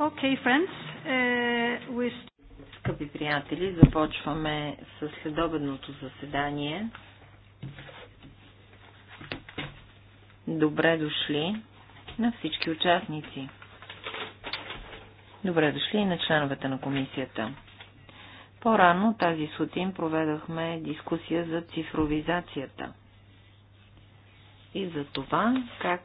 Okay, friends, uh, we... Скъпи приятели, започваме с следобедното заседание. Добре дошли на всички участници. Добре дошли и на членовете на комисията. По-рано тази сутрин проведахме дискусия за цифровизацията и за това как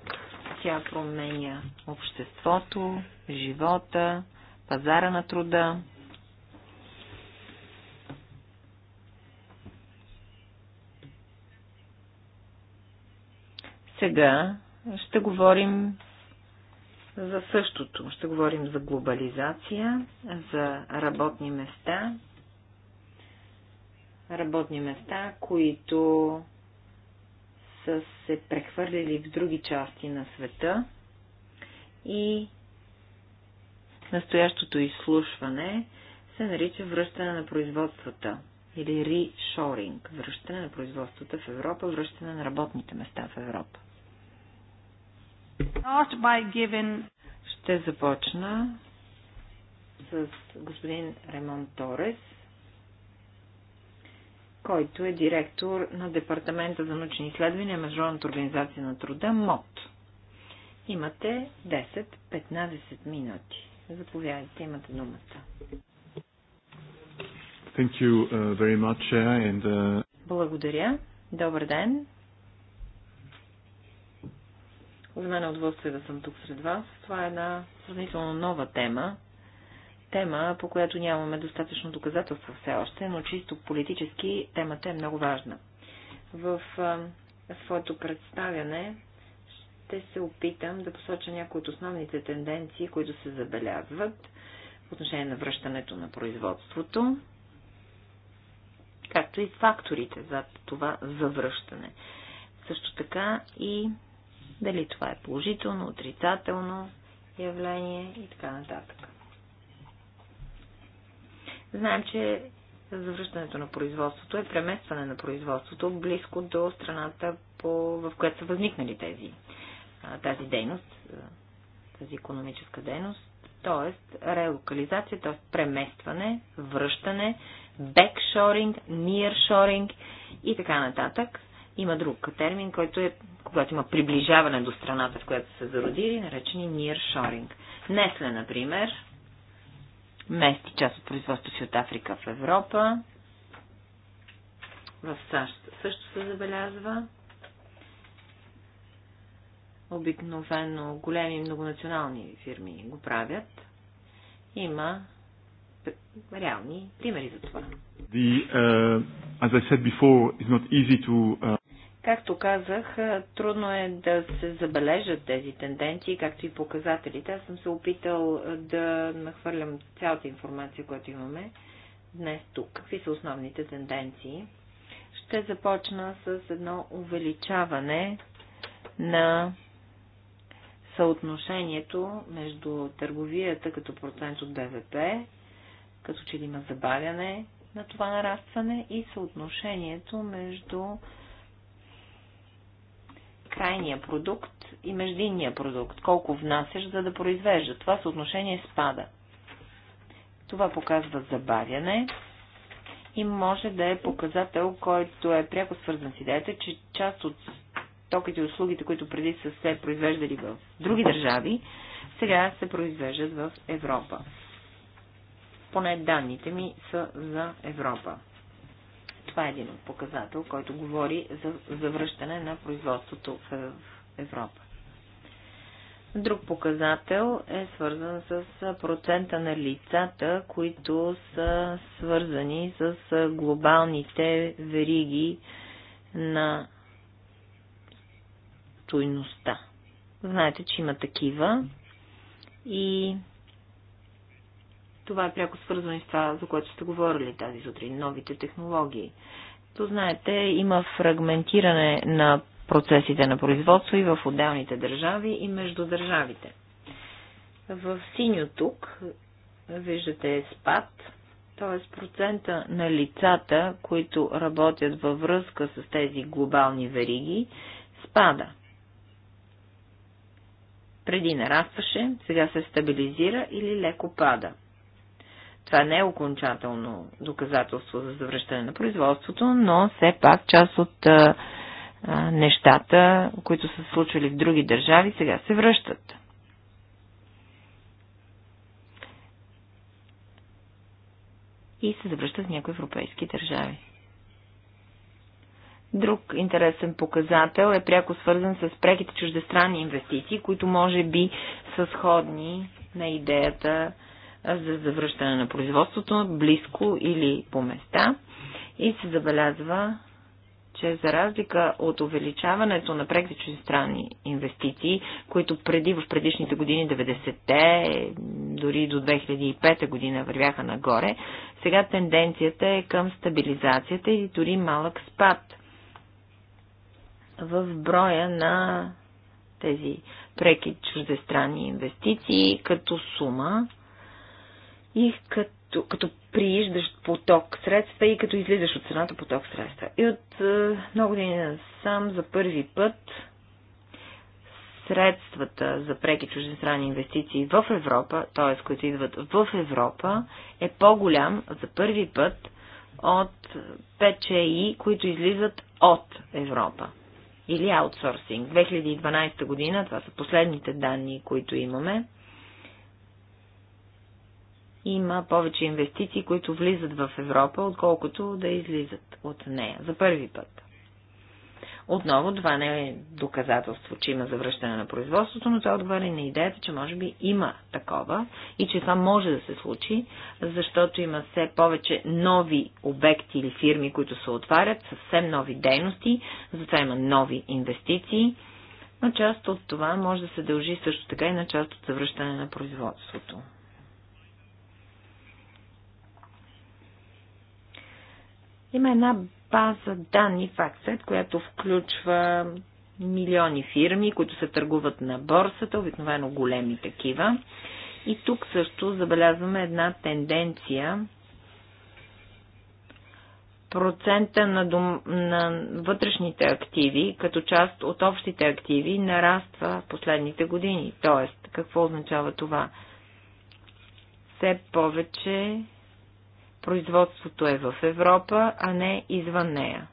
тя променя обществото, живота, пазара на труда. Сега ще говорим за същото. Ще говорим за глобализация, за работни места, работни места, които са се прехвърлили в други части на света и настоящото изслушване се нарича връщане на производствата или ришоринг, връщане на производствата в Европа, връщане на работните места в Европа. Ще започна с господин Ремон Торес, който е директор на Департамента за научни изследвания Международната организация на труда МОД. Имате 10-15 минути. Заповядайте, имате думата. Thank you uh, very much, and, uh... Благодаря. Добър ден. За мен е удоволствие да съм тук сред вас. Това е една сравнително нова тема, тема, по която нямаме достатъчно доказателства все още, но чисто политически темата е много важна. В своето представяне ще се опитам да посоча някои от основните тенденции, които се забелязват в отношение на връщането на производството, както и факторите за това завръщане. Също така и дали това е положително, отрицателно явление и така нататък. Знаем, че завръщането на производството е преместване на производството близко до страната, по, в която са възникнали тези, тази дейност, тази економическа дейност. т.е. релокализация, т.е. преместване, връщане, бекшоринг, ниршоринг и така нататък. Има друг термин, който е, когато има приближаване до страната, в която са зародили, наречени ниршоринг. Несле, например, мести част от производството си от Африка в Европа. В САЩ също се забелязва. Обикновено големи многонационални фирми го правят. Има реални примери за това. The, uh, as I said before, it's not easy to, uh... Както казах, трудно е да се забележат тези тенденции, както и показателите. Аз съм се опитал да нахвърлям цялата информация, която имаме днес тук. Какви са основните тенденции? Ще започна с едно увеличаване на съотношението между търговията като процент от БВП, като че има забавяне на това нарастване и съотношението между крайния продукт и междинния продукт, колко внасяш, за да произвежда. Това съотношение спада. Това показва забавяне и може да е показател, който е пряко свързан с идеята, че част от токите и услугите, които преди са се произвеждали в други държави, сега се произвеждат в Европа. Поне данните ми са за Европа. Това е един от показател, който говори за завръщане на производството в Европа. Друг показател е свързан с процента на лицата, които са свързани с глобалните вериги на стойността. Знаете, че има такива и това е пряко свързано и с това, за което сте говорили тази сутрин, новите технологии. То знаете, има фрагментиране на процесите на производство и в отделните държави и между държавите. В синьо тук виждате е спад, т.е. процента на лицата, които работят във връзка с тези глобални вериги, спада. Преди нарастваше, сега се стабилизира или леко пада. Това не е окончателно доказателство за завръщане на производството, но все пак част от а, нещата, които са случвали в други държави, сега се връщат. И се завръщат в някои европейски държави. Друг интересен показател е пряко свързан с преките чуждестранни инвестиции, които може би са сходни на идеята за завръщане на производството близко или по места и се забелязва, че за разлика от увеличаването на преките чуждестранни инвестиции, които преди в предишните години 90-те, дори до 2005 година вървяха нагоре, сега тенденцията е към стабилизацията и дори малък спад в броя на тези преки чуждестранни инвестиции като сума и като, като прииждащ поток средства и като излизаш от страната поток средства. И от е, много години сам за първи път средствата за преки чуждестранни инвестиции в Европа, т.е. които идват в Европа, е по-голям за първи път от ПЧИ, които излизат от Европа. Или аутсорсинг. 2012 година, това са последните данни, които имаме, има повече инвестиции, които влизат в Европа, отколкото да излизат от нея за първи път. Отново, това не е доказателство, че има завръщане на производството, но това отговаря на идеята, че може би има такова и че това може да се случи, защото има все повече нови обекти или фирми, които се отварят, съвсем нови дейности, затова има нови инвестиции, но част от това може да се дължи също така и на част от завръщане на производството. Има една база данни FactSet, която включва милиони фирми, които се търгуват на борсата, обикновено големи такива. И тук също забелязваме една тенденция процента на, дом... на вътрешните активи, като част от общите активи, нараства в последните години. Тоест, какво означава това? Все повече производството е в Европа, а не извън нея.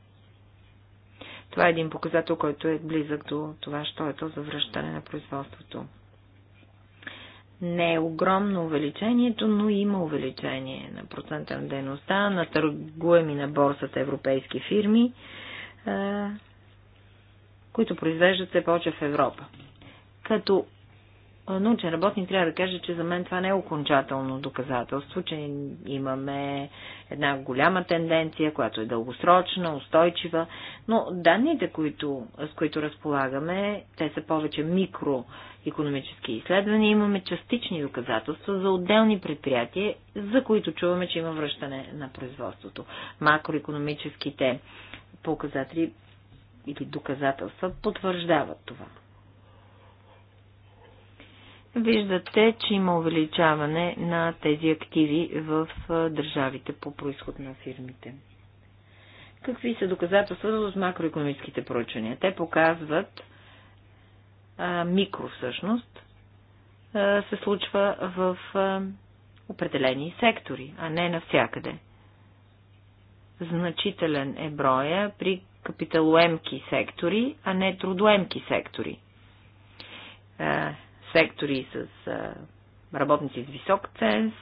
Това е един показател, който е близък до това, що е то за връщане на производството. Не е огромно увеличението, но има увеличение на процента на дейността на търгуеми на борсата европейски фирми, е, които произвеждат се повече в Европа. Като научен работник трябва да каже, че за мен това не е окончателно доказателство, че имаме една голяма тенденция, която е дългосрочна, устойчива, но данните, които, с които разполагаме, те са повече микроекономически изследвания, имаме частични доказателства за отделни предприятия, за които чуваме, че има връщане на производството. Макроекономическите показатели или доказателства потвърждават това. Виждате, че има увеличаване на тези активи в държавите по происход на фирмите. Какви са доказателства с макроекономическите проучвания? Те показват а, микро всъщност а, се случва в а, определени сектори, а не навсякъде. Значителен е броя при капиталоемки сектори, а не трудоемки сектори сектори с работници с висок ценз,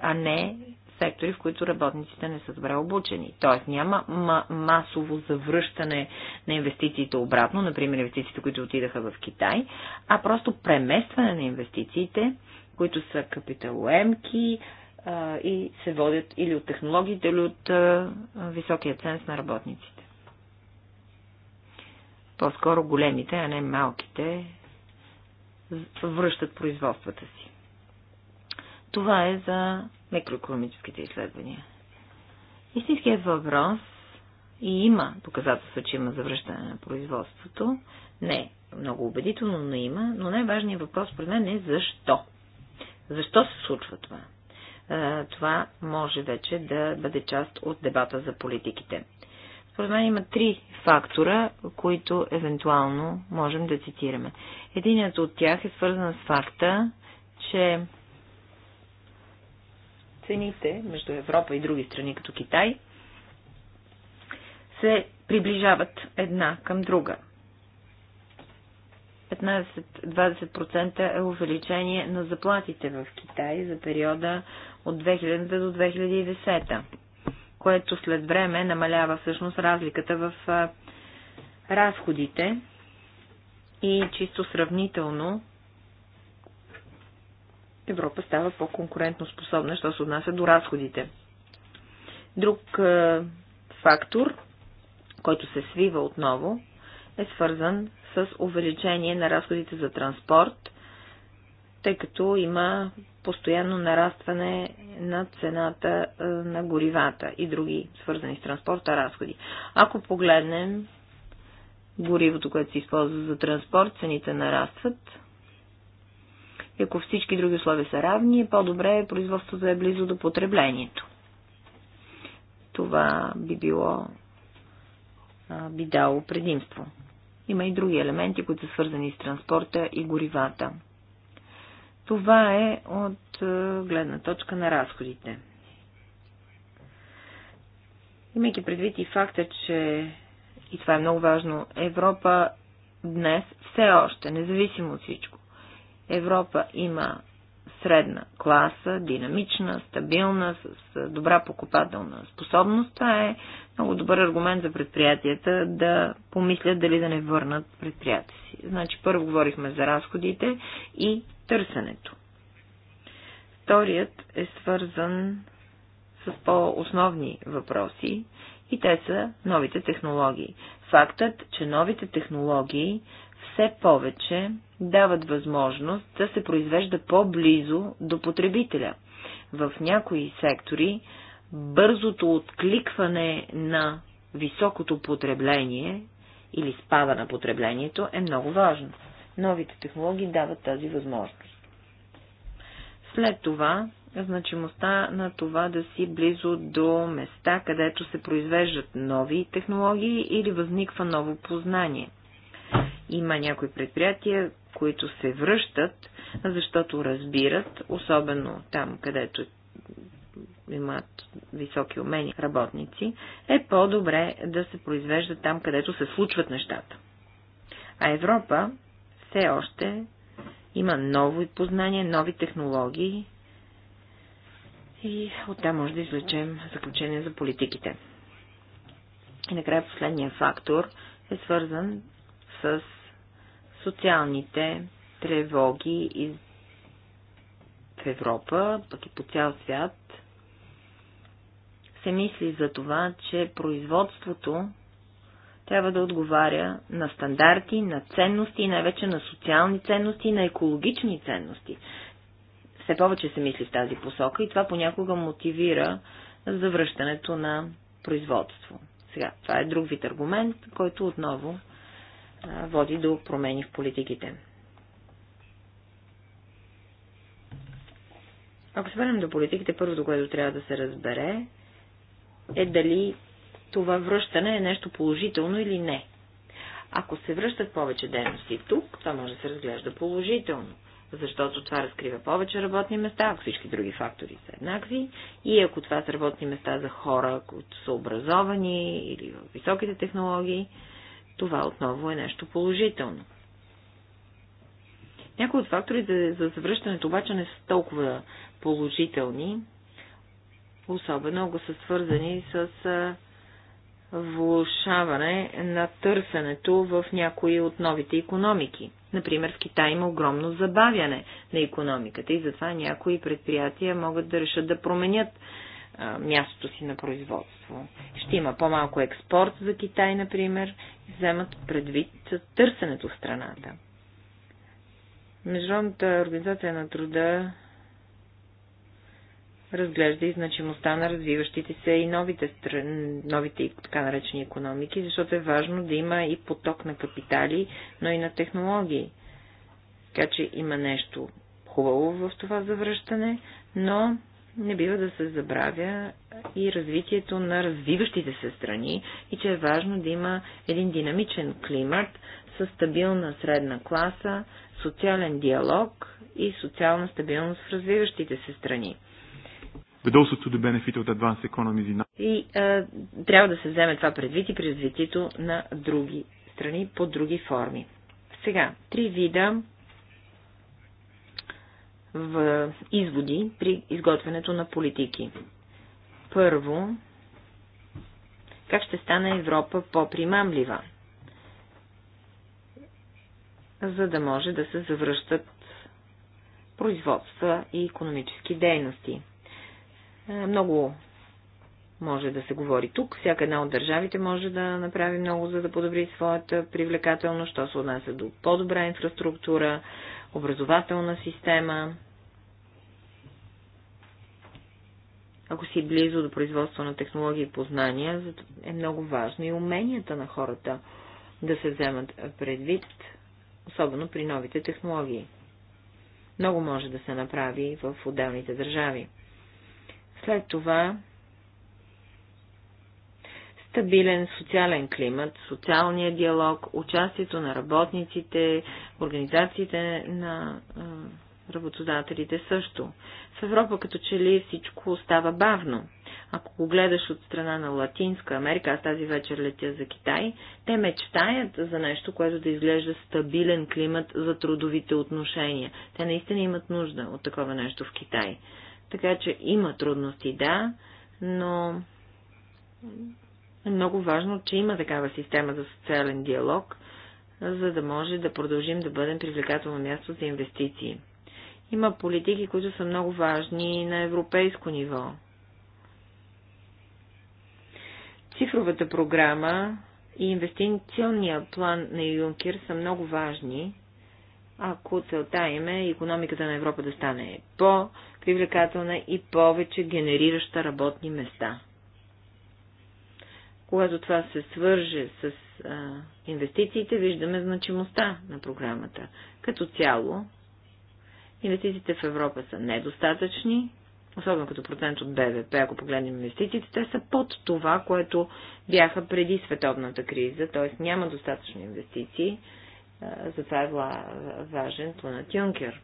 а не сектори, в които работниците не са добре обучени. Тоест няма масово завръщане на инвестициите обратно, например инвестициите, които отидаха в Китай, а просто преместване на инвестициите, които са капиталоемки а, и се водят или от технологиите, или от а, високия ценз на работниците. По-скоро големите, а не малките връщат производствата си. Това е за микроекономическите изследвания. Истинският въпрос и има доказателства, че има завръщане на производството. Не много убедително, но има. Но най-важният въпрос пред мен е защо. Защо се случва това? Е, това може вече да бъде част от дебата за политиките. Според мен има три фактора, които евентуално можем да цитираме. Единият от тях е свързан с факта, че цените между Европа и други страни, като Китай, се приближават една към друга. 15-20% е увеличение на заплатите в Китай за периода от 2000 до 2010 което след време намалява всъщност разликата в разходите и чисто сравнително Европа става по-конкурентно способна, що се отнася до разходите. Друг фактор, който се свива отново, е свързан с увеличение на разходите за транспорт тъй като има постоянно нарастване на цената е, на горивата и други свързани с транспорта разходи. Ако погледнем горивото, което се използва за транспорт, цените нарастват. И ако всички други условия са равни, е по-добре производството да е близо до потреблението. Това би било би дало предимство. Има и други елементи, които са свързани с транспорта и горивата. Това е от е, гледна точка на разходите. Имайки предвид и факта, че, и това е много важно, Европа днес все още, независимо от всичко, Европа има средна класа, динамична, стабилна, с добра покупателна способност. Това е много добър аргумент за предприятията да помислят дали да не върнат предприятия си. Значи първо говорихме за разходите и търсенето. Вторият е свързан с по-основни въпроси и те са новите технологии. Фактът, че новите технологии все повече дават възможност да се произвежда по-близо до потребителя. В някои сектори бързото откликване на високото потребление или спада на потреблението е много важно. Новите технологии дават тази възможност. След това, значимостта на това да си близо до места, където се произвеждат нови технологии или възниква ново познание. Има някои предприятия, които се връщат, защото разбират, особено там, където имат високи умения работници, е по-добре да се произвеждат там, където се случват нещата. А Европа все още има нови познание, нови технологии и оттам може да излечем заключение за политиките. И накрая последния фактор е свързан с социалните тревоги из... в Европа, пък и по цял свят, се мисли за това, че производството трябва да отговаря на стандарти, на ценности, най-вече на социални ценности, на екологични ценности. Все повече се мисли в тази посока и това понякога мотивира завръщането на производство. Сега, това е друг вид аргумент, който отново а, води до промени в политиките. Ако се върнем до политиките, първото, което трябва да се разбере, е дали това връщане е нещо положително или не. Ако се връщат повече дейности тук, това може да се разглежда положително, защото това разкрива повече работни места, ако всички други фактори са еднакви, и ако това са работни места за хора, които са образовани или в високите технологии, това отново е нещо положително. Някои от факторите за завръщането обаче не са толкова положителни, особено ако са свързани с влушаване на търсенето в някои от новите економики. Например, в Китай има огромно забавяне на економиката и затова някои предприятия могат да решат да променят а, мястото си на производство. Ще има по-малко експорт за Китай, например, и вземат предвид търсенето в страната. Международната организация на труда разглежда и значимостта на развиващите се и новите, новите така наречени економики, защото е важно да има и поток на капитали, но и на технологии. Така че има нещо хубаво в това завръщане, но не бива да се забравя и развитието на развиващите се страни и че е важно да има един динамичен климат с стабилна средна класа, социален диалог и социална стабилност в развиващите се страни but also to the benefit of advanced economies in... И е, трябва да се вземе това предвид и при развитието на други страни по други форми. Сега, три вида в изводи при изготвянето на политики. Първо, как ще стане Европа по-примамлива, за да може да се завръщат производства и економически дейности. Е, много може да се говори тук. Всяка една от държавите може да направи много, за да подобри своята привлекателност, що се отнася до по-добра инфраструктура, образователна система. Ако си близо до производство на технологии и познания, е много важно и уменията на хората да се вземат предвид, особено при новите технологии. Много може да се направи в отделните държави. След това стабилен социален климат, социалния диалог, участието на работниците, организациите на работодателите също. В Европа като че ли всичко става бавно. Ако го гледаш от страна на Латинска Америка, аз тази вечер летя за Китай, те мечтаят за нещо, което да изглежда стабилен климат за трудовите отношения. Те наистина имат нужда от такова нещо в Китай. Така че има трудности, да, но е много важно, че има такава система за социален диалог, за да може да продължим да бъдем привлекателно място за инвестиции. Има политики, които са много важни на европейско ниво. Цифровата програма и инвестиционния план на Юнкер са много важни, ако целта им е економиката на Европа да стане по- привлекателна и повече генерираща работни места. Когато това се свърже с а, инвестициите, виждаме значимостта на програмата. Като цяло, инвестициите в Европа са недостатъчни, особено като процент от БВП, ако погледнем инвестициите, те са под това, което бяха преди световната криза, т.е. няма достатъчно инвестиции, затова е важен планът Юнкер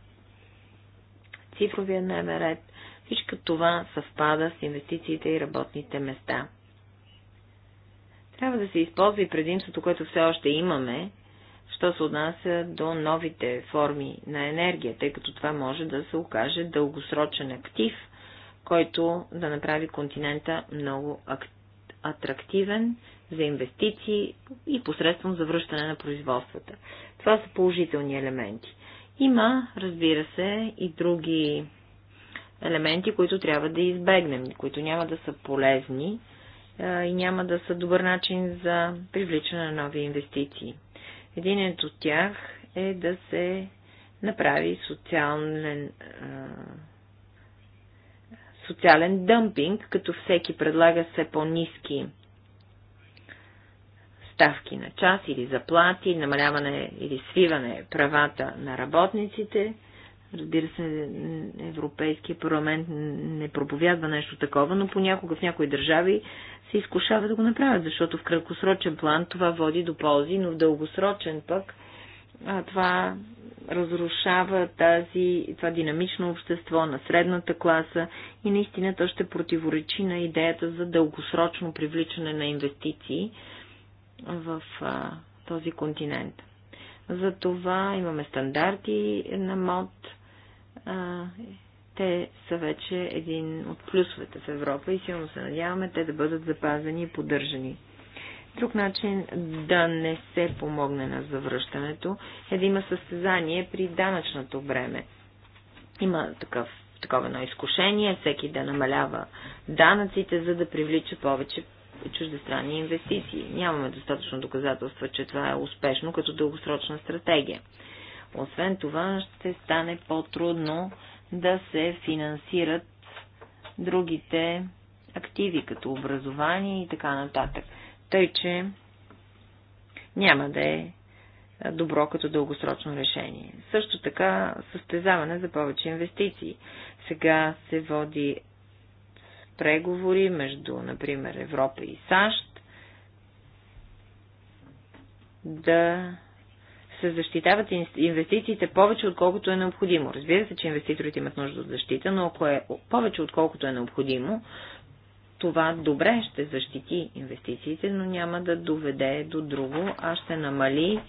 цифровия дневен ред. Всичко това съвпада с инвестициите и работните места. Трябва да се използва и предимството, което все още имаме, що се отнася до новите форми на енергия, тъй като това може да се окаже дългосрочен актив, който да направи континента много атрактивен за инвестиции и посредством завръщане на производствата. Това са положителни елементи. Има, разбира се, и други елементи, които трябва да избегнем, които няма да са полезни и няма да са добър начин за привличане на нови инвестиции. Един от тях е да се направи социален, социален дъмпинг, като всеки предлага все по-низки ставки на час или заплати, намаляване или свиване правата на работниците. Разбира се, Европейския парламент не проповядва нещо такова, но понякога в някои държави се изкушава да го направят, защото в краткосрочен план това води до ползи, но в дългосрочен пък а, това разрушава тази, това динамично общество на средната класа и наистина то ще противоречи на идеята за дългосрочно привличане на инвестиции в а, този континент. Затова имаме стандарти на МОД. А, те са вече един от плюсовете в Европа и силно се надяваме те да бъдат запазени и поддържани. Друг начин да не се помогне на завръщането е да има състезание при данъчното време. Има такъв, такова едно изкушение, всеки да намалява данъците, за да привлича повече чуждестранни инвестиции. Нямаме достатъчно доказателства, че това е успешно като дългосрочна стратегия. Освен това, ще стане по-трудно да се финансират другите активи, като образование и така нататък. Тъй, че няма да е добро като дългосрочно решение. Също така състезаване за повече инвестиции. Сега се води преговори между, например, Европа и САЩ, да се защитават инвестициите повече, отколкото е необходимо. Разбира се, че инвеститорите имат нужда от защита, но ако е повече, отколкото е необходимо, това добре ще защити инвестициите, но няма да доведе до друго, а ще намали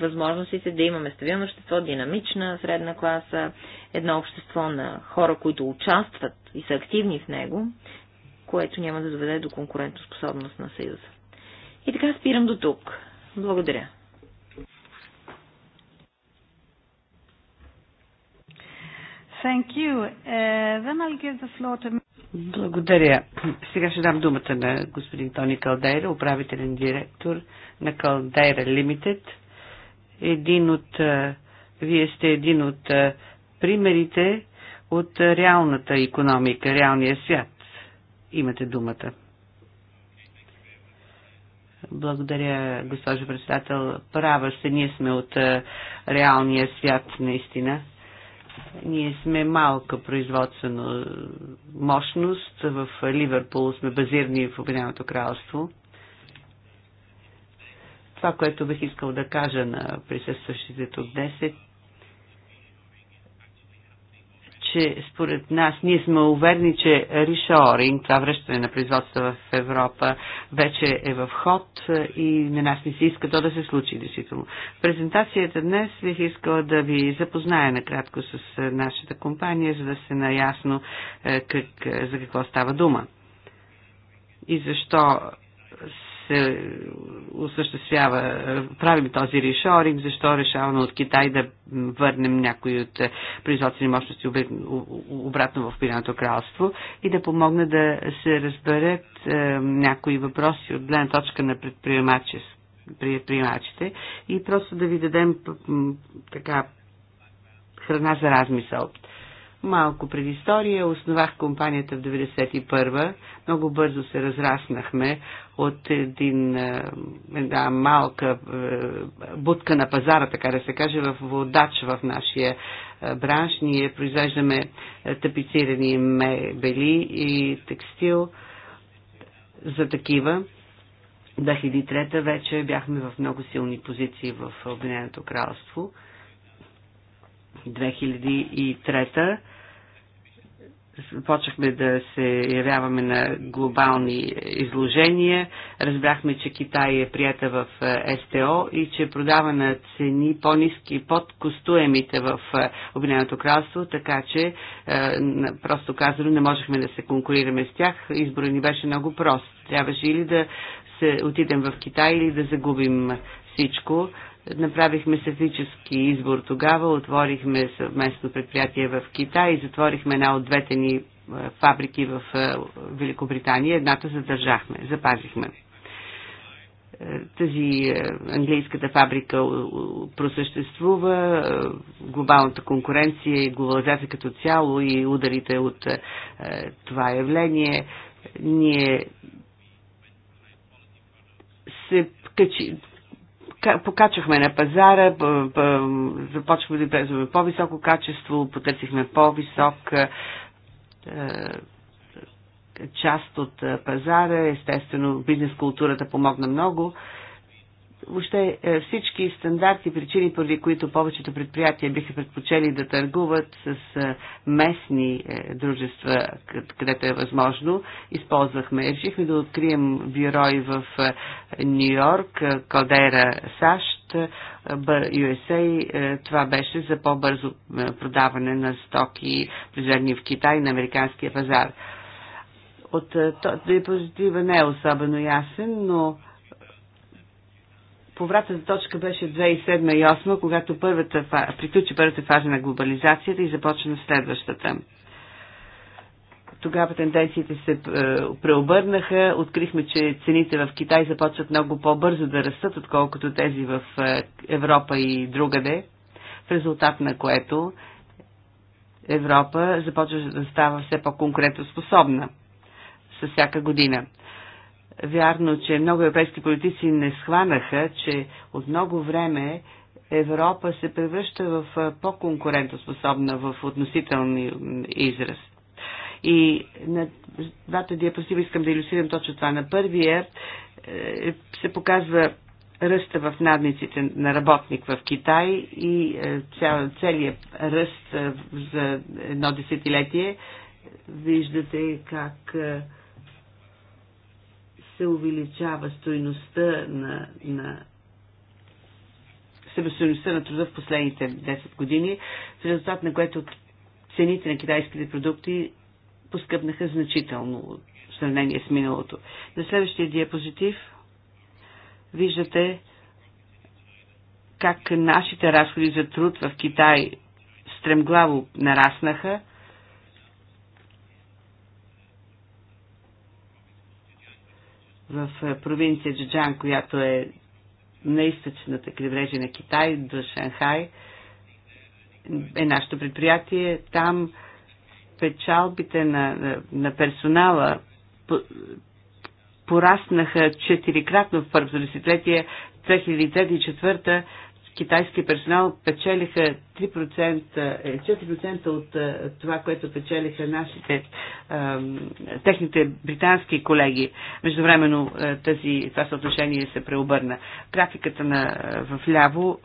възможностите да имаме стабилно общество, динамична средна класа, едно общество на хора, които участват и са активни в него, което няма да доведе до конкурентоспособност на Съюза. И така спирам до тук. Благодаря. Thank you. Uh, then I'll give the floor to... Благодаря. Сега ще дам думата на господин Тони Калдейра, управителен директор на Калдейра Limited един от, вие сте един от примерите от реалната економика, реалния свят. Имате думата. Благодаря, госпожо председател. Права сте, ние сме от реалния свят, наистина. Ние сме малка производствена мощност. В Ливърпул сме базирани в Обединеното кралство. Това, което бих искал да кажа на присъстващите тук днес е, че според нас ние сме уверени, че решоринг, това връщане на производство в Европа, вече е в ход и на нас не се иска то да се случи, действително. В презентацията днес бих искала да ви запозная накратко с е, нашата компания, за да се наясно е, как, е, за какво става дума и защо се осъществява, правим този решоринг, защо решаваме от Китай да върнем някои от производствени мощности обратно в Пираното кралство и да помогне да се разберат е, някои въпроси от гледна точка на предприемачите и просто да ви дадем така храна за размисъл. Малко предистория. Основах компанията в 1991. Много бързо се разраснахме от един, е, една малка е, будка на пазара, така да се каже, в водач в нашия е, бранш. Ние произвеждаме тапицирани мебели и текстил за такива. 2003 вече бяхме в много силни позиции в Обединеното кралство. 2003 Почнахме да се явяваме на глобални изложения. Разбрахме, че Китай е прията в е, СТО и че продава на цени по-низки под костуемите в е, Обединеното кралство, така че е, просто казано не можехме да се конкурираме с тях. Изборът ни беше много прост. Трябваше или да се отидем в Китай или да загубим всичко. Направихме съфически избор тогава, отворихме съвместно предприятие в Китай и затворихме една от двете ни е, фабрики в е, Великобритания. Едната задържахме, запазихме. Е, тази английската фабрика просъществува, глобалната конкуренция и глобализация като цяло и ударите от това явление. Ние се качи, покачахме на пазара, започваме да излезваме по-високо качество, потърсихме по-висок е, е, част от е, пазара. Естествено, бизнес културата помогна много въобще е, всички стандарти, причини, поради които повечето предприятия биха предпочели да търгуват с е, местни е, дружества, където е възможно, използвахме. Решихме да открием бюро и в Нью Йорк, Калдера, САЩ, USA. Това беше за по-бързо продаване на стоки, произведени в Китай на американския пазар. От този позитива не е особено ясен, но Повратната точка беше 2007 и 2008, когато първата приключи първата фаза на глобализацията и започна следващата. Тогава тенденциите се е, преобърнаха. Открихме, че цените в Китай започват много по-бързо да растат, отколкото тези в е, Европа и другаде, в резултат на което Европа започва да става все по конкретно способна с всяка година. Вярно, че много европейски политици не схванаха, че от много време Европа се превръща в по-конкурентоспособна в относителни израз. И на двата диапозитива искам да иллюстрирам точно това. На първия е, се показва ръста в надниците на работник в Китай и е, цял, целият ръст е, за едно десетилетие. Виждате как се увеличава стойността на, на себестоеността на труда в последните 10 години, в резултат на което цените на китайските продукти поскъпнаха значително в сравнение с миналото. На следващия диапозитив виждате как нашите разходи за труд в Китай стремглаво нараснаха – в е, провинция Джаджан, която е на източната крайбрежие на Китай, до Шанхай, е нашето предприятие. Там печалбите на, на, е, на персонала пораснаха четирикратно в първото десетлетие 2003-2004 китайски персонал печелиха 3%, 4% е, от е, това, което печелиха нашите, техните британски колеги. Междувременно е, тази, това съотношение се преобърна. Графиката на, в ляво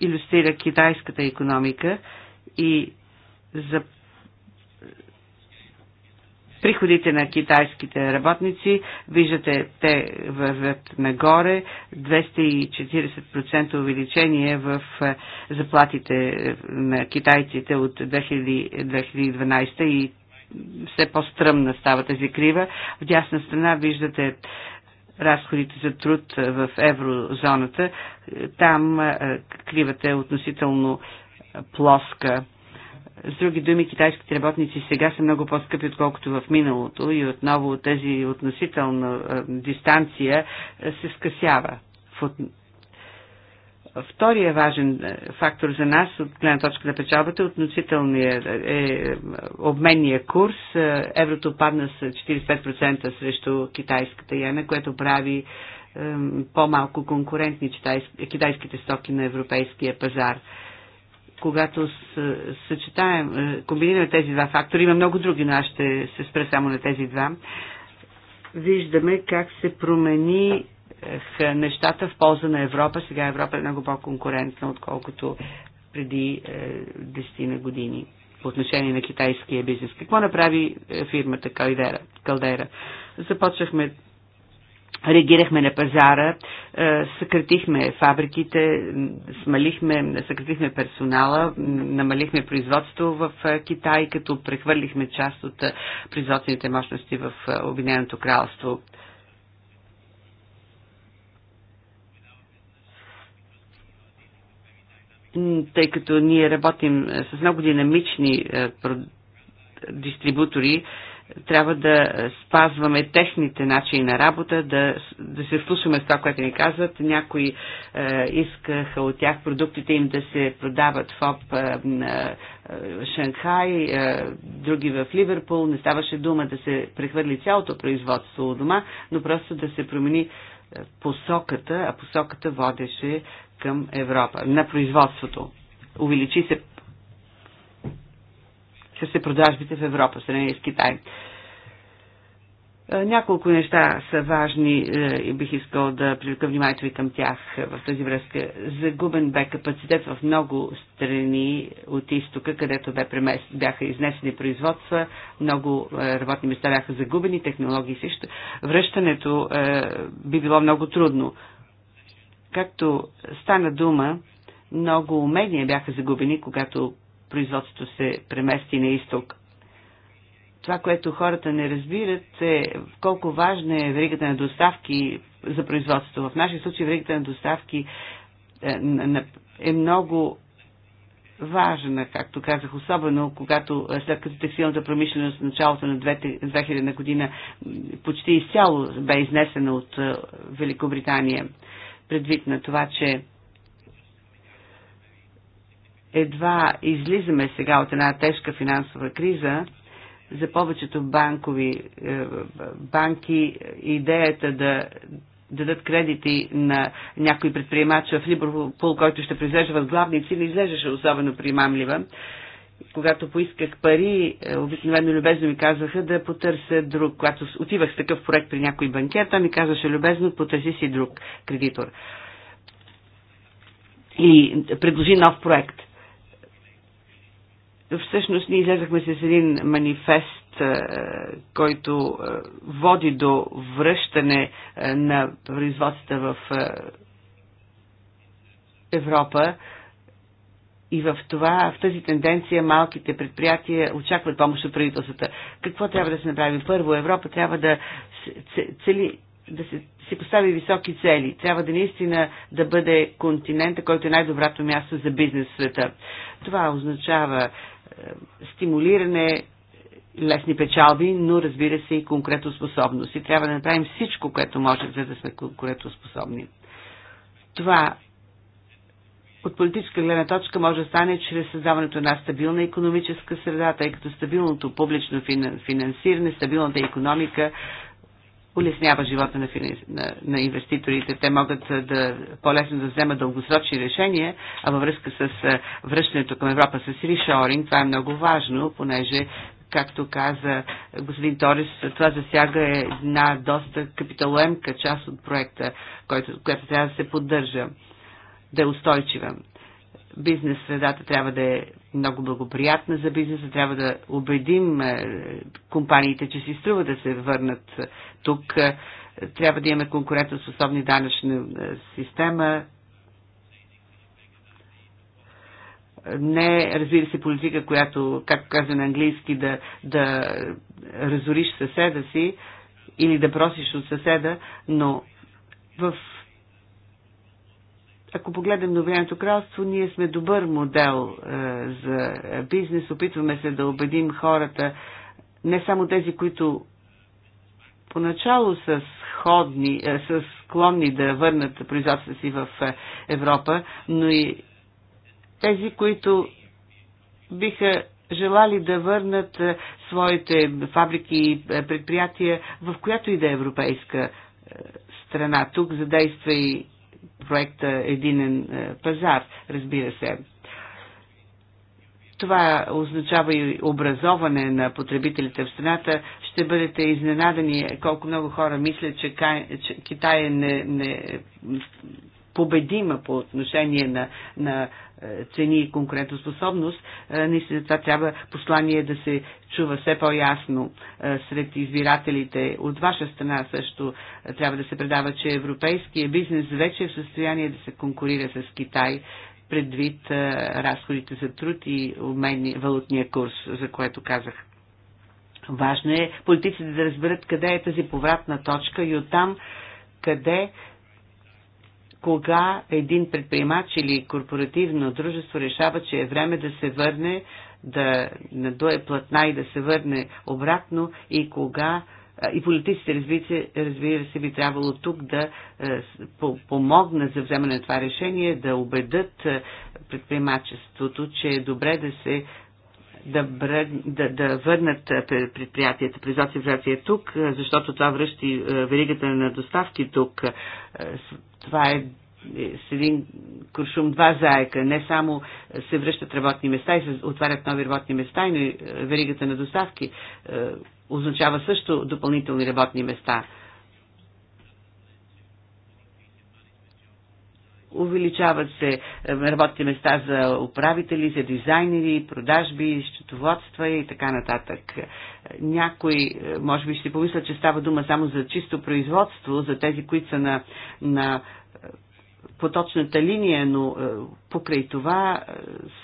иллюстрира китайската економика и за Приходите на китайските работници, виждате, те вървят нагоре, 240% увеличение в е, заплатите е, на китайците от 2012 и все по-стръмна става тази крива. В дясна страна виждате разходите за труд е, в еврозоната. Там кривата е относително плоска. С други думи, китайските работници сега са много по-скъпи, отколкото в миналото и отново тази относителна дистанция се скъсява. Втория важен фактор за нас от гледна точка на печалбата е относителният е, обменния курс. Еврото падна с 45% срещу китайската яна, което прави е, по-малко конкурентни китайските стоки на европейския пазар. Е, когато съчетаем, е, комбинираме тези два фактора, има много други, но аз ще се спра само на тези два, виждаме как се промени е, нещата в полза на Европа. Сега Европа е много по-конкурентна, отколкото преди е, 10 на години по отношение на китайския бизнес. Какво направи е, фирмата Калдера? Калдера? Започнахме реагирахме на пазара, е, съкратихме фабриките, смалихме, съкратихме персонала, намалихме производство в е, Китай, като прехвърлихме част от е, производствените мощности в Обединеното кралство. Тъй като ние работим с много динамични дистрибутори, трябва да спазваме техните начини на работа, да, да се слушаме с това, което ни казват. Някои е, искаха от тях продуктите им да се продават в ОП е, е, Шанхай, е, други в Ливерпул. Не ставаше дума да се прехвърли цялото производство у дома, но просто да се промени е, посоката, а посоката водеше към Европа, на производството. Увеличи се са се продажбите в Европа, сравнение с Китай. Е, няколко неща са важни е, и бих искал да привлека вниманието ви към тях в тази връзка. Загубен бе капацитет в много страни от изтока, където бе премес... бяха изнесени производства, много е, работни места бяха загубени, технологии също. Връщането е, би било много трудно. Както стана дума, много умения бяха загубени, когато производството се премести на изток. Това, което хората не разбират е колко важна е веригата на доставки за производството. В нашия случай веригата на доставки е, е много важна, както казах, особено когато е, след като текстилната промишленост в началото на 2000 година почти изцяло бе изнесена от е, Великобритания, предвид на това, че едва излизаме сега от една тежка финансова криза, за повечето банкови е, банки идеята да дадат кредити на някой предприемач в Либропол, който ще произвежда главници, не излежеше особено примамлива. Когато поисках пари, е, обикновено любезно ми казаха да потърся друг. Когато отивах с такъв проект при някой банкер, там ми казваше любезно, потърси си друг кредитор. И предложи нов проект. Всъщност ние излезахме с един манифест, е, който е, води до връщане е, на производствата в Европа. И в, това, в тази тенденция малките предприятия очакват помощ от правителствата. Какво трябва да се направи? Първо, Европа трябва да цели да се, си постави високи цели. Трябва да наистина да бъде континента, който е най-доброто място за бизнес света. Това означава е, стимулиране лесни печалби, но разбира се и конкурентоспособност. И трябва да направим всичко, което може, за да сме конкретоспособни. Това от политическа гледна точка може да стане чрез създаването на стабилна економическа среда, тъй като стабилното публично финансиране, стабилната економика улеснява живота на, фини... на, на инвеститорите. Те могат да по-лесно да вземат дългосрочни решения, а във връзка с връщането към Европа с ришоринг, това е много важно, понеже както каза господин Торис, това засяга една доста капиталоемка част от проекта, който, която трябва да се поддържа, да е устойчива. Бизнес средата трябва да е много благоприятна за бизнеса. Трябва да убедим е, компаниите, че си струва да се върнат е, тук. Е, трябва да имаме конкурентоспособни данъчна система. Не, разбира се, политика, която, както казва на английски, да, да разориш съседа си или да просиш от съседа, но в ако погледнем на Обединеното кралство, ние сме добър модел е, за бизнес. Опитваме се да убедим хората, не само тези, които поначало са сходни, е, са склонни да върнат производството си в е, Европа, но и тези, които биха желали да върнат е, своите фабрики и е, предприятия в която и да е европейска страна. Тук задейства и проекта Единен е, пазар, разбира се. Това означава и образоване на потребителите в страната. Ще бъдете изненадани колко много хора мислят, че Китай е не, не победима по отношение на, на е, цени и конкурентоспособност, е, наистина това трябва послание да се чува все по-ясно е, сред избирателите. От ваша страна също трябва да се предава, че европейския бизнес вече е в състояние да се конкурира с Китай предвид разходите за труд и обменни валутния курс, за което казах. Важно е политиците да разберат къде е тази повратна точка и оттам къде кога един предприемач или корпоративно дружество решава, че е време да се върне, да надуе платна и да се върне обратно и кога и политиците, разбира се, би трябвало тук да помогнат за вземане на това решение, да убедат предприемачеството, че е добре да се да, бръг, да, да върнат предприятията, производството тук, защото това връщи веригата на доставки тук. Това е, е с един куршум два заека. Не само се връщат работни места и се отварят нови работни места, но и е, веригата на доставки е, означава също допълнителни работни места. Увеличават се е, работни места за управители, за дизайнери, продажби, счетоводства и така нататък. Е, някой, е, може би, ще помисля, че става дума само за чисто производство, за тези, които са на, на поточната линия, но покрай това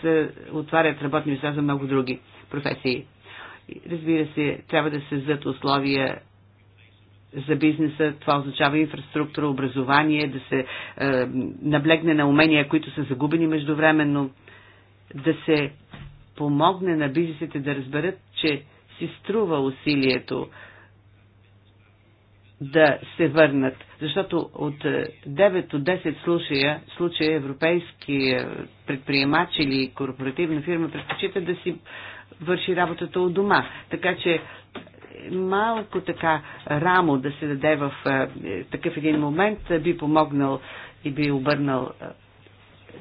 се отварят работни места за много други професии. Разбира се, трябва да се създадат условия за бизнеса. Това означава инфраструктура, образование, да се е, наблегне на умения, които са загубени междувременно, да се помогне на бизнесите да разберат, че си струва усилието да се върнат. Защото от 9 до 10 случая, случая европейски е, предприемач или корпоративна фирма предпочита да си върши работата от дома. Така че малко така рамо да се даде в е, е, такъв един момент е, би помогнал и би обърнал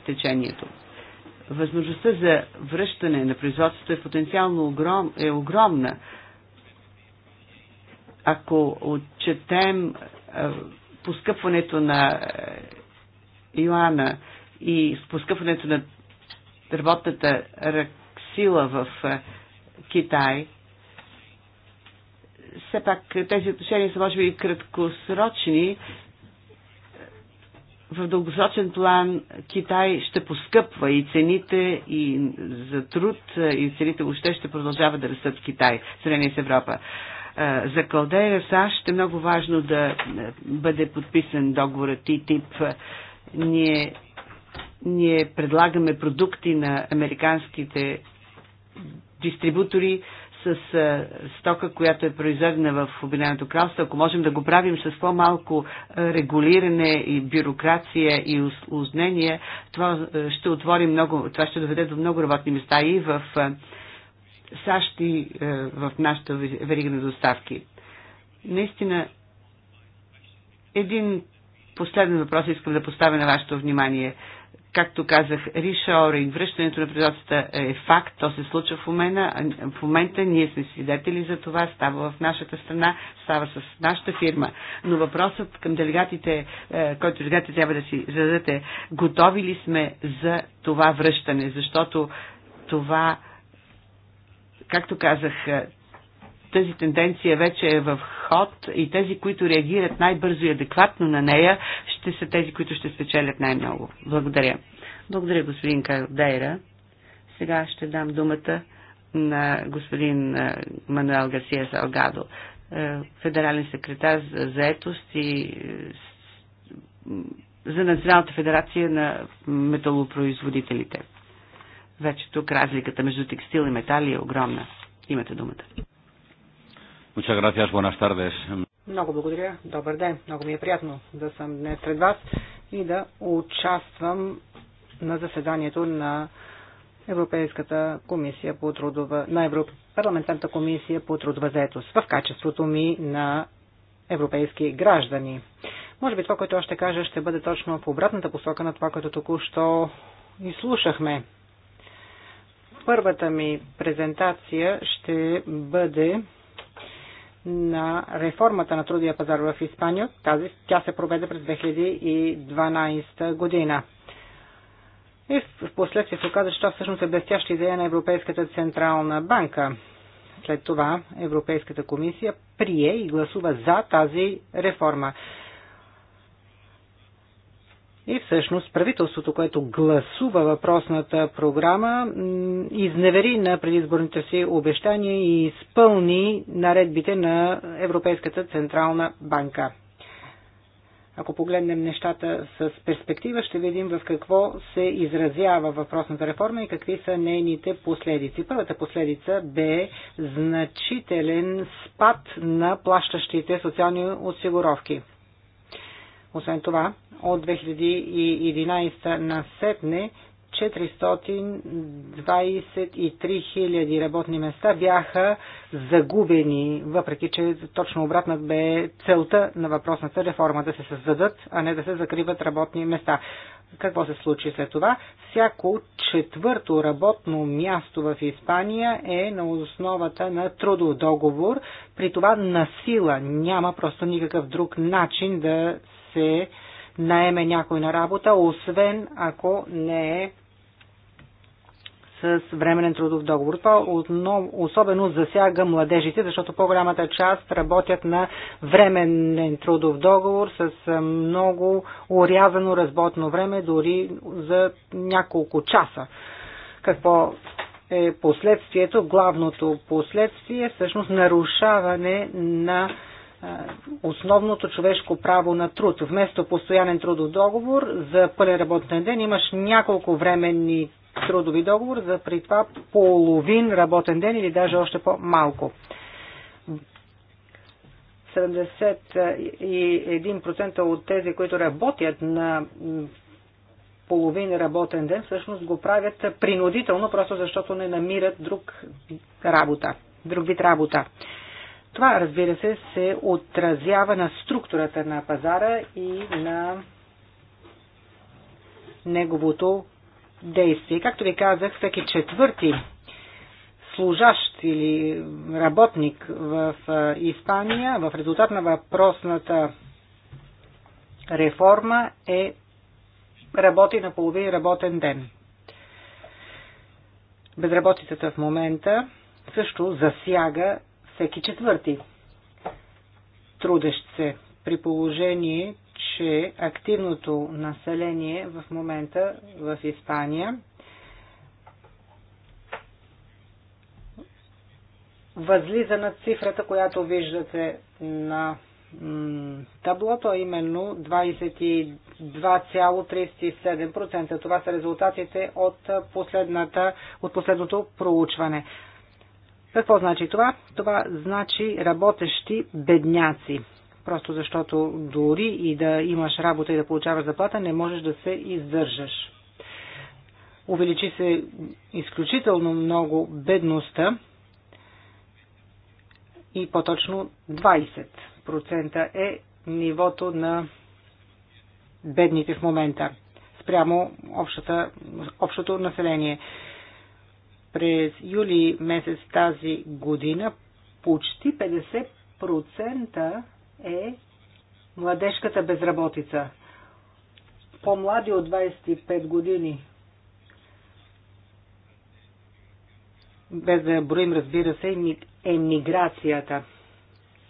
течението. Възможността за връщане на производството е потенциално огром, е огромна. Ако отчетем поскъпването на Йоана и поскъпването на работната ръксила в Китай – все пак тези отношения са може би краткосрочни. В дългосрочен план Китай ще поскъпва и цените и за труд и цените въобще ще продължават да растат в Китай, в сравнение с Европа. За Калдея в САЩ е много важно да бъде подписан договорът и тип. Ние, ние предлагаме продукти на американските дистрибутори, с а, стока, която е произведена в Обединеното кралство, ако можем да го правим с по-малко регулиране и бюрокрация и узнения, това ще отвори много, това ще доведе до много работни места и в а, САЩ и а, в нашата верига на доставки. Наистина, един последен въпрос искам да поставя на вашето внимание. А, както казах, решоринг, връщането на производствата е факт, то се случва в момента, в момента ние сме свидетели за това, става в нашата страна, става с нашата фирма. Но въпросът към делегатите, е, който делегатите трябва да си зададат е, готови ли сме за това връщане, защото това, както казах, е, тази тенденция вече е в ход и тези, които реагират най-бързо и адекватно на нея, ще са тези, които ще спечелят най-много. Благодаря. Благодаря, господин Калдейра. Сега ще дам думата на господин Мануел Гарсия Салгадо, федерален секретар за заетост и за Националната федерация на металопроизводителите. Вече тук разликата между текстил и метали е огромна. Имате думата. Muchas gracias, buenas tardes. Много благодаря. Добър ден. Много ми е приятно да съм днес сред вас и да участвам на заседанието на Европейската комисия по трудова, на Европ... парламентарната комисия по трудова заетост в качеството ми на европейски граждани. Може би това, което още кажа, ще бъде точно по обратната посока на това, което току-що изслушахме. Първата ми презентация ще бъде на реформата на трудия пазар в Испания. Тази, тя се проведе през 2012 година. И в последствие се оказа, че това всъщност е блестяща идея на Европейската централна банка. След това Европейската комисия прие и гласува за тази реформа. И всъщност правителството, което гласува въпросната програма, изневери на предизборните си обещания и изпълни наредбите на Европейската централна банка. Ако погледнем нещата с перспектива, ще видим в какво се изразява въпросната реформа и какви са нейните последици. Първата последица бе значителен спад на плащащите социални осигуровки. Освен това, от 2011 на сетне 423 хиляди работни места бяха загубени, въпреки че точно обратно бе целта на въпросната реформа да се създадат, а не да се закриват работни места. Какво се случи след това? Всяко четвърто работно място в Испания е на основата на трудов договор, при това на сила няма просто никакъв друг начин да се наеме някой на работа, освен ако не е с временен трудов договор. Това особено засяга младежите, защото по-голямата част работят на временен трудов договор с много урязано разботно време, дори за няколко часа. Какво е последствието? Главното последствие е всъщност нарушаване на основното човешко право на труд. Вместо постоянен трудов договор за пълен работен ден имаш няколко временни трудови договор за при това половин работен ден или даже още по-малко. 71% от тези, които работят на половин работен ден, всъщност го правят принудително, просто защото не намират друг работа, друг вид работа. Това, разбира се, се отразява на структурата на пазара и на неговото действие. Както ви казах, всеки четвърти служащ или работник в Испания в резултат на въпросната реформа е работи на половин работен ден. Безработицата в момента също засяга всеки четвърти трудещ се, при положение, че активното население в момента в Испания възлиза на цифрата, която виждате на таблото, а именно 22,37%. Това са резултатите от, последната, от последното проучване. Какво значи това? Това значи работещи бедняци. Просто защото дори и да имаш работа и да получаваш заплата, не можеш да се издържаш. Увеличи се изключително много бедността и по-точно 20% е нивото на бедните в момента спрямо общата, общото население. През юли месец тази година почти 50% е младежката безработица. По-млади от 25 години. Без да броим, разбира се, емиграцията.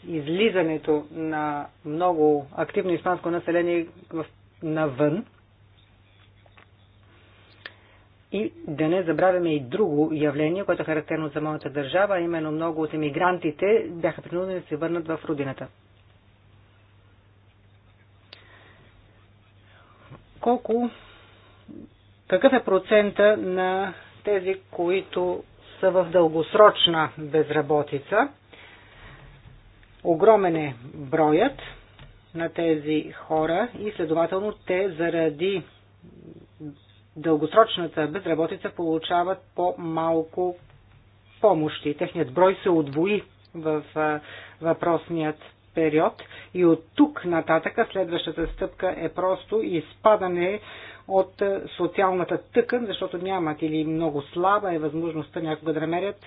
Излизането на много активно испанско население навън и да не забравяме и друго явление, което е характерно за моята държава, а именно много от емигрантите бяха принудени да се върнат в родината. Колко, какъв е процента на тези, които са в дългосрочна безработица? Огромен е броят на тези хора и следователно те заради дългосрочната безработица получават по-малко помощи. Техният брой се отвои в въпросният период и от тук нататъка следващата стъпка е просто изпадане от социалната тъкан, защото нямат или много слаба е възможността някога да намерят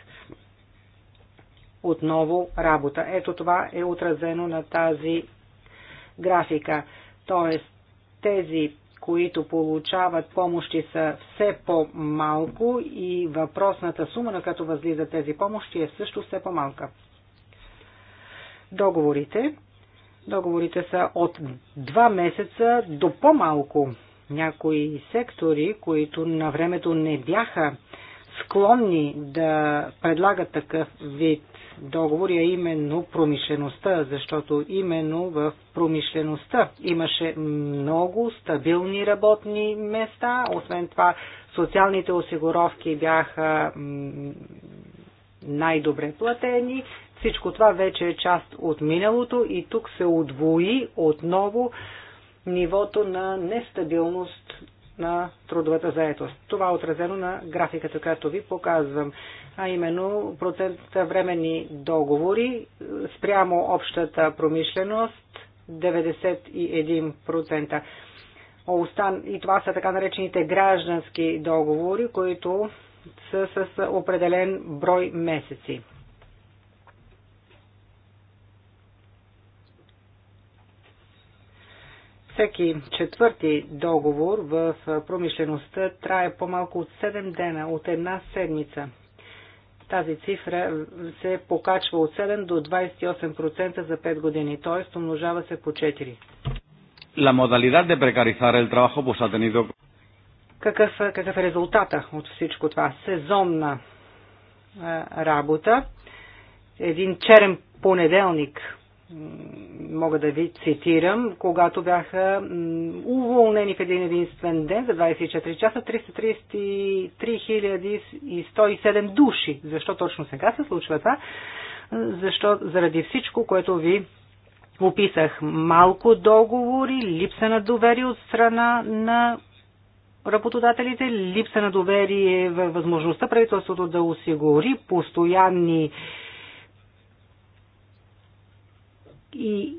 отново работа. Ето това е отразено на тази графика. Тоест тези които получават помощи са все по-малко и въпросната сума, на като възлизат тези помощи, е също все по-малка. Договорите. Договорите са от 2 месеца до по-малко. Някои сектори, които на времето не бяха склонни да предлагат такъв вид договор, а именно промишлеността, защото именно в промишлеността имаше много стабилни работни места, освен това социалните осигуровки бяха най-добре платени. Всичко това вече е част от миналото и тук се удвои отново нивото на нестабилност на трудовата заетост. Това е отразено на графиката, която ви показвам а именно процент времени договори спрямо общата промишленост 91%. Остан... И това са така наречените граждански договори, които са с определен брой месеци. Всеки четвърти договор в промишлеността трае по-малко от 7 дена, от една седмица – тази цифра се покачва от 7 до 28% за 5 години, т.е. умножава се по 4. La modalidad de precarizar el trabajo pues ha tenido... Какъв, какъв е резултата от всичко това? Сезонна а, работа, един черен понеделник мога да ви цитирам, когато бяха уволнени в един единствен ден за 24 часа 333 107 души. Защо точно сега се случва това? Защо заради всичко, което ви описах. Малко договори, липса на доверие от страна на работодателите, липса на доверие във възможността правителството да осигури постоянни и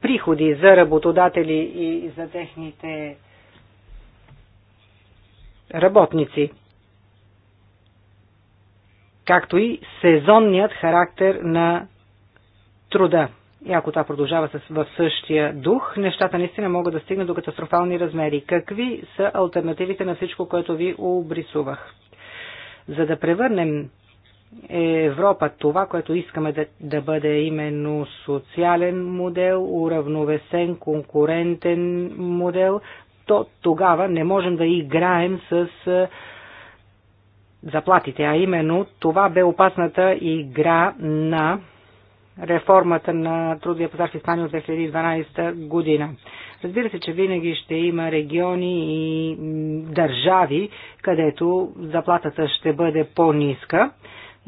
приходи за работодатели и за техните работници, както и сезонният характер на труда. И ако това продължава в същия дух, нещата наистина могат да стигнат до катастрофални размери. Какви са альтернативите на всичко, което ви обрисувах? За да превърнем е Европа това, което искаме да, да бъде именно социален модел, уравновесен, конкурентен модел, то тогава не можем да играем с заплатите, а именно това бе опасната игра на реформата на трудовия пазар в Испания от 2012 година. Разбира се, че винаги ще има региони и държави, където заплатата ще бъде по-ниска,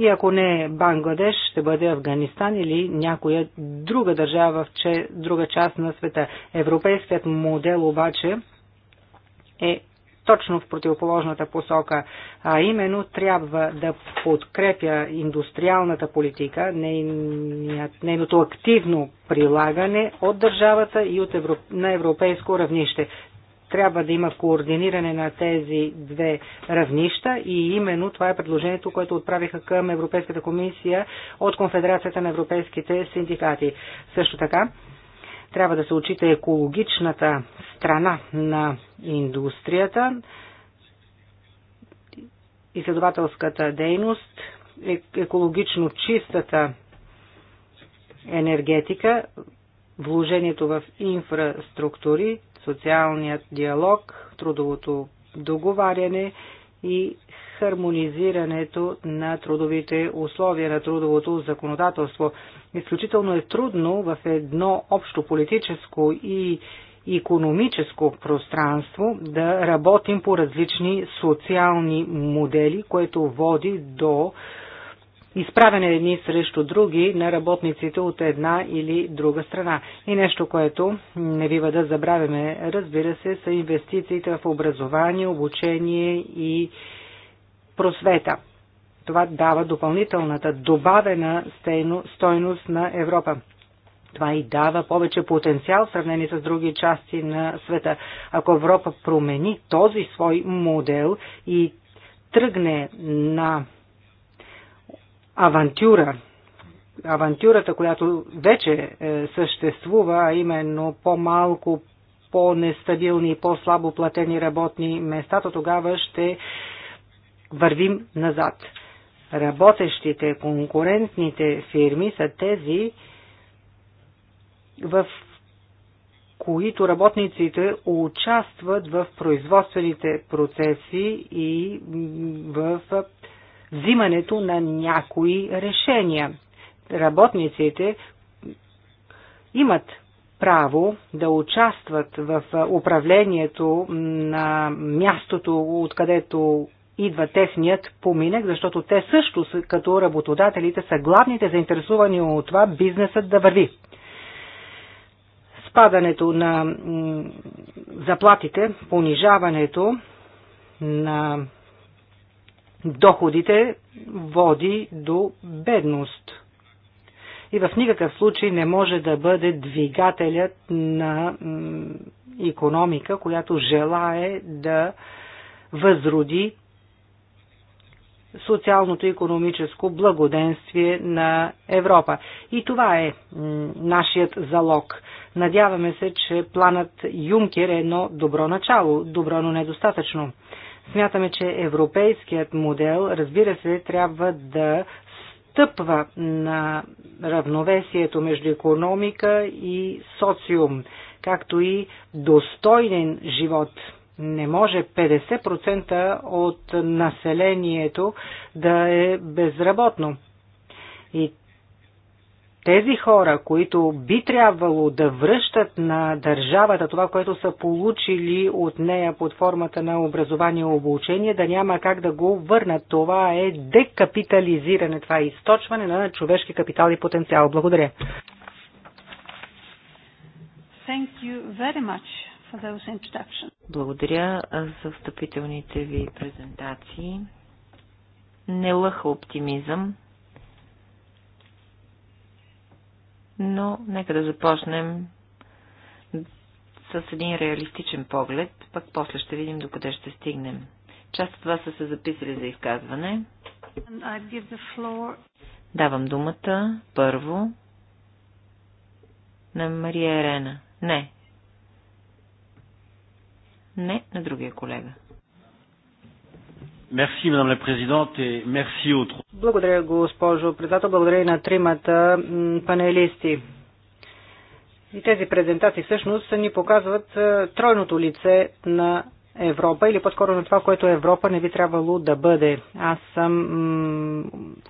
и ако не е Бангладеш, ще бъде Афганистан или някоя друга държава в че, друга част на света. Европейският модел обаче е точно в противоположната посока, а именно трябва да подкрепя индустриалната политика, нейното активно прилагане от държавата и от Европ... на европейско равнище трябва да има координиране на тези две равнища и именно това е предложението, което отправиха към Европейската комисия от Конфедерацията на европейските синдикати. Също така, трябва да се учита екологичната страна на индустрията, изследователската дейност, екологично чистата енергетика, вложението в инфраструктури, социалният диалог, трудовото договаряне и хармонизирането на трудовите условия на трудовото законодателство. Изключително е трудно в едно общо политическо и економическо пространство да работим по различни социални модели, което води до изправене едни срещу други на работниците от една или друга страна. И нещо, което не бива да забравяме, разбира се, са инвестициите в образование, обучение и просвета. Това дава допълнителната, добавена стойност на Европа. Това и дава повече потенциал в сравнение с други части на света. Ако Европа промени този свой модел и тръгне на авантюра. Авантюрата, която вече е, съществува, а именно по-малко, по-нестабилни и по-слабо платени работни места, то тогава ще вървим назад. Работещите, конкурентните фирми са тези, в които работниците участват в производствените процеси и в взимането на някои решения. Работниците имат право да участват в управлението на мястото, откъдето идва техният поминък, защото те също като работодателите са главните заинтересувани от това бизнесът да върви. Спадането на заплатите, понижаването на доходите води до бедност. И в никакъв случай не може да бъде двигателят на економика, която желае да възроди социалното и економическо благоденствие на Европа. И това е нашият залог. Надяваме се, че планът Юнкер е едно добро начало, добро, но недостатъчно. Смятаме, че европейският модел, разбира се, трябва да стъпва на равновесието между економика и социум, както и достойен живот. Не може 50% от населението да е безработно. И тези хора, които би трябвало да връщат на държавата това, което са получили от нея под формата на образование и обучение, да няма как да го върнат. Това е декапитализиране, това е източване на човешки капитал и потенциал. Благодаря. Thank you very much for those introductions. Благодаря за встъпителните ви презентации. Не лъха оптимизъм но нека да започнем с един реалистичен поглед, пък после ще видим докъде ще стигнем. Част от вас са се записали за изказване. Давам думата първо на Мария Ерена. Не. Не, на другия колега. Мерси, мадам ле президент, и мерси утро. Благодаря, госпожо председател. Благодаря и на тримата панелисти. И тези презентации всъщност ни показват е, тройното лице на Европа или по-скоро на това, което Европа не би трябвало да бъде. Аз съм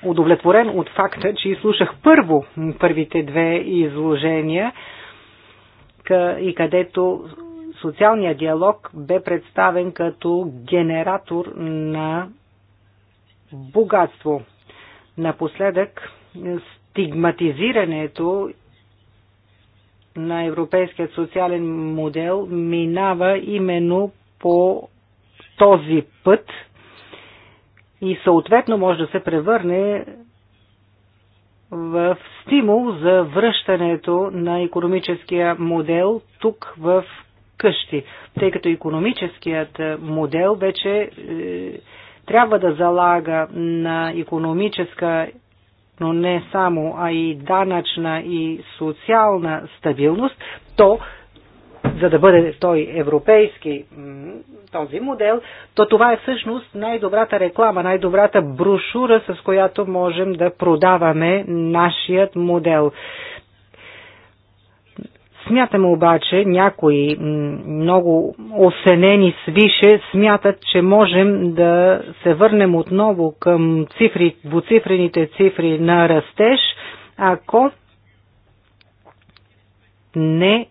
удовлетворен от факта, че изслушах първо първите две изложения и където социалният диалог бе представен като генератор на богатство. Напоследък стигматизирането на европейският социален модел минава именно по този път и съответно може да се превърне в стимул за връщането на економическия модел тук в къщи, тъй като економическият е, модел вече е, трябва да залага на економическа, но не само, а и данъчна и социална стабилност, то за да бъде той европейски този модел, то това е всъщност най-добрата реклама, най-добрата брошура, с която можем да продаваме нашият модел. Смятаме, обаче, някои много осенени свише смятат, че можем да се върнем отново към цифри, двуцифрените цифри на растеж, ако не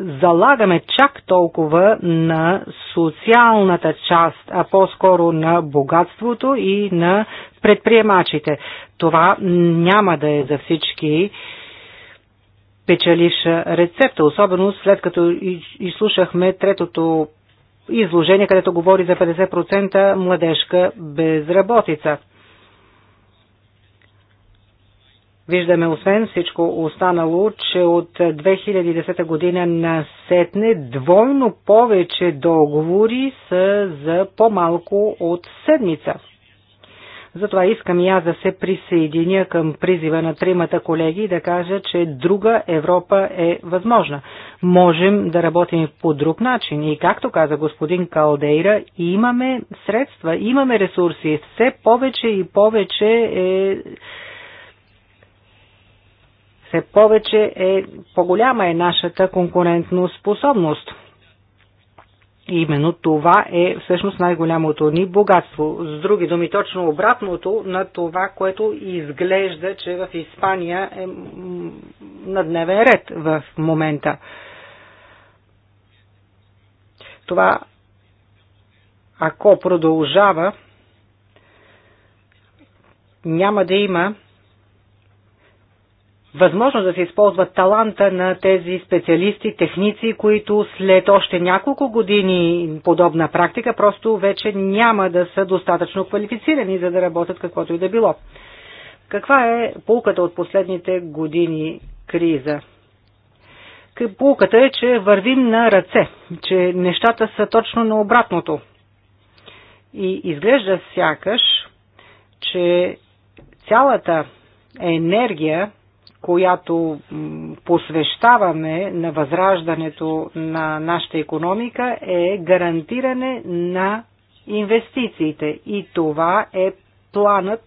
залагаме чак толкова на социалната част, а по-скоро на богатството и на предприемачите. Това няма да е за всички печеливша рецепта, особено след като изслушахме третото изложение, където говори за 50% младежка безработица. Виждаме освен всичко останало, че от 2010 година насетне двойно повече договори са за по-малко от седмица. Затова искам и аз да се присъединя към призива на тримата колеги и да кажа, че друга Европа е възможна. Можем да работим по друг начин и както каза господин Калдейра, имаме средства, имаме ресурси. Все повече и повече е все повече е по-голяма е нашата конкурентно способност именно това е всъщност най-голямото ни богатство. С други думи, точно обратното на това, което изглежда, че в Испания е на дневен ред в момента. Това, ако продължава, няма да има възможност да се използва таланта на тези специалисти, техници, които след още няколко години подобна практика просто вече няма да са достатъчно квалифицирани, за да работят каквото и да било. Каква е полката от последните години криза? Полката е, че вървим на ръце, че нещата са точно на обратното. И изглежда сякаш, че цялата енергия, която посвещаваме на възраждането на нашата економика е гарантиране на инвестициите. И това е планът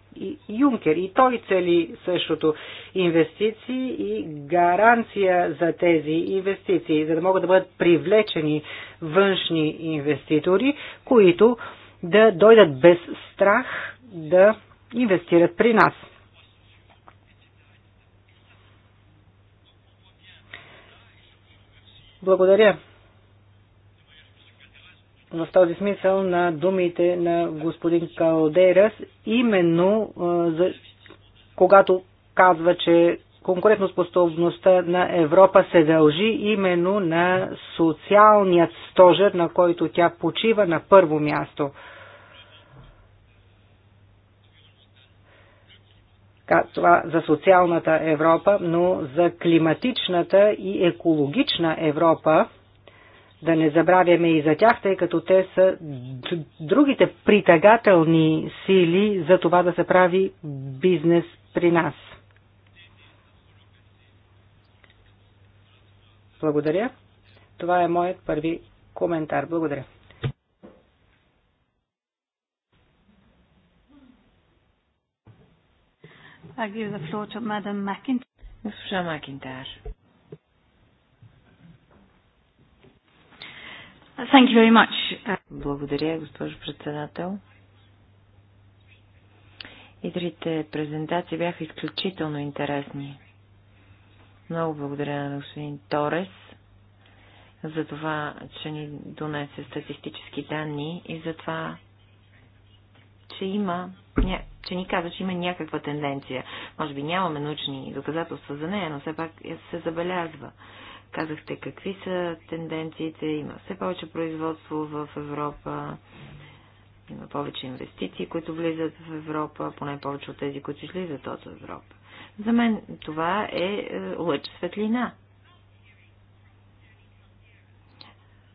Юнкер. И той цели същото инвестиции и гаранция за тези инвестиции, за да могат да бъдат привлечени външни инвеститори, които да дойдат без страх да инвестират при нас. Благодаря в този смисъл на думите на господин Калдерас, именно за, когато казва, че конкурентоспособността на Европа се дължи именно на социалният стожер, на който тя почива на първо място. това за социалната Европа, но за климатичната и екологична Европа, да не забравяме и за тях, тъй като те са другите притагателни сили за това да се прави бизнес при нас. Благодаря. Това е моят първи коментар. Благодаря. I give the floor to Madam McIntyre. Госпожа Макинтар. Thank you very much. Благодаря, госпожо председател. И трите презентации бяха изключително интересни. Много благодаря на господин Торес за това, че ни донесе статистически данни и за това, че има че ни каза, че има някаква тенденция. Може би нямаме научни доказателства за нея, но все пак се забелязва. Казахте какви са тенденциите, има все повече производство в Европа, има повече инвестиции, които влизат в Европа, поне повече от тези, които излизат от Европа. За мен това е, е лъч светлина.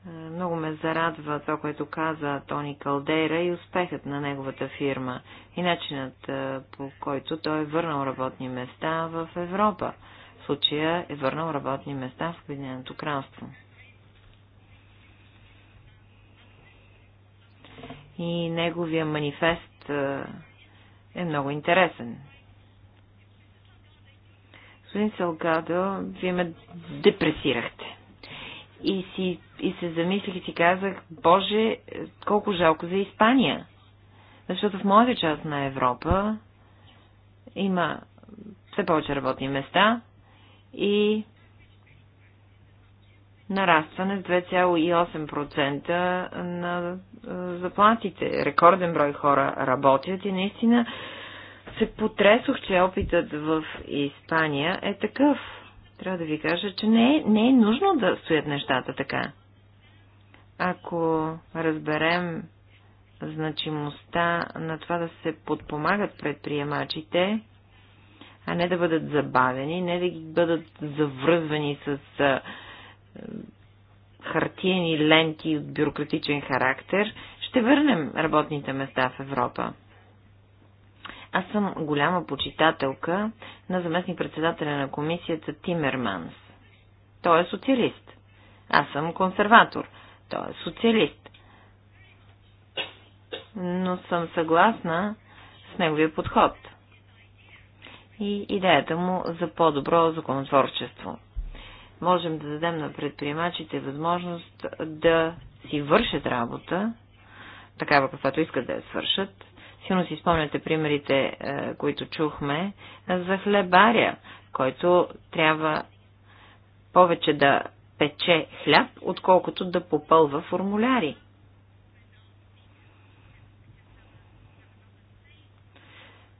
Е, много ме зарадва това, което каза Тони Калдейра и успехът на неговата фирма и начинът е, по който той е върнал работни места в Европа. В случая е върнал работни места в Обединеното кралство. И неговия манифест е, е много интересен. Господин Салгадо, вие ме депресирахте и, си, и се замислих и си казах, Боже, колко жалко за Испания. Защото в моята част на Европа има все повече работни места и нарастване с 2,8% на заплатите. Рекорден брой хора работят и наистина се потресох, че опитът в Испания е такъв трябва да ви кажа, че не е, не е нужно да стоят нещата така. Ако разберем значимостта на това да се подпомагат предприемачите, а не да бъдат забавени, не да ги бъдат завръзвани с хартиени ленти от бюрократичен характер, ще върнем работните места в Европа. Аз съм голяма почитателка на заместник-председателя на комисията Тимерманс. Той е социалист. Аз съм консерватор. Той е социалист. Но съм съгласна с неговия подход и идеята му за по-добро законотворчество. Можем да дадем на предприемачите възможност да си вършат работа, такава каквато искат да я свършат, Силно си спомняте примерите, е, които чухме, е, за хлебаря, който трябва повече да пече хляб, отколкото да попълва формуляри.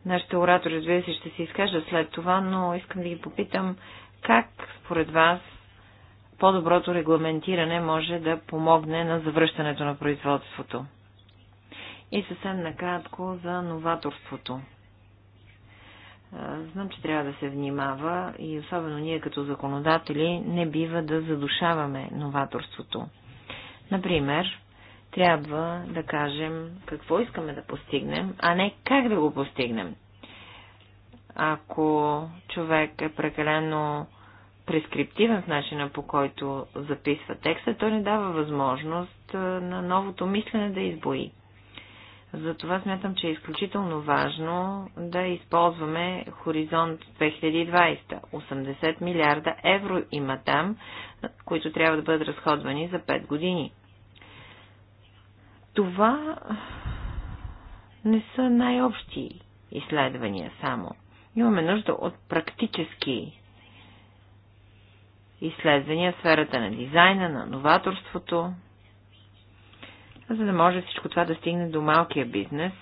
Нашите оратори, разбира се, ще се изкажат след това, но искам да ги попитам как според вас по-доброто регламентиране може да помогне на завръщането на производството. И съвсем накратко за новаторството. Знам, че трябва да се внимава и особено ние като законодатели не бива да задушаваме новаторството. Например, трябва да кажем какво искаме да постигнем, а не как да го постигнем. Ако човек е прекалено прескриптивен в начина по който записва текста, той не дава възможност на новото мислене да избои. Затова смятам, че е изключително важно да използваме Хоризонт 2020. 80 милиарда евро има там, които трябва да бъдат разходвани за 5 години. Това не са най-общи изследвания само. Имаме нужда от практически изследвания в сферата на дизайна, на новаторството, за да може всичко това да стигне до малкия бизнес.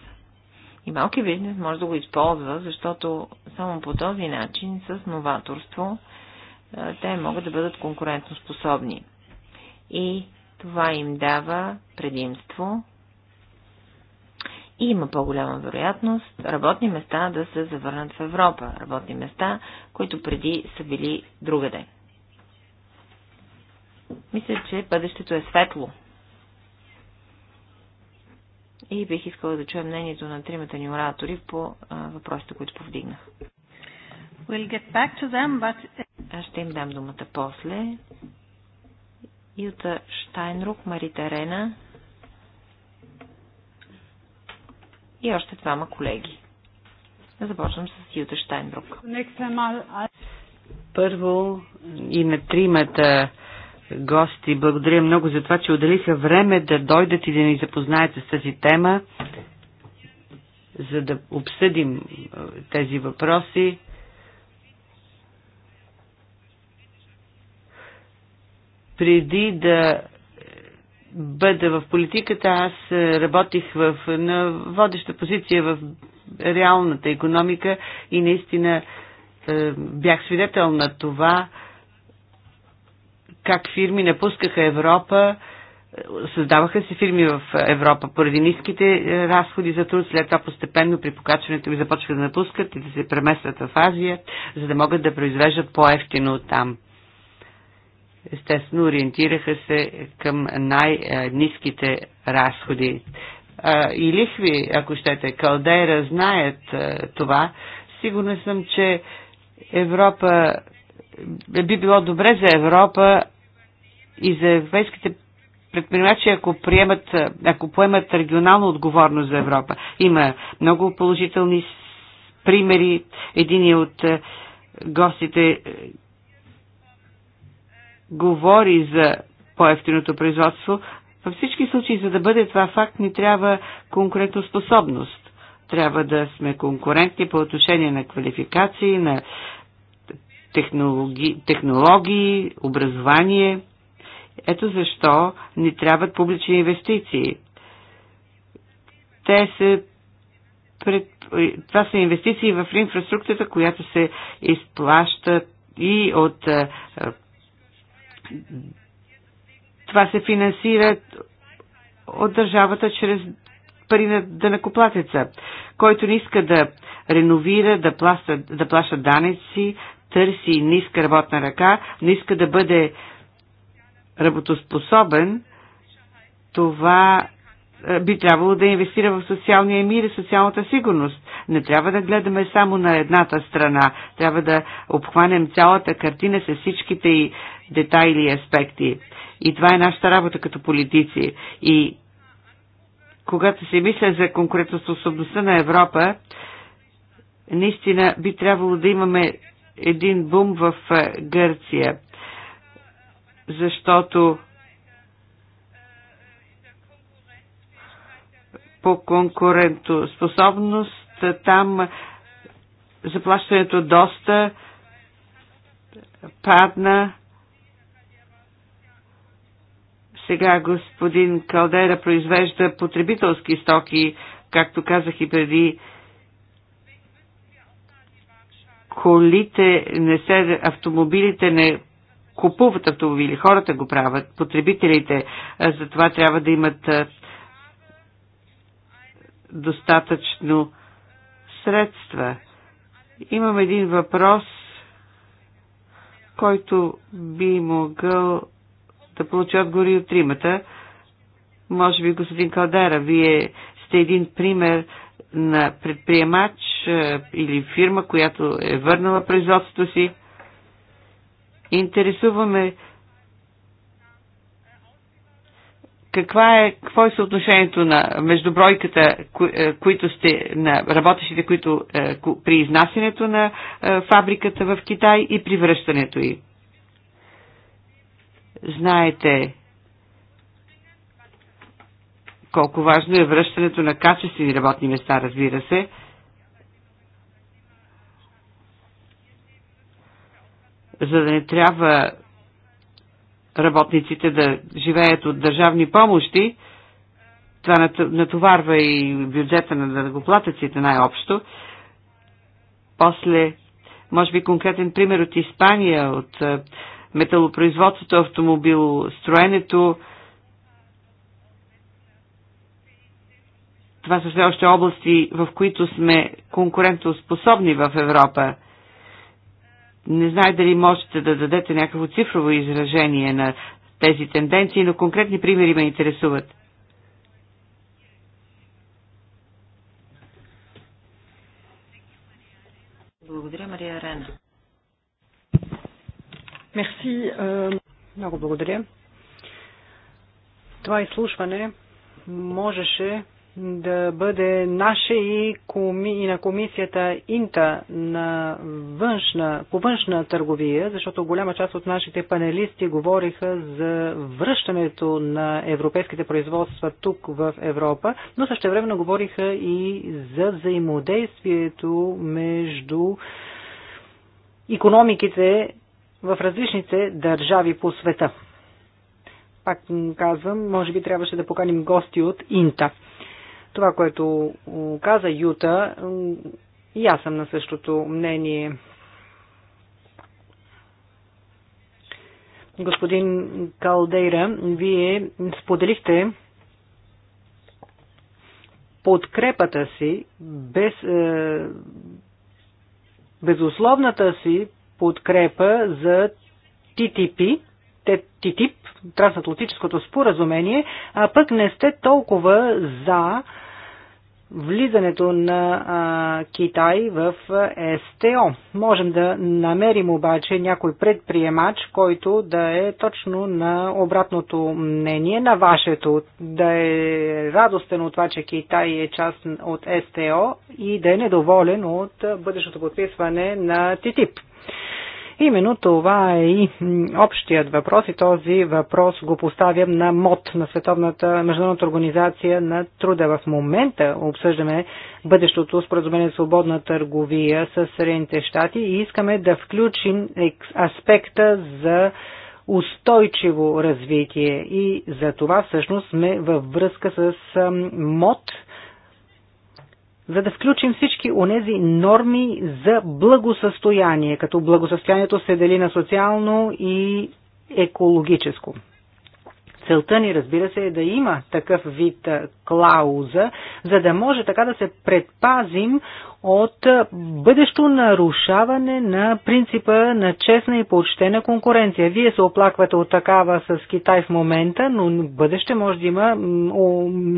И малкия бизнес може да го използва, защото само по този начин, с новаторство, те могат да бъдат способни. И това им дава предимство и има по-голяма вероятност работни места да се завърнат в Европа. Работни места, които преди са били другаде. Мисля, че бъдещето е светло и бих искала да чуя мнението на тримата ни оратори по а, въпросите, които повдигнах. We'll get back to them, but... Аз ще им дам думата после. Юта Штайнрук, Марита Рена и още двама колеги. Започвам с Юта Штайнрук. Първо и на тримата гости. Благодаря много за това, че отделиха време да дойдат и да ни запознаят с тази тема, за да обсъдим тези въпроси. Преди да бъда в политиката, аз работих в, на водеща позиция в реалната економика и наистина бях свидетел на това, как фирми напускаха Европа, е, създаваха се фирми в Европа поради ниските е, разходи за труд, след това постепенно при покачването ми започват да напускат и да се преместват в Азия, за да могат да произвеждат по-ефтино от там. Естествено, ориентираха се към най-низките разходи. И лихви, ако щете, Калдейра знаят е, това. Сигурна съм, че Европа би било добре за Европа, и за европейските предприемачи, ако, приемат, ако поемат регионална отговорност за Европа. Има много положителни примери. Един е от е, гостите е, говори за по-ефтиното производство. Във всички случаи, за да бъде това факт, ни трябва конкурентоспособност. Трябва да сме конкурентни по отношение на квалификации, на технологии, технологии образование – ето защо ни трябват публични инвестиции. Те се пред... Това са инвестиции в инфраструктурата, която се изплаща и от е, е, това се финансира от държавата чрез пари на дънакоплатеца, който не иска да реновира, да плаща, да плаща данъци, търси ниска работна ръка, не иска да бъде работоспособен, това е, би трябвало да инвестира в социалния мир и социалната сигурност. Не трябва да гледаме само на едната страна. Трябва да обхванем цялата картина с всичките и детайли и аспекти. И това е нашата работа като политици. И когато се мисля за конкурентоспособността на Европа, наистина би трябвало да имаме един бум в е, Гърция защото по конкурентоспособност там заплащането доста падна. Сега господин Калдера произвежда потребителски стоки, както казах и преди. Колите не се, автомобилите не купуват автомобили, хората го правят, потребителите, затова трябва да имат достатъчно средства. Имам един въпрос, който би могъл да получи отговори от тримата. Може би, господин Калдера, вие сте един пример на предприемач или фирма, която е върнала производството си интересуваме каква е, какво е съотношението на, между бройката, кои, е, които сте, на работещите, които е, при изнасянето на е, фабриката в Китай и при връщането й? Знаете колко важно е връщането на качествени работни места, разбира се. за да не трябва работниците да живеят от държавни помощи, това натоварва и бюджета на дългоплатъците най-общо. После, може би конкретен пример от Испания, от е, металопроизводството, автомобилостроенето. Това са все още области, в които сме конкурентоспособни в Европа – не знае дали можете да дадете някакво цифрово изражение на тези тенденции, но конкретни примери ме интересуват. Благодаря, Мария Арена. Мерси. Много благодаря. Това изслушване можеше да бъде наше и, коми, и на комисията Инта на външна, по външна търговия, защото голяма част от нашите панелисти говориха за връщането на европейските производства тук в Европа, но също времено говориха и за взаимодействието между економиките в различните държави по света. Пак казвам, може би трябваше да поканим гости от Инта. Това, което каза Юта, и аз съм на същото мнение. Господин Калдейра, вие споделихте подкрепата си, без, е, безусловната си подкрепа за ТТП, ТТП, трансатлантическото споразумение, а пък не сте толкова за влизането на а, Китай в СТО. Можем да намерим обаче някой предприемач, който да е точно на обратното мнение на вашето, да е радостен от това, че Китай е част от СТО и да е недоволен от бъдещото подписване на ТИТИП. Именно това е и общият въпрос и този въпрос го поставям на МОД, на Световната международната организация на труда. В момента обсъждаме бъдещото споразумение свободна търговия с Съединените щати и искаме да включим аспекта за устойчиво развитие и за това всъщност сме във връзка с МОД за да включим всички онези норми за благосъстояние, като благосъстоянието се дели на социално и екологическо. Целта ни, разбира се, е да има такъв вид клауза, за да може така да се предпазим от бъдещо нарушаване на принципа на честна и почтена конкуренция. Вие се оплаквате от такава с Китай в момента, но в бъдеще може да има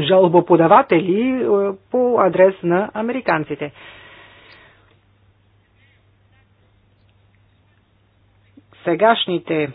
жалбоподаватели по адрес на американците. сегашните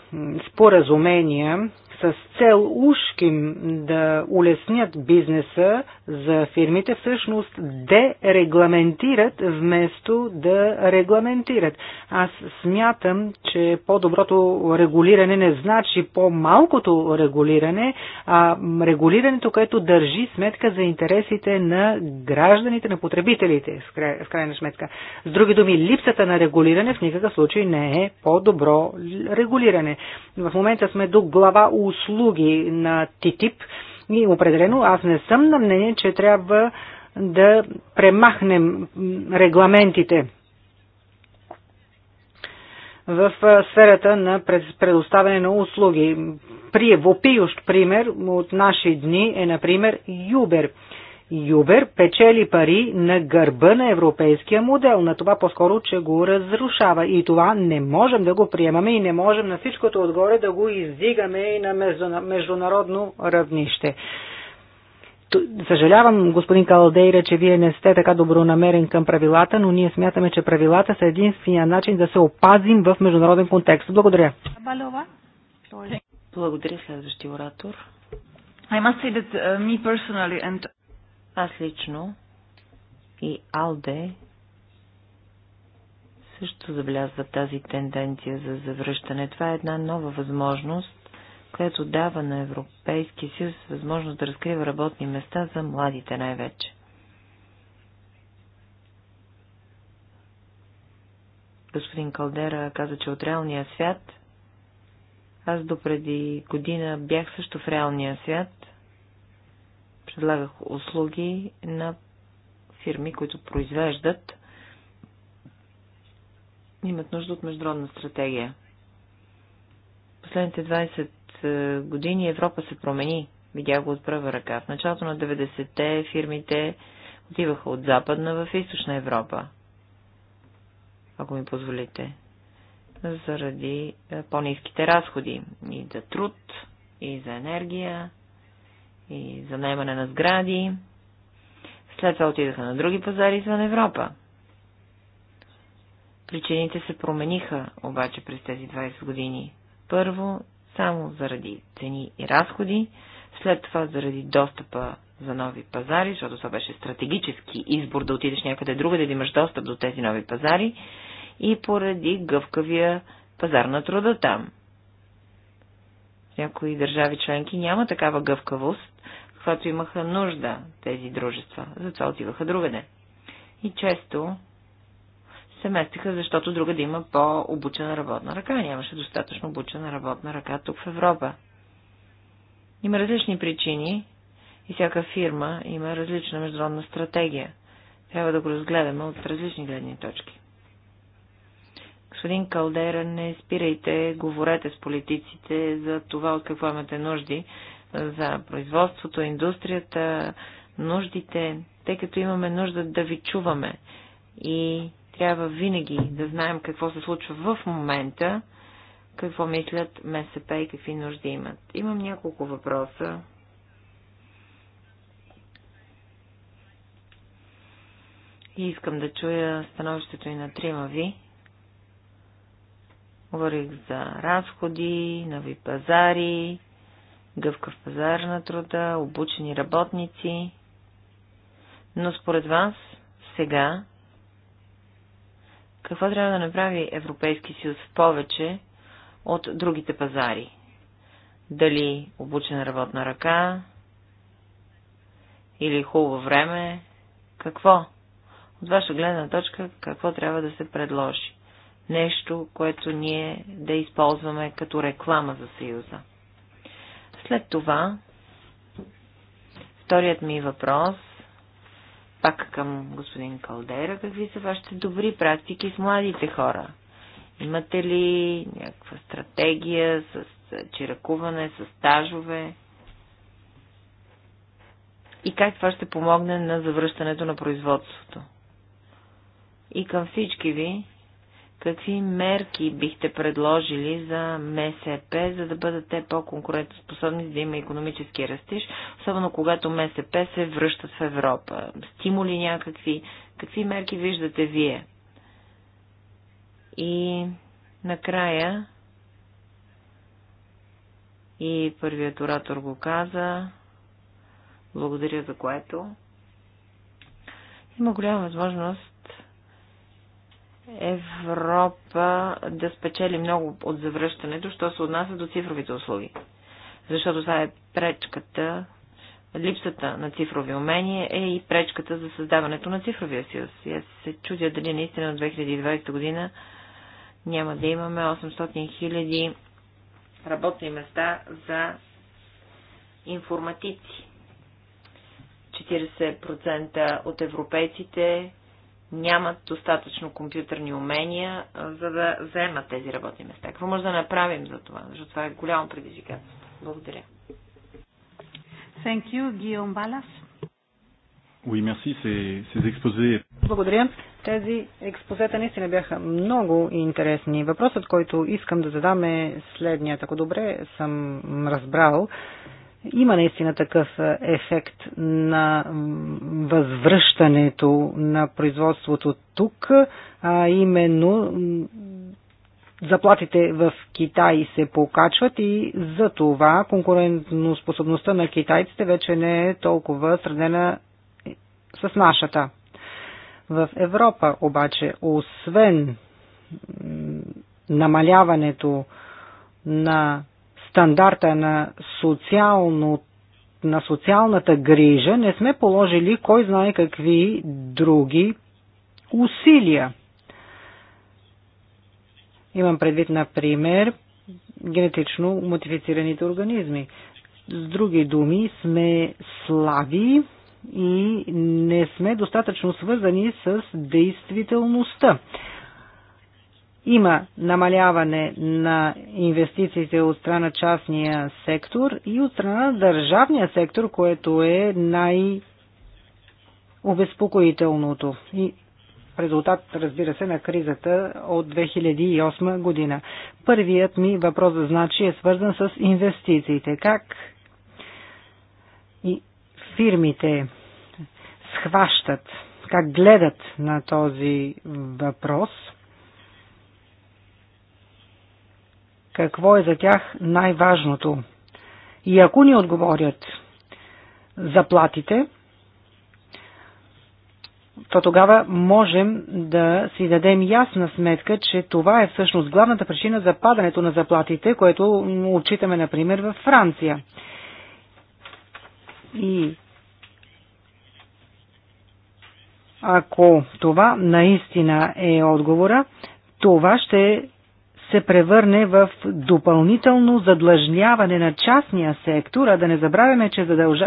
споразумения с цел ушким да улеснят бизнеса за фирмите, всъщност дерегламентират вместо да регламентират. Аз смятам, че по-доброто регулиране не значи по-малкото регулиране, а регулирането, което държи сметка за интересите на гражданите, на потребителите, в крайна сметка. С други думи, липсата на регулиране в никакъв случай не е по-добро регулиране. В момента сме до глава услуги на ТИТИП. И определено аз не съм на мнение, че трябва да премахнем регламентите в сферата на предоставяне на услуги. При вопиющ пример от наши дни е, например, Юбер – Юбер печели пари на гърба на европейския модел, на това по-скоро, че го разрушава. И това не можем да го приемаме и не можем на всичкото отгоре да го издигаме и на международно равнище. Съжалявам, господин Калдейра, че вие не сте така добронамерен към правилата, но ние смятаме, че правилата са единствения начин да се опазим в международен контекст. Благодаря. Благодаря, следващия оратор. I must say that uh, me personally and аз лично и Алде също забелязва тази тенденция за завръщане. Това е една нова възможност, която дава на Европейския съюз възможност да разкрива работни места за младите най-вече. Господин Калдера каза, че от реалния свят, аз допреди година бях също в реалния свят Предлагах услуги на фирми, които произвеждат, имат нужда от международна стратегия. Последните 20 е, години Европа се промени. Видях го от първа ръка. В началото на 90-те фирмите отиваха от Западна в Източна Европа. Ако ми позволите. Заради е, по-низките разходи. И за труд, и за енергия, и за на сгради. След това отидаха на други пазари извън Европа. Причините се промениха обаче през тези 20 години. Първо, само заради цени и разходи, след това заради достъпа за нови пазари, защото това беше стратегически избор да отидеш някъде друга, да имаш достъп до тези нови пазари и поради гъвкавия пазар на труда там някои държави членки няма такава гъвкавост, каквато имаха нужда тези дружества. Затова отиваха другаде. И често се местиха, защото друга да има по-обучена работна ръка. Нямаше достатъчно обучена работна ръка тук в Европа. Има различни причини и всяка фирма има различна международна стратегия. Трябва да го разгледаме от различни гледни точки. Господин Калдера, не спирайте, говорете с политиците за това, от какво имате нужди, за производството, индустрията, нуждите, тъй като имаме нужда да ви чуваме и трябва винаги да знаем какво се случва в момента, какво мислят МСП и какви нужди имат. Имам няколко въпроса. И искам да чуя становището и на трима ви. Говорих за разходи, нови пазари, гъвкав пазар на труда, обучени работници. Но според вас, сега, какво трябва да направи Европейски съюз повече от другите пазари? Дали обучена работна ръка или хубаво време? Какво? От ваша гледна точка, какво трябва да се предложи? нещо, което ние да използваме като реклама за Съюза. След това, вторият ми въпрос, пак към господин Калдера, какви са вашите добри практики с младите хора? Имате ли някаква стратегия с чиракуване, с стажове? И как това ще помогне на завръщането на производството? И към всички ви, Какви мерки бихте предложили за МСП, за да бъдат те по-конкурентоспособни, за да има економически растеж, особено когато МСП се връщат в Европа? Стимули някакви? Какви мерки виждате вие? И накрая и първият оратор го каза. Благодаря за което. Има голяма възможност Европа да спечели много от завръщането, що се отнася до цифровите услуги. Защото това е пречката, липсата на цифрови умения е и пречката за създаването на цифровия съюз. И аз се чудя дали наистина от 2020 година няма да имаме 800 хиляди работни места за информатици. 40% от европейците нямат достатъчно компютърни умения, за да вземат тези работни места. Какво може да направим за това? Защото това е голямо предизвикателство. Благодаря. Thank you, Guillaume Balas. Oui, merci, ces, ces Благодаря. Тези експозета наистина бяха много интересни. Въпросът, който искам да задам е следният. Ако добре съм разбрал, има наистина такъв е, ефект на възвръщането на производството тук, а именно заплатите в Китай се покачват и за това конкурентоспособността на китайците вече не е толкова сравнена е, с нашата. В Европа обаче, освен намаляването на стандарта на социално, на социалната грижа не сме положили кой знае какви други усилия. Имам предвид, например, генетично модифицираните организми. С други думи, сме слаби и не сме достатъчно свързани с действителността. Има намаляване на инвестициите от страна частния сектор и от страна на държавния сектор, което е най-обезпокоителното. И в резултат, разбира се, на кризата от 2008 година. Първият ми въпрос значи е свързан с инвестициите. Как и фирмите схващат, как гледат на този въпрос – какво е за тях най-важното. И ако ни отговорят заплатите, то тогава можем да си дадем ясна сметка, че това е всъщност главната причина за падането на заплатите, което отчитаме, например, във Франция. И ако това наистина е отговора, това ще се превърне в допълнително задлъжняване на частния сектор, а да не забравяме, че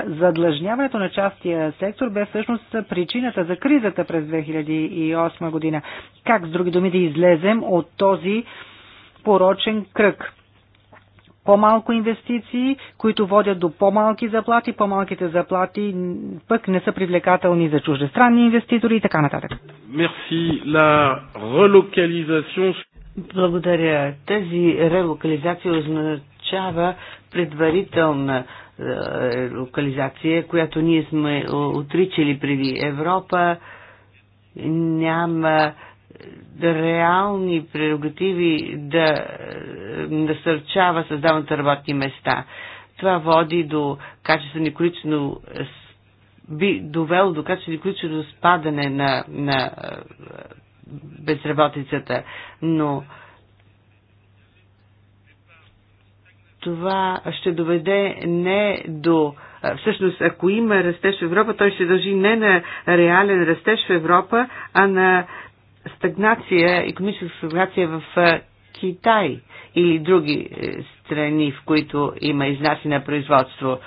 задлъжняването на частния сектор бе всъщност причината за кризата през 2008 година. Как, с други думи, да излезем от този порочен кръг? по-малко инвестиции, които водят до по-малки заплати, по-малките заплати пък не са привлекателни за чуждестранни инвеститори и така нататък. La relocalisation... Благодаря. Тази релокализация означава предварителна е, локализация, която ние сме отричали преди Европа. Няма е, реални прерогативи да е, насърчава да създаването работни места. Това води до качествено количество би довело до качествено и спадане на, на безработицата, но това ще доведе не до всъщност, ако има растеж в Европа, той ще дължи не на реален растеж в Европа, а на стагнация, економическа стагнация в Китай или други е, страни, в които има изнасяне на производство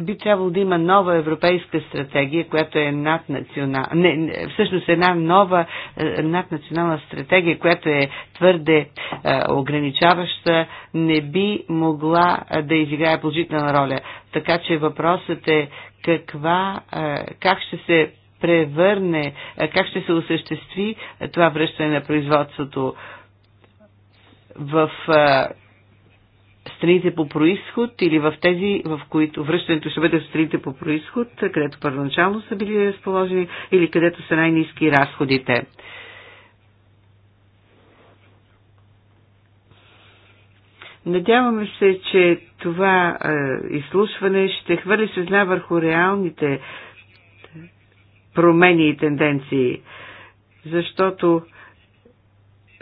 би трябвало да има нова европейска стратегия, която е наднационална, не, всъщност една нова е, наднационална стратегия, която е твърде е, ограничаваща, не би могла е, да изиграе положителна роля. Така че въпросът е каква, е, как ще се превърне, е, как ще се осъществи това връщане на производството в е, страните по происход или в тези, в които връщането ще бъде в страните по происход, където първоначално са били разположени или където са най-низки разходите. Надяваме се, че това е, изслушване ще хвърли светлина върху реалните промени и тенденции, защото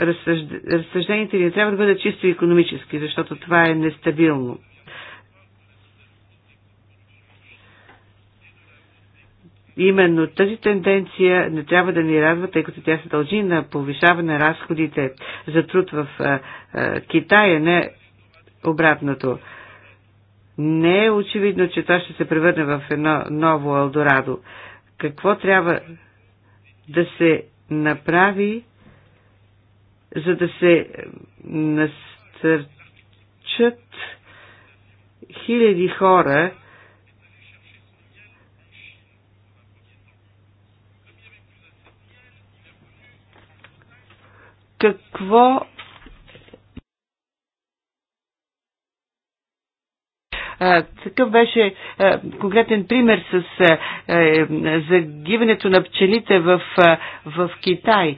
разсъжденията ни трябва да бъдат чисто економически, защото това е нестабилно. Именно тази тенденция не трябва да ни радва, тъй като тя се дължи на повишаване на разходите за труд в Китая, не обратното. Не е очевидно, че това ще се превърне в едно ново Алдорадо. Какво трябва да се направи, за да се настърчат хиляди хора какво Такъв беше конкретен пример с е, загиването на пчелите в, в Китай.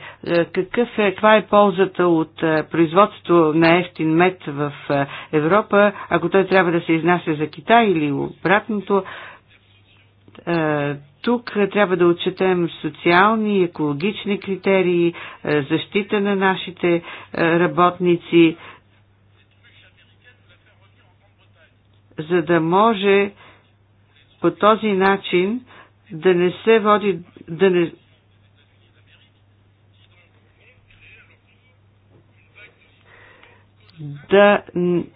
Какъв е, каква е ползата от производството на ефтин мед в Европа, ако той трябва да се изнася за Китай или обратното? тук трябва да отчетем социални и екологични критерии, защита на нашите работници, за да може по този начин да не се води, да не, да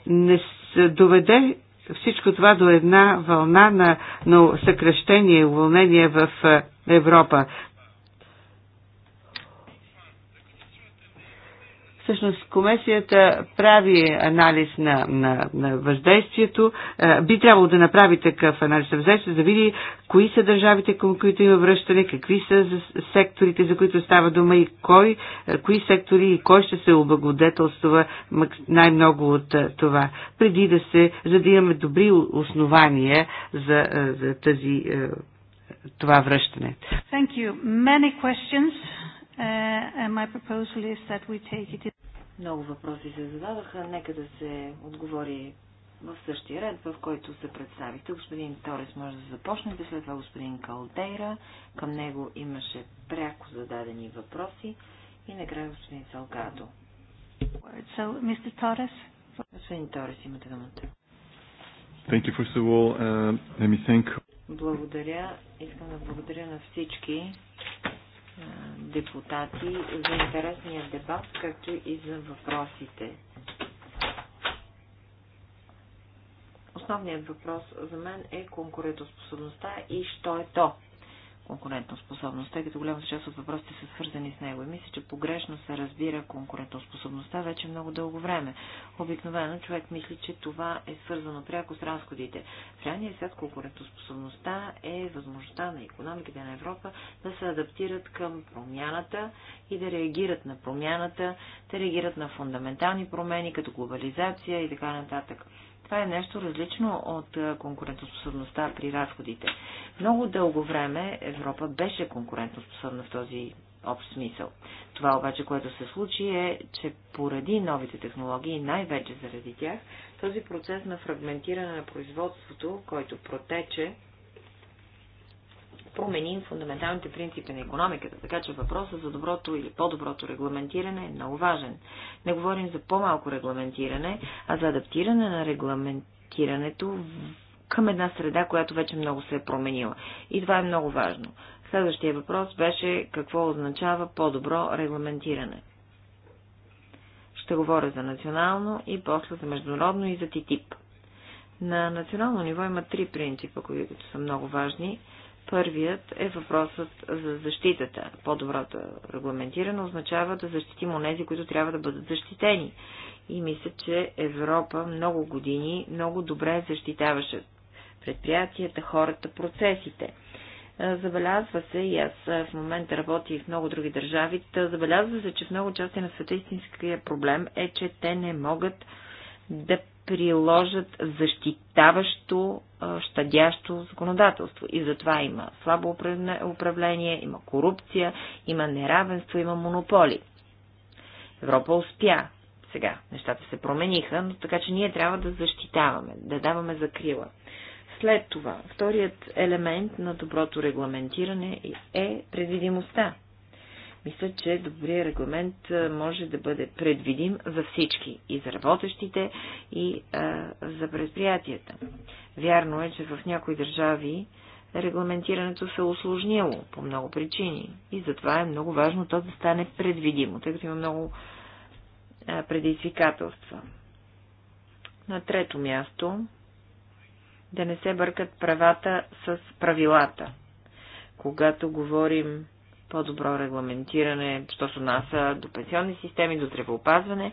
не се доведе всичко това до една вълна на, на съкръщение и уволнение в е, Европа. Всъщност комисията прави анализ на, на, на въздействието. Е, би трябвало да направи такъв анализ на въздействието, да види кои са държавите, към които има връщане, какви са секторите, за които става дума и кой, е, кои сектори и кой ще се облагодетелства най-много от е, това, преди да се, за да имаме добри основания за, за тази това връщане. Thank you. Many questions. Uh, my proposal is that we take it in... Много въпроси се зададаха. Нека да се отговори в същия ред, в който се представихте. Господин Торес може да започнете, след това господин Калдейра. Към него имаше пряко зададени въпроси и накрая господин Салгадо. So, Mr. Torres. Господин Торес, имате думата. Thank you, first of all. Uh, let me thank... Благодаря. Искам да благодаря на всички депутати за интересния дебат, както и за въпросите. Основният въпрос за мен е конкурентоспособността и що е то конкурентоспособността, тъй като голямата част от въпросите са свързани с него. И мисля, че погрешно се разбира конкурентоспособността вече много дълго време. Обикновено човек мисли, че това е свързано пряко с разходите. В реалния свят конкурентоспособността е възможността на економиките на Европа да се адаптират към промяната и да реагират на промяната, да реагират на фундаментални промени, като глобализация и така нататък. Това е нещо различно от конкурентоспособността при разходите. Много дълго време Европа беше конкурентоспособна в този общ смисъл. Това обаче, което се случи е, че поради новите технологии, най-вече заради тях, този процес на фрагментиране на производството, който протече променим фундаменталните принципи на економиката, така че въпросът за доброто или по-доброто регламентиране е много важен. Не говорим за по-малко регламентиране, а за адаптиране на регламентирането към една среда, която вече много се е променила. И това е много важно. Следващия въпрос беше какво означава по-добро регламентиране. Ще говоря за национално и после за международно и за ТИТИП. На национално ниво има три принципа, които са много важни Първият е въпросът за защитата. По-доброто регламентирано, означава да защитим онези, които трябва да бъдат защитени. И мисля, че Европа много години много добре защитаваше предприятията, хората, процесите. Забелязва се, и аз в момента работя и в много други държави, забелязва се, че в много части на света истинския проблем е, че те не могат да приложат защитаващо, щадящо законодателство. И затова има слабо управление, има корупция, има неравенство, има монополи. Европа успя. Сега нещата се промениха, но така че ние трябва да защитаваме, да даваме закрила. След това, вторият елемент на доброто регламентиране е предвидимостта. Мисля, че добрият регламент може да бъде предвидим за всички, и за работещите, и а, за предприятията. Вярно е, че в някои държави регламентирането се е осложнило по много причини и затова е много важно то да стане предвидимо, тъй като има много а, предизвикателства. На трето място да не се бъркат правата с правилата. Когато говорим по-добро регламентиране, що се отнася до пенсионни системи, до здравеопазване.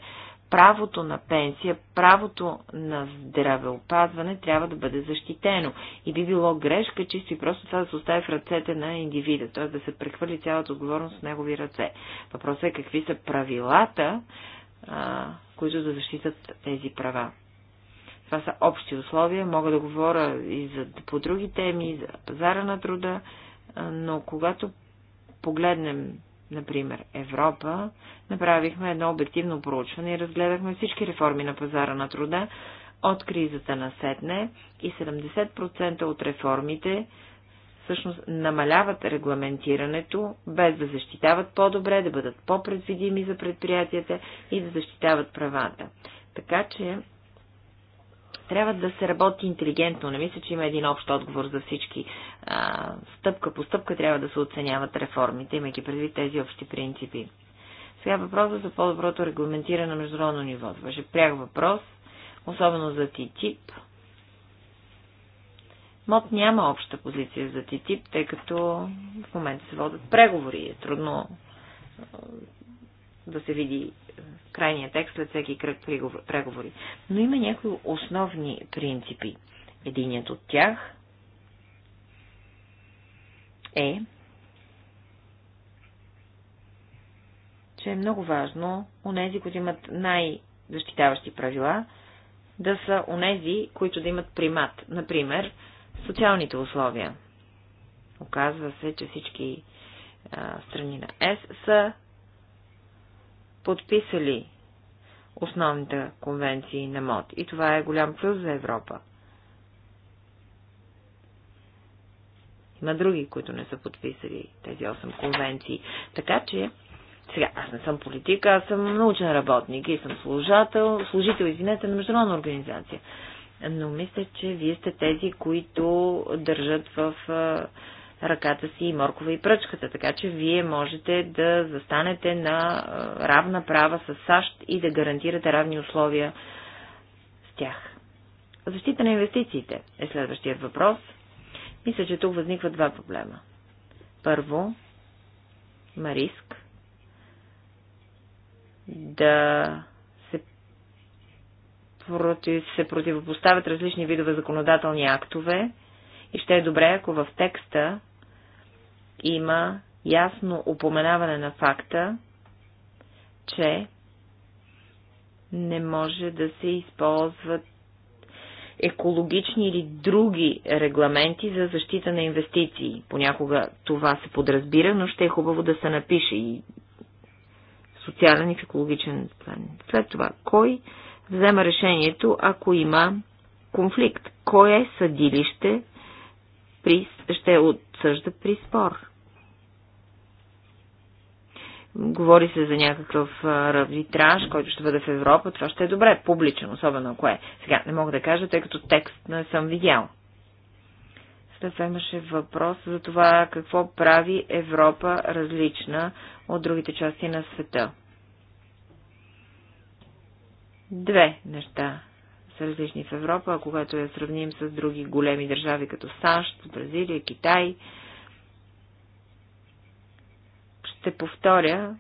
Правото на пенсия, правото на здравеопазване трябва да бъде защитено. И би било грешка, чисто и просто това да се остави в ръцете на индивида, т.е. да се прехвърли цялата отговорност в негови ръце. Въпросът е какви са правилата, а, които да защитат тези права. Това са общи условия. Мога да говоря и за, по други теми, за пазара на труда, но когато погледнем, например, Европа, направихме едно обективно проучване и разгледахме всички реформи на пазара на труда от кризата на Сетне и 70% от реформите всъщност намаляват регламентирането, без да защитават по-добре, да бъдат по-предвидими за предприятията и да защитават правата. Така че трябва да се работи интелигентно. Не мисля, че има един общ отговор за всички. А, стъпка по стъпка трябва да се оценяват реформите, имайки предвид тези общи принципи. Сега въпросът за по-доброто регламентиране на международно ниво. Това е пряк въпрос, особено за ТИТИП. МОД няма обща позиция за ТИТИП, тъй като в момента се водят преговори. Е трудно да се види крайния текст след всеки кръг преговори. Но има някои основни принципи. Единият от тях е, че е много важно нези, които имат най-защитаващи правила, да са нези, които да имат примат. Например, социалните условия. Оказва се, че всички а, страни на ЕС са подписали основните конвенции на МОД. И това е голям плюс за Европа. Има други, които не са подписали тези 8 конвенции. Така че, сега, аз не съм политика, аз съм научен работник и съм служател, служител, извинете, на международна организация. Но мисля, че вие сте тези, които държат в ръката си и моркова и пръчката, така че вие можете да застанете на равна права с САЩ и да гарантирате равни условия с тях. Защита на инвестициите е следващият въпрос. Мисля, че тук възникват два проблема. Първо, има риск да се, против, се противопоставят различни видове законодателни актове и ще е добре, ако в текста има ясно упоменаване на факта, че не може да се използват екологични или други регламенти за защита на инвестиции. Понякога това се подразбира, но ще е хубаво да се напише и социален и в екологичен план. След това, кой взема решението, ако има конфликт? Кое е съдилище при, ще отсъжда при спор. Говори се за някакъв арбитраж, който ще бъде в Европа. Това ще е добре, публичен, особено ако е. Сега не мога да кажа, тъй като текст не съм видял. След това имаше въпрос за това какво прави Европа различна от другите части на света. Две неща са различни в Европа, а когато я сравним с други големи държави, като САЩ, Бразилия, Китай, ще повторя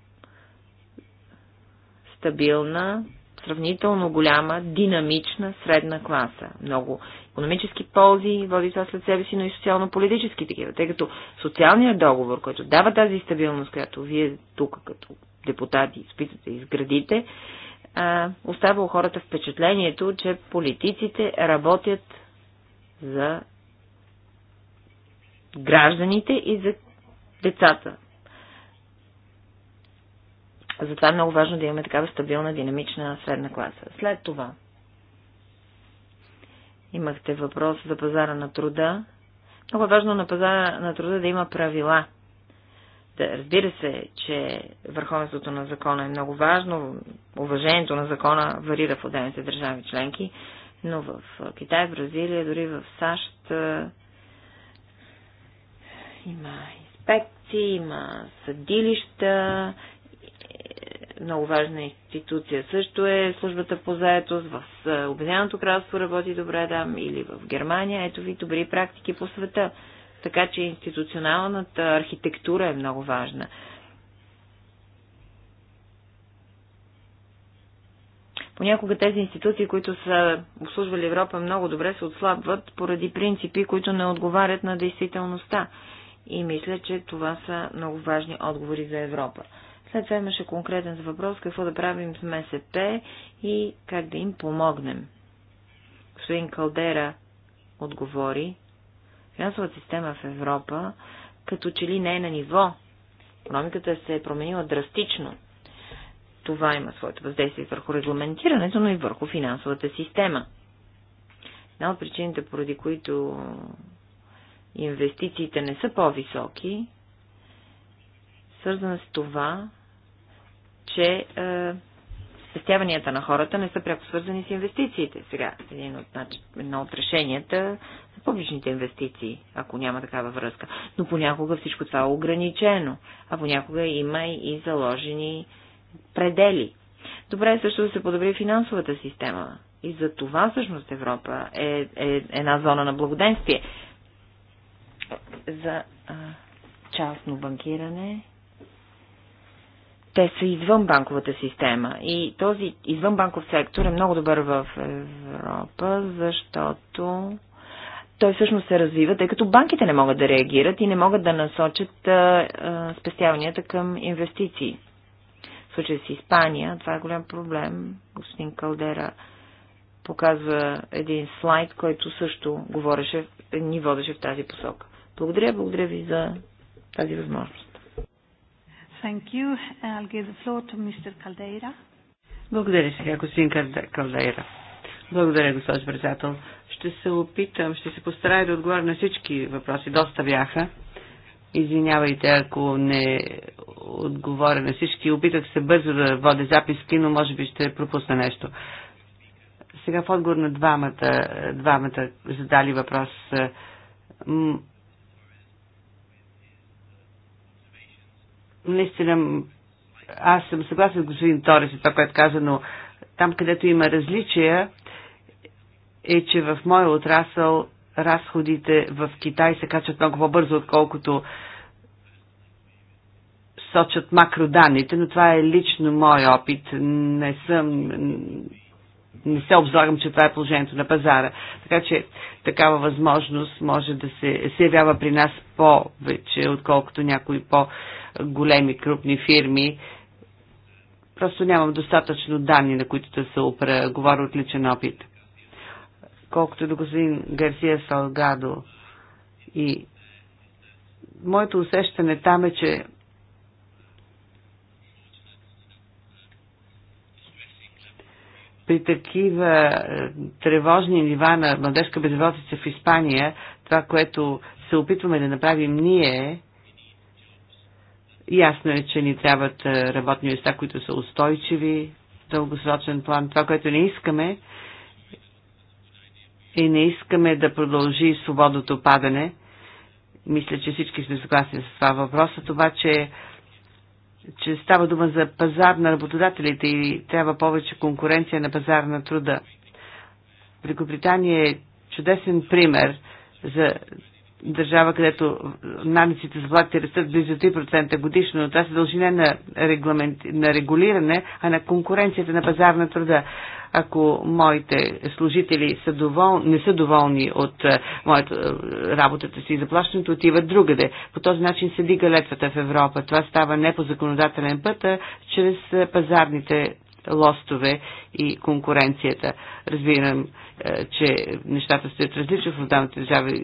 стабилна, сравнително голяма, динамична средна класа. Много економически ползи води това след себе си, но и социално-политически такива, тъй като социалният договор, който дава тази стабилност, която вие тук като депутати изпитате и изградите, а, остава у хората впечатлението, че политиците работят за гражданите и за децата. Затова е много важно да имаме такава стабилна, динамична средна класа. След това имахте въпрос за пазара на труда. Много е важно на пазара на труда да има правила – Разбира се, че върховенството на закона е много важно, уважението на закона варира в отделните държави членки, но в Китай, Бразилия, дори в САЩ има инспекции, има съдилища, е, много важна институция също е службата по заетост. В Обединеното кралство работи добре там или в Германия. Ето ви добри практики по света. Така че институционалната архитектура е много важна. Понякога тези институции, които са обслужвали Европа много добре, се отслабват поради принципи, които не отговарят на действителността. И мисля, че това са много важни отговори за Европа. След това имаше конкретен въпрос какво да правим с МСП и как да им помогнем. Господин Калдера отговори Финансовата система в Европа като че ли не е на ниво. Економиката се е променила драстично. Това има своето въздействие върху регламентирането, но и върху финансовата система. Една от причините, поради които инвестициите не са по-високи, свързана с това, че е, спестяванията на хората не са пряко свързани с инвестициите. Сега, един от, значи, едно от решенията са публичните инвестиции, ако няма такава връзка. Но понякога всичко това е ограничено, а понякога има и заложени предели. Добре е също да се подобри финансовата система. И за това всъщност Европа е, е една зона на благоденствие. За а, частно банкиране те са извън банковата система. И този извън банков сектор е много добър в Европа, защото той всъщност се развива, тъй като банките не могат да реагират и не могат да насочат а, а, спестяванията към инвестиции. В случая с Испания, това е голям проблем. Господин Калдера показва един слайд, който също говореше, ни водеше в тази посока. Благодаря, благодаря ви за тази възможност. Thank you. I'll give the floor to Mr. Caldeira. Благодаря сега, господин Калдейра. Благодаря, госпожо председател. Ще се опитам, ще се постарая да отговоря на всички въпроси. Доста бяха. Извинявайте, ако не отговоря на всички. Опитах се бързо да водя записки, но може би ще пропусна нещо. Сега в отговор на двамата, двамата задали въпрос наистина аз съм съгласен с господин Торис и това, което каза, но там, където има различия, е, че в моя отрасъл разходите в Китай се качат много по-бързо, отколкото сочат макроданните, но това е лично мой опит. Не съм не се обзорам, че това е положението на пазара. Така че такава възможност може да се, се явява при нас повече, отколкото някои по-големи крупни фирми. Просто нямам достатъчно данни, на които да се опра. Говоря от личен опит. Колкото до господин Гарсия Салгадо и моето усещане там е, че при такива е, тревожни нива на младежка безработица в Испания, това, което се опитваме да направим ние, ясно е, че ни трябват е, работни места, които са устойчиви дългосрочен план. Това, което не искаме, и не искаме да продължи свободното падане. Мисля, че всички сме съгласни с това въпросът, обаче е, че става дума за пазар на работодателите и трябва повече конкуренция на пазар на труда. Великобритания е чудесен пример за държава, където надниците за влаките растат близо 3% годишно, но това се дължи не на, регламент, на регулиране, а на конкуренцията на пазар на труда. Ако моите служители са довол... не са доволни от е, моята е, работата си и заплащането, отиват другаде. По този начин се дига летвата в Европа. Това става не по законодателен път, а чрез е, пазарните лостове и конкуренцията. Разбирам, че нещата стоят различно в отделните държави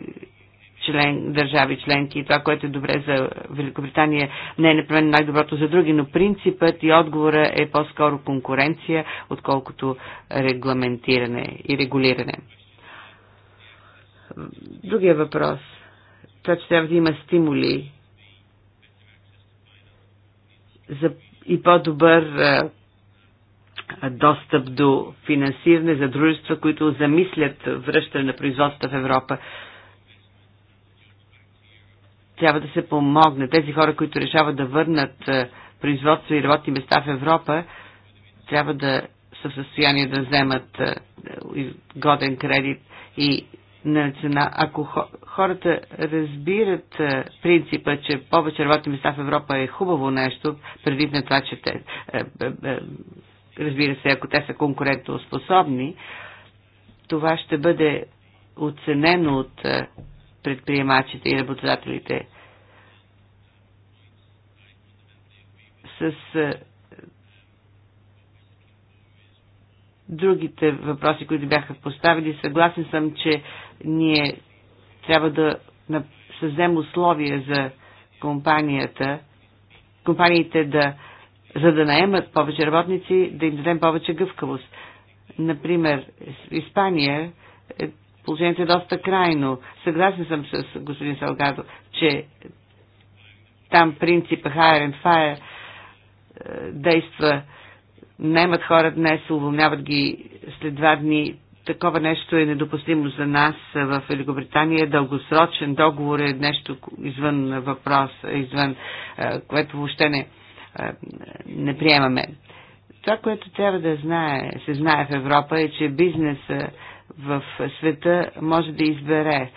член, държави членки и това, което е добре за Великобритания, не е непременно най-доброто за други, но принципът и отговора е по-скоро конкуренция, отколкото регламентиране и регулиране. Другия въпрос. Това, че трябва да има стимули за и по-добър достъп до финансиране за дружества, които замислят връщане на производства в Европа. Трябва да се помогне. Тези хора, които решават да върнат е, производство и работни места в Европа, трябва да са в състояние да вземат е, годен кредит и цена. ако хората разбират е, принципа, че повече работни места в Европа е хубаво нещо, предвид на това, че те, разбира се, ако те са конкурентоспособни, това ще бъде оценено от предприемачите и работодателите с другите въпроси, които бяха поставили. Съгласен съм, че ние трябва да създадем условия за компанията, компаниите да, за да наемат повече работници, да им дадем повече гъвкавост. Например, в Испания е, положението е доста крайно. Съгласен съм с господин Салгадо, че там принципа hire and fire действа. Немат хора днес, уволняват ги след два дни. Такова нещо е недопустимо за нас в Великобритания. Дългосрочен договор е нещо извън въпрос, извън което въобще не, не приемаме. Това, което трябва да знае, се знае в Европа е, че бизнес в света може да избере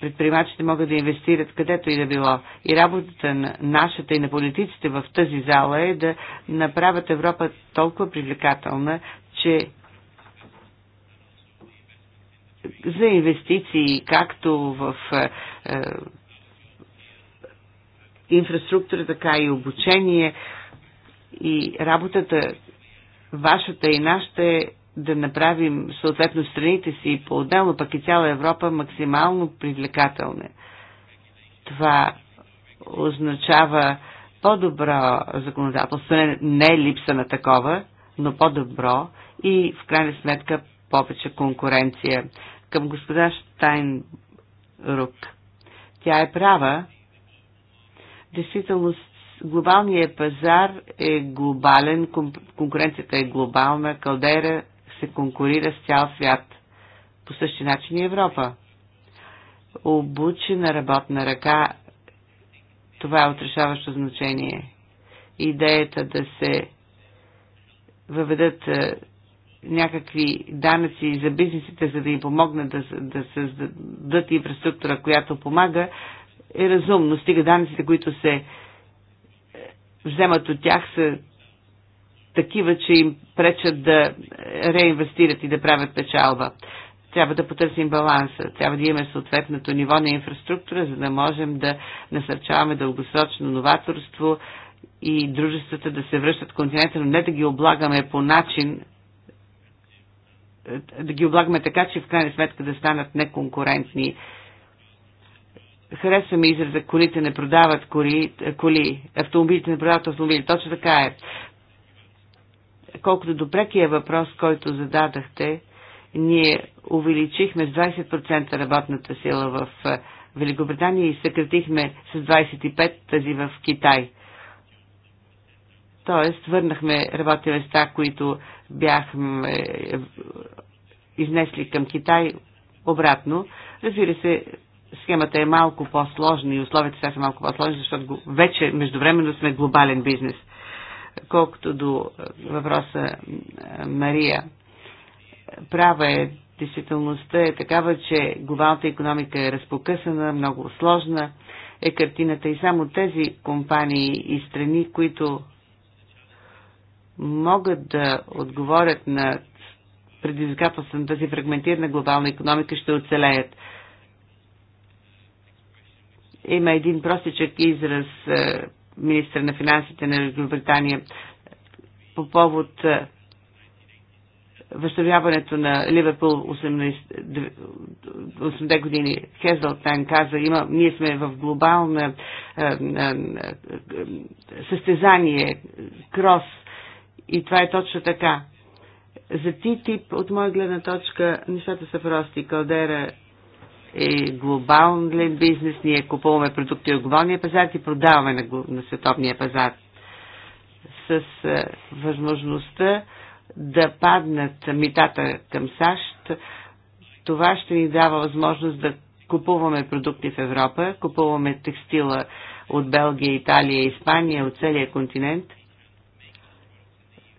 предприемачите могат да инвестират където и да било. И работата на нашата и на политиците в тази зала е да направят Европа толкова привлекателна, че за инвестиции, както в е, е, инфраструктура, така и обучение и работата, вашата и нашата е да направим съответно страните си по-отделно, пък и цяла Европа максимално привлекателна. Това означава по-добро законодателство, не, не липса на такова, но по-добро и в крайна сметка повече конкуренция. Към господа Штайнрук. Тя е права. Действително глобалният пазар е глобален, конкуренцията е глобална, калдера се конкурира с цял свят. По същия начин и Европа. Обучена работна ръка, това е отрешаващо значение. Идеята да се въведат е, някакви данъци за бизнесите, за да им помогнат да, да създадат инфраструктура, която помага, е разумно. Стига данъците, които се е, вземат от тях, са такива, че им пречат да реинвестират и да правят печалба. Трябва да потърсим баланса, трябва да имаме съответното ниво на инфраструктура, за да можем да насърчаваме дългосрочно новаторство и дружествата да се връщат континента, но не да ги облагаме по начин, да ги облагаме така, че в крайна сметка да станат неконкурентни. Харесваме ми израза, колите не продават коли, коли, автомобилите не продават автомобили. Точно така е колкото до прекия въпрос, който зададахте, ние увеличихме с 20% работната сила в Великобритания и съкратихме с 25% тази в Китай. Тоест, върнахме работни места, които бяхме е, изнесли към Китай обратно. Разбира се, схемата е малко по-сложна и условията сега са малко по-сложни, защото вече междувременно сме глобален бизнес – Колкото до въпроса Мария, права е, действителността е такава, че глобалната економика е разпокъсана, много сложна е картината и само тези компании и страни, които могат да отговорят на предизвикателството на тази фрагментирана глобална економика, ще оцелеят. Има един простичък израз, е, министра на финансите на Великобритания по повод е, възстановяването на Ливерпул 80-те години Хезълтан каза, има, ние сме в глобално е, е, състезание, крос и това е точно така. За ти тип, от моя гледна точка, нещата са прости. Калдера е глобален бизнес, ние купуваме продукти от глобалния пазар и продаваме на, на световния пазар. С е, възможността да паднат митата към САЩ, това ще ни дава възможност да купуваме продукти в Европа, купуваме текстила от Белгия, Италия, Испания, от целия континент,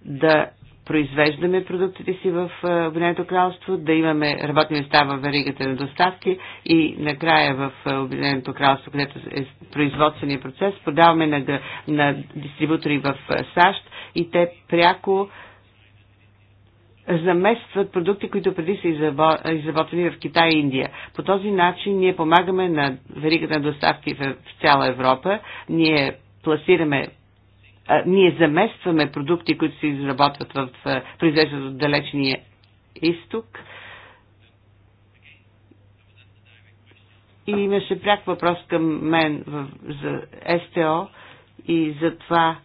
да произвеждаме продуктите си в Обединеното кралство, да имаме работни места в веригата на доставки и накрая в Обединеното кралство, където е производствения процес, продаваме на, на дистрибутори в САЩ и те пряко заместват продукти, които преди са изработени в Китай и Индия. По този начин ние помагаме на веригата на доставки в цяла Европа, ние пласираме ние заместваме продукти, които се изработват в, произвеждат от далечния изток. И имаше пряк въпрос към мен в, за СТО и за това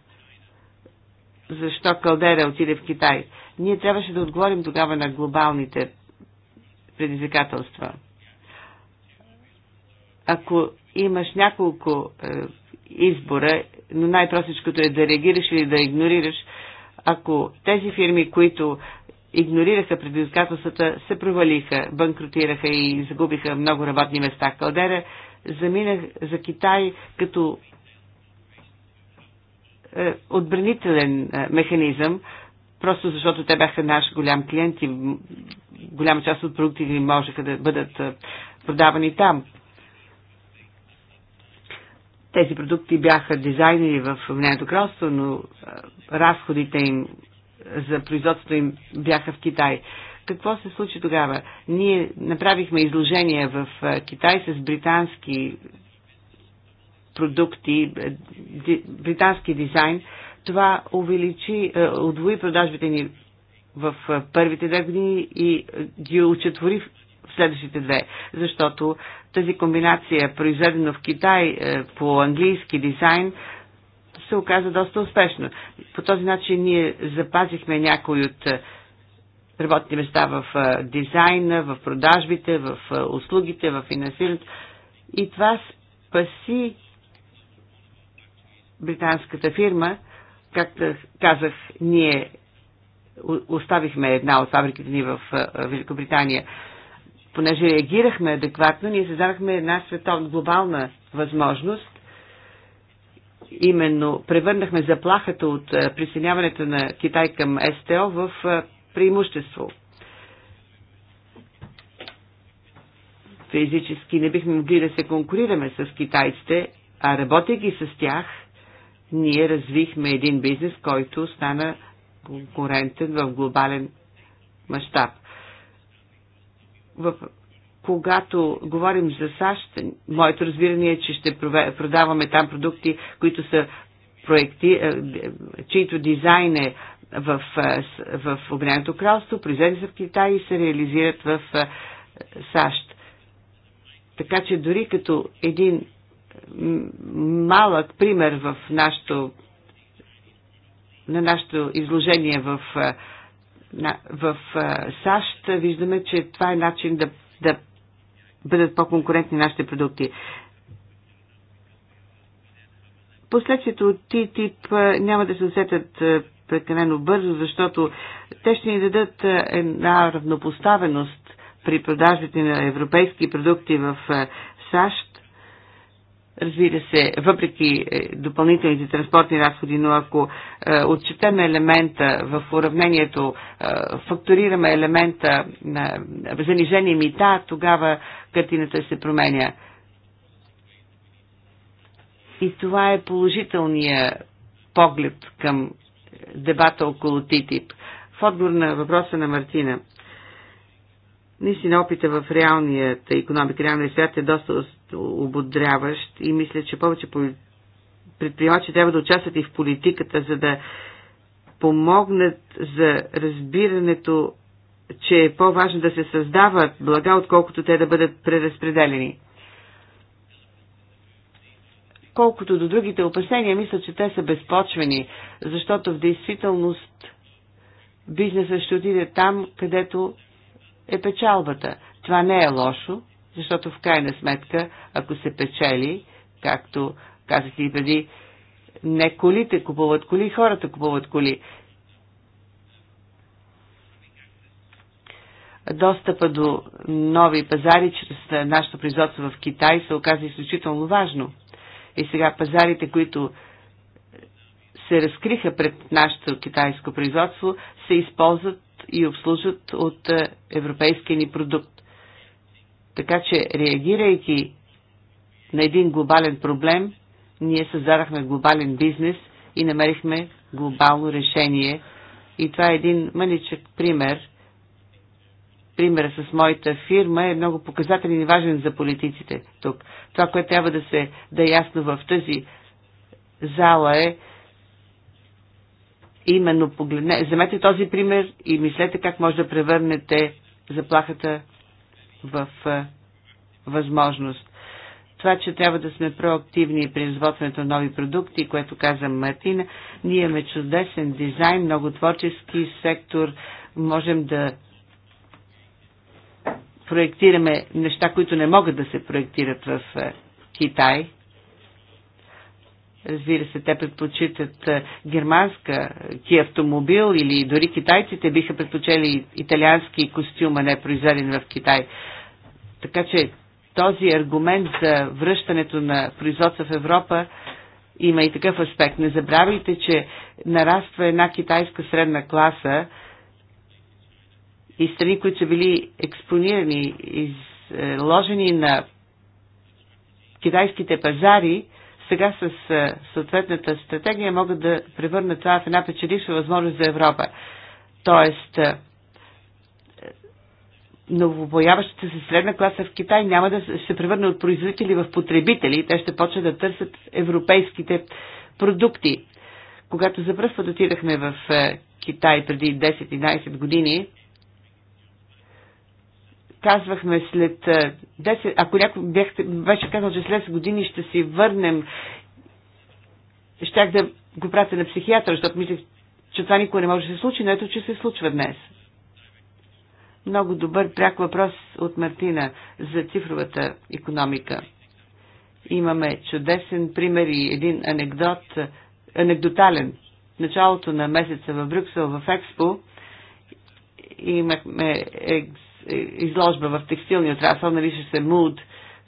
защо Калдера отиде в Китай. Ние трябваше да отговорим тогава на глобалните предизвикателства. Ако имаш няколко е, избора, но най-простичкото е да реагираш или да игнорираш. Ако тези фирми, които игнорираха предизвикателствата, се провалиха, банкротираха и загубиха много работни места. Калдера заминах за Китай като е, отбранителен е, механизъм, просто защото те бяха наш голям клиент и голяма част от продуктите можеха да бъдат е, продавани там. Тези продукти бяха дизайнери в Обединеното кралство, но разходите им за производството им бяха в Китай. Какво се случи тогава? Ние направихме изложение в Китай с британски продукти, е, британски дизайн. Това увеличи, е, удвои продажбите ни в първите две години и ги очетвори следващите две, защото тази комбинация, произведена в Китай е, по английски дизайн, се оказа доста успешно. По този начин ние запазихме някои от е, работни места в е, дизайна, в продажбите, в услугите, в финансирането. И това спаси британската фирма. Както казах, ние оставихме една от фабриките ни в Великобритания понеже реагирахме адекватно, ние създадахме една световна глобална възможност. Именно превърнахме заплахата от е, присъединяването на Китай към СТО в е, преимущество. Физически не бихме могли да се конкурираме с китайците, а работейки с тях, ние развихме един бизнес, който стана конкурентен в глобален мащаб в, когато говорим за САЩ, моето разбиране е, че ще продаваме там продукти, които са проекти, е, е, чието дизайн е в, е, в Обединеното кралство, произведени са в Китай и се реализират в САЩ. Така че дори като един малък пример в нашото, на нашето изложение в в САЩ виждаме, че това е начин да, да бъдат по-конкурентни нашите продукти. Последствието от ТИТИП няма да се усетят прекалено бързо, защото те ще ни дадат една равнопоставеност при продажбите на европейски продукти в САЩ Разбира се, въпреки е, допълнителните транспортни разходи, но ако е, отчетеме елемента в уравнението, е, факторираме елемента на занижение мита, тогава картината се променя. И това е положителният поглед към дебата около ТИТИП. В отговор на въпроса на Мартина, наистина опита в реалната економика, реалния свят е доста ободряващ и мисля, че повече предприемачи трябва да участват и в политиката, за да помогнат за разбирането, че е по-важно да се създават блага, отколкото те да бъдат преразпределени. Колкото до другите опасения, мисля, че те са безпочвени, защото в действителност бизнесът ще отиде там, където е печалбата. Това не е лошо, защото в крайна сметка, ако се печели, както казах и преди, не колите купуват коли, хората купуват коли. Достъпа до нови пазари чрез нашето производство в Китай се оказа изключително важно. И сега пазарите, които се разкриха пред нашето китайско производство, се използват и обслужват от е, европейския ни продукт. Така че, реагирайки на един глобален проблем, ние създадахме глобален бизнес и намерихме глобално решение. И това е един мъничък пример. Примера с моята фирма е много показателен и важен за политиците тук. Това, което трябва да се да е ясно в тази зала е, именно погледне, вземете този пример и мислете как може да превърнете заплахата в е, възможност. Това, че трябва да сме проактивни при изготвянето на нови продукти, което каза Мартина, ние имаме чудесен дизайн, много творчески сектор, можем да проектираме неща, които не могат да се проектират в е, Китай – Разбира се, те предпочитат е, германска е, ки автомобил или дори китайците биха предпочели италиански костюма, не произведен в Китай. Така че този аргумент за връщането на производства в Европа има и такъв аспект. Не забравяйте, че нараства една китайска средна класа и страни, които са били експонирани, изложени на китайските пазари, сега с е, съответната стратегия могат да превърнат това в една печеливша възможност за Европа. Тоест, е, новопояващата се средна класа в Китай няма да се превърне от производители в потребители. Те ще почнат да търсят европейските продукти. Когато за първ път отидахме в е, Китай преди 10-11 години, казвахме след 10, ако някой бяхте, беше казал, че след години ще си върнем, щях да го пратя на психиатър, защото мислех, че това никога не може да се случи, но ето, че се случва днес. Много добър пряк въпрос от Мартина за цифровата економика. Имаме чудесен пример и един анекдот, анекдотален. В началото на месеца в Брюксел в Експо имахме е, изложба в текстилния отрасъл, нарича се МУД,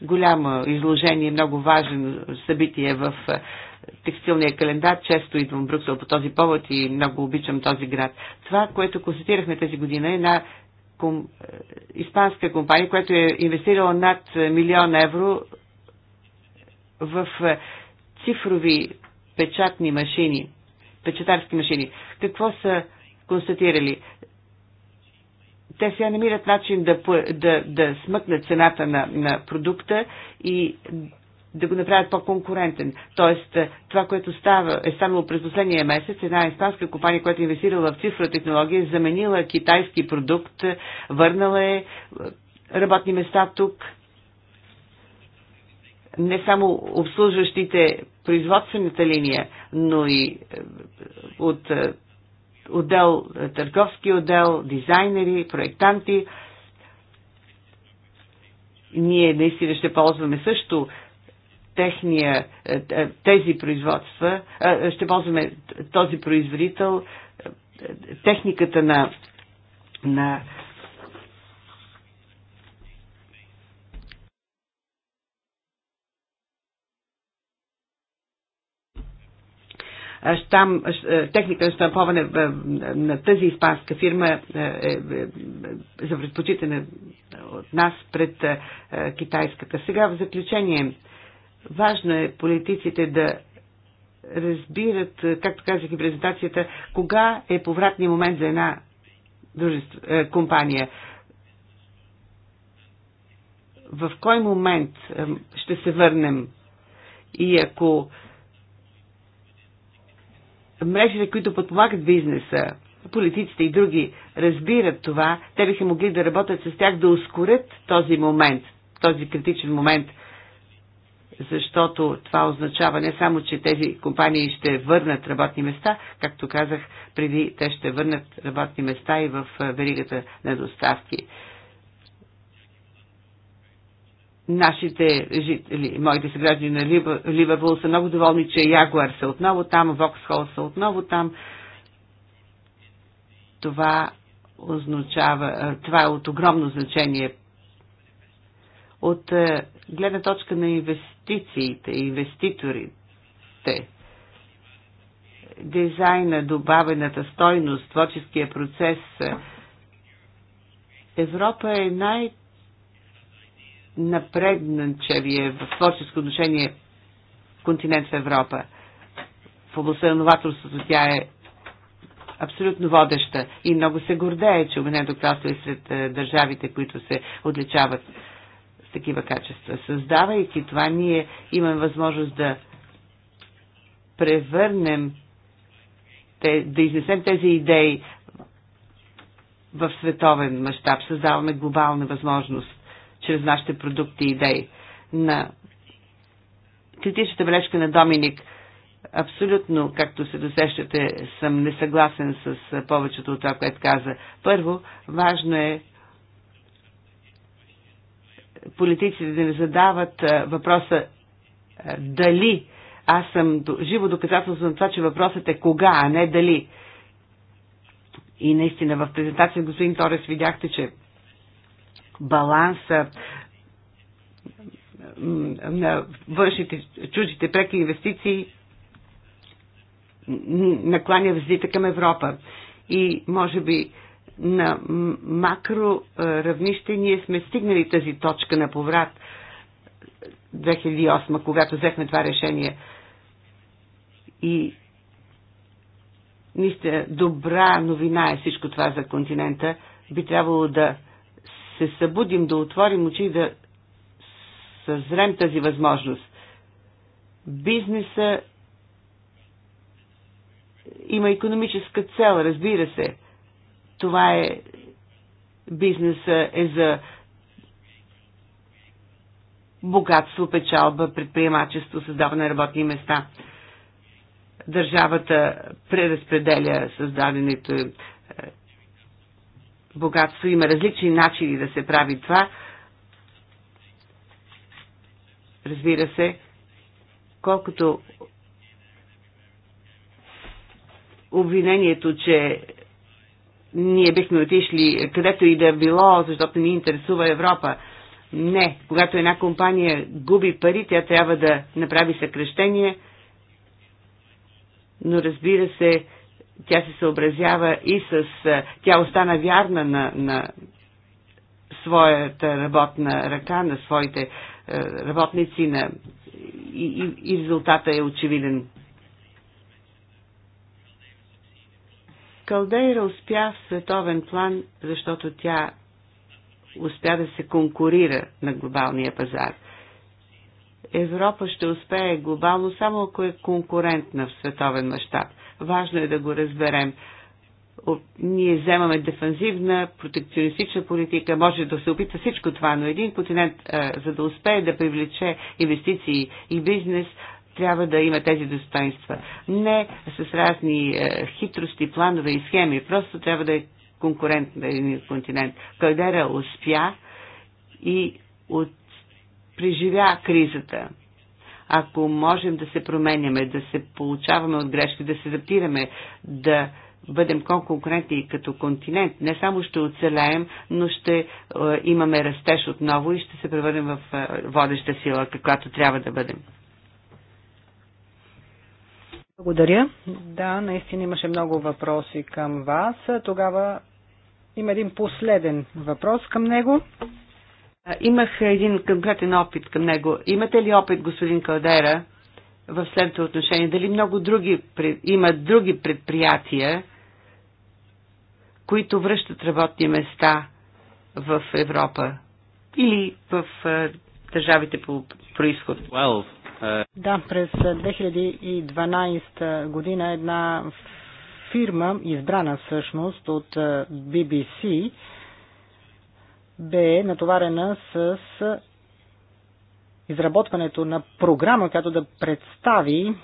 голямо изложение, много важен събитие в е, текстилния календар. Често идвам в Брюксел по този повод и много обичам този град. Това, което констатирахме тази година е една ком... Е, испанска компания, която е инвестирала над милион евро в цифрови печатни машини, печатарски машини. Какво са констатирали? те сега намират начин да, да, да смъкнат цената на, на продукта и да го направят по-конкурентен. Тоест, е, това, което става, е станало през последния месец, една испанска компания, която е инвестирала в цифрова технология, е заменила китайски продукт, е, върнала е работни места тук, не само обслужващите производствената линия, но и от отдел, търговски отдел, дизайнери, проектанти. Ние наистина ще ползваме също техния, е, тези производства, е, е, ще ползваме този производител, техниката на, на щам, е, техника на штамповане на тази испанска фирма е, е, е за предпочитане от нас пред китайската. Сега в заключение, важно е политиците да разбират, както казах и презентацията, кога е повратният момент за една дружество, компания. В кой момент ще се върнем? И ако мрежите, които подпомагат бизнеса, политиците и други разбират това, те биха могли да работят с тях, да ускорят този момент, този критичен момент, защото това означава не само, че тези компании ще върнат работни места, както казах преди, те ще върнат работни места и в веригата на доставки нашите жители, моите съграждани на Ливърпул са много доволни, че Ягуар са отново там, Воксхол са отново там. Това означава, това е от огромно значение. От гледна точка на инвестициите, инвеститорите, дизайна, добавената стойност, творческия процес, Европа е най- напредначевие в творческо отношение континент в Европа. В областта на новаторството тя е абсолютно водеща и много се гордее, че Обединеното докторство е сред е, държавите, които се отличават с такива качества. Създавайки това, ние имаме възможност да превърнем, да изнесем тези идеи в световен мащаб. Създаваме глобална възможност чрез нашите продукти и идеи. На критичната бележка на Доминик – Абсолютно, както се досещате, съм несъгласен с повечето от това, което каза. Първо, важно е политиците да не задават въпроса дали. Аз съм живо доказателство на това, че въпросът е кога, а не дали. И наистина в презентация господин Торес видяхте, че баланса на външните, чуждите преки инвестиции накланя визита към Европа. И може би на макро равнище ние сме стигнали тази точка на поврат 2008, когато взехме това решение. И нищо добра новина е всичко това за континента. Би трябвало да се събудим, да отворим очи да съзрем тази възможност. Бизнеса има економическа цел, разбира се. Това е бизнеса е за богатство, печалба, предприемачество, създаване на работни места. Държавата преразпределя създаденето богатство. Има различни начини да се прави това. Разбира се, колкото обвинението, че ние бихме отишли където и да е било, защото ни интересува Европа. Не, когато една компания губи пари, тя трябва да направи съкрещение, но разбира се, тя се съобразява и с... Тя остана вярна на, на своята работна ръка, на своите е, работници, на, и, и, и резултата е очевиден. Калдейра успя в световен план, защото тя успя да се конкурира на глобалния пазар. Европа ще успее глобално само ако е конкурентна в световен мащаб – Важно е да го разберем. Ние вземаме дефанзивна, протекционистична политика, може да се опитва всичко това, но един континент, за да успее да привлече инвестиции и бизнес, трябва да има тези достоинства. Не с разни хитрости, планове и схеми, просто трябва да е конкурент на един континент. Кайдера успя и от... преживя кризата ако можем да се променяме, да се получаваме от грешки, да се адаптираме, да бъдем конкурентни като континент, не само ще оцелеем, но ще е, имаме растеж отново и ще се превърнем в е, водеща сила, каквато трябва да бъдем. Благодаря. Да, наистина имаше много въпроси към вас. Тогава има един последен въпрос към него. Имах един конкретен опит към него. Имате ли опит, господин Калдера, в следното отношение? Дали много други, има други предприятия, които връщат работни места в Европа или в държавите по происход? Uh, да, през 2012 година една фирма, избрана всъщност от BBC, бе натоварена с изработването на програма, която да представи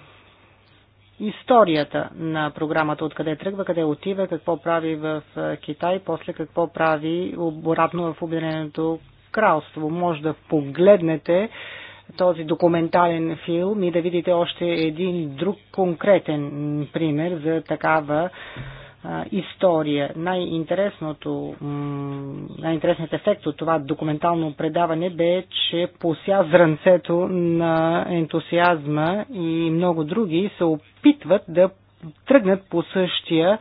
историята на програмата, откъде тръгва, къде отива, какво прави в Китай, после какво прави обратно в Обединеното кралство. Може да погледнете този документален филм и да видите още един друг конкретен пример за такава история. Най-интересното, най-интересният ефект от това документално предаване бе, че пося зранцето на ентусиазма и много други се опитват да тръгнат по същия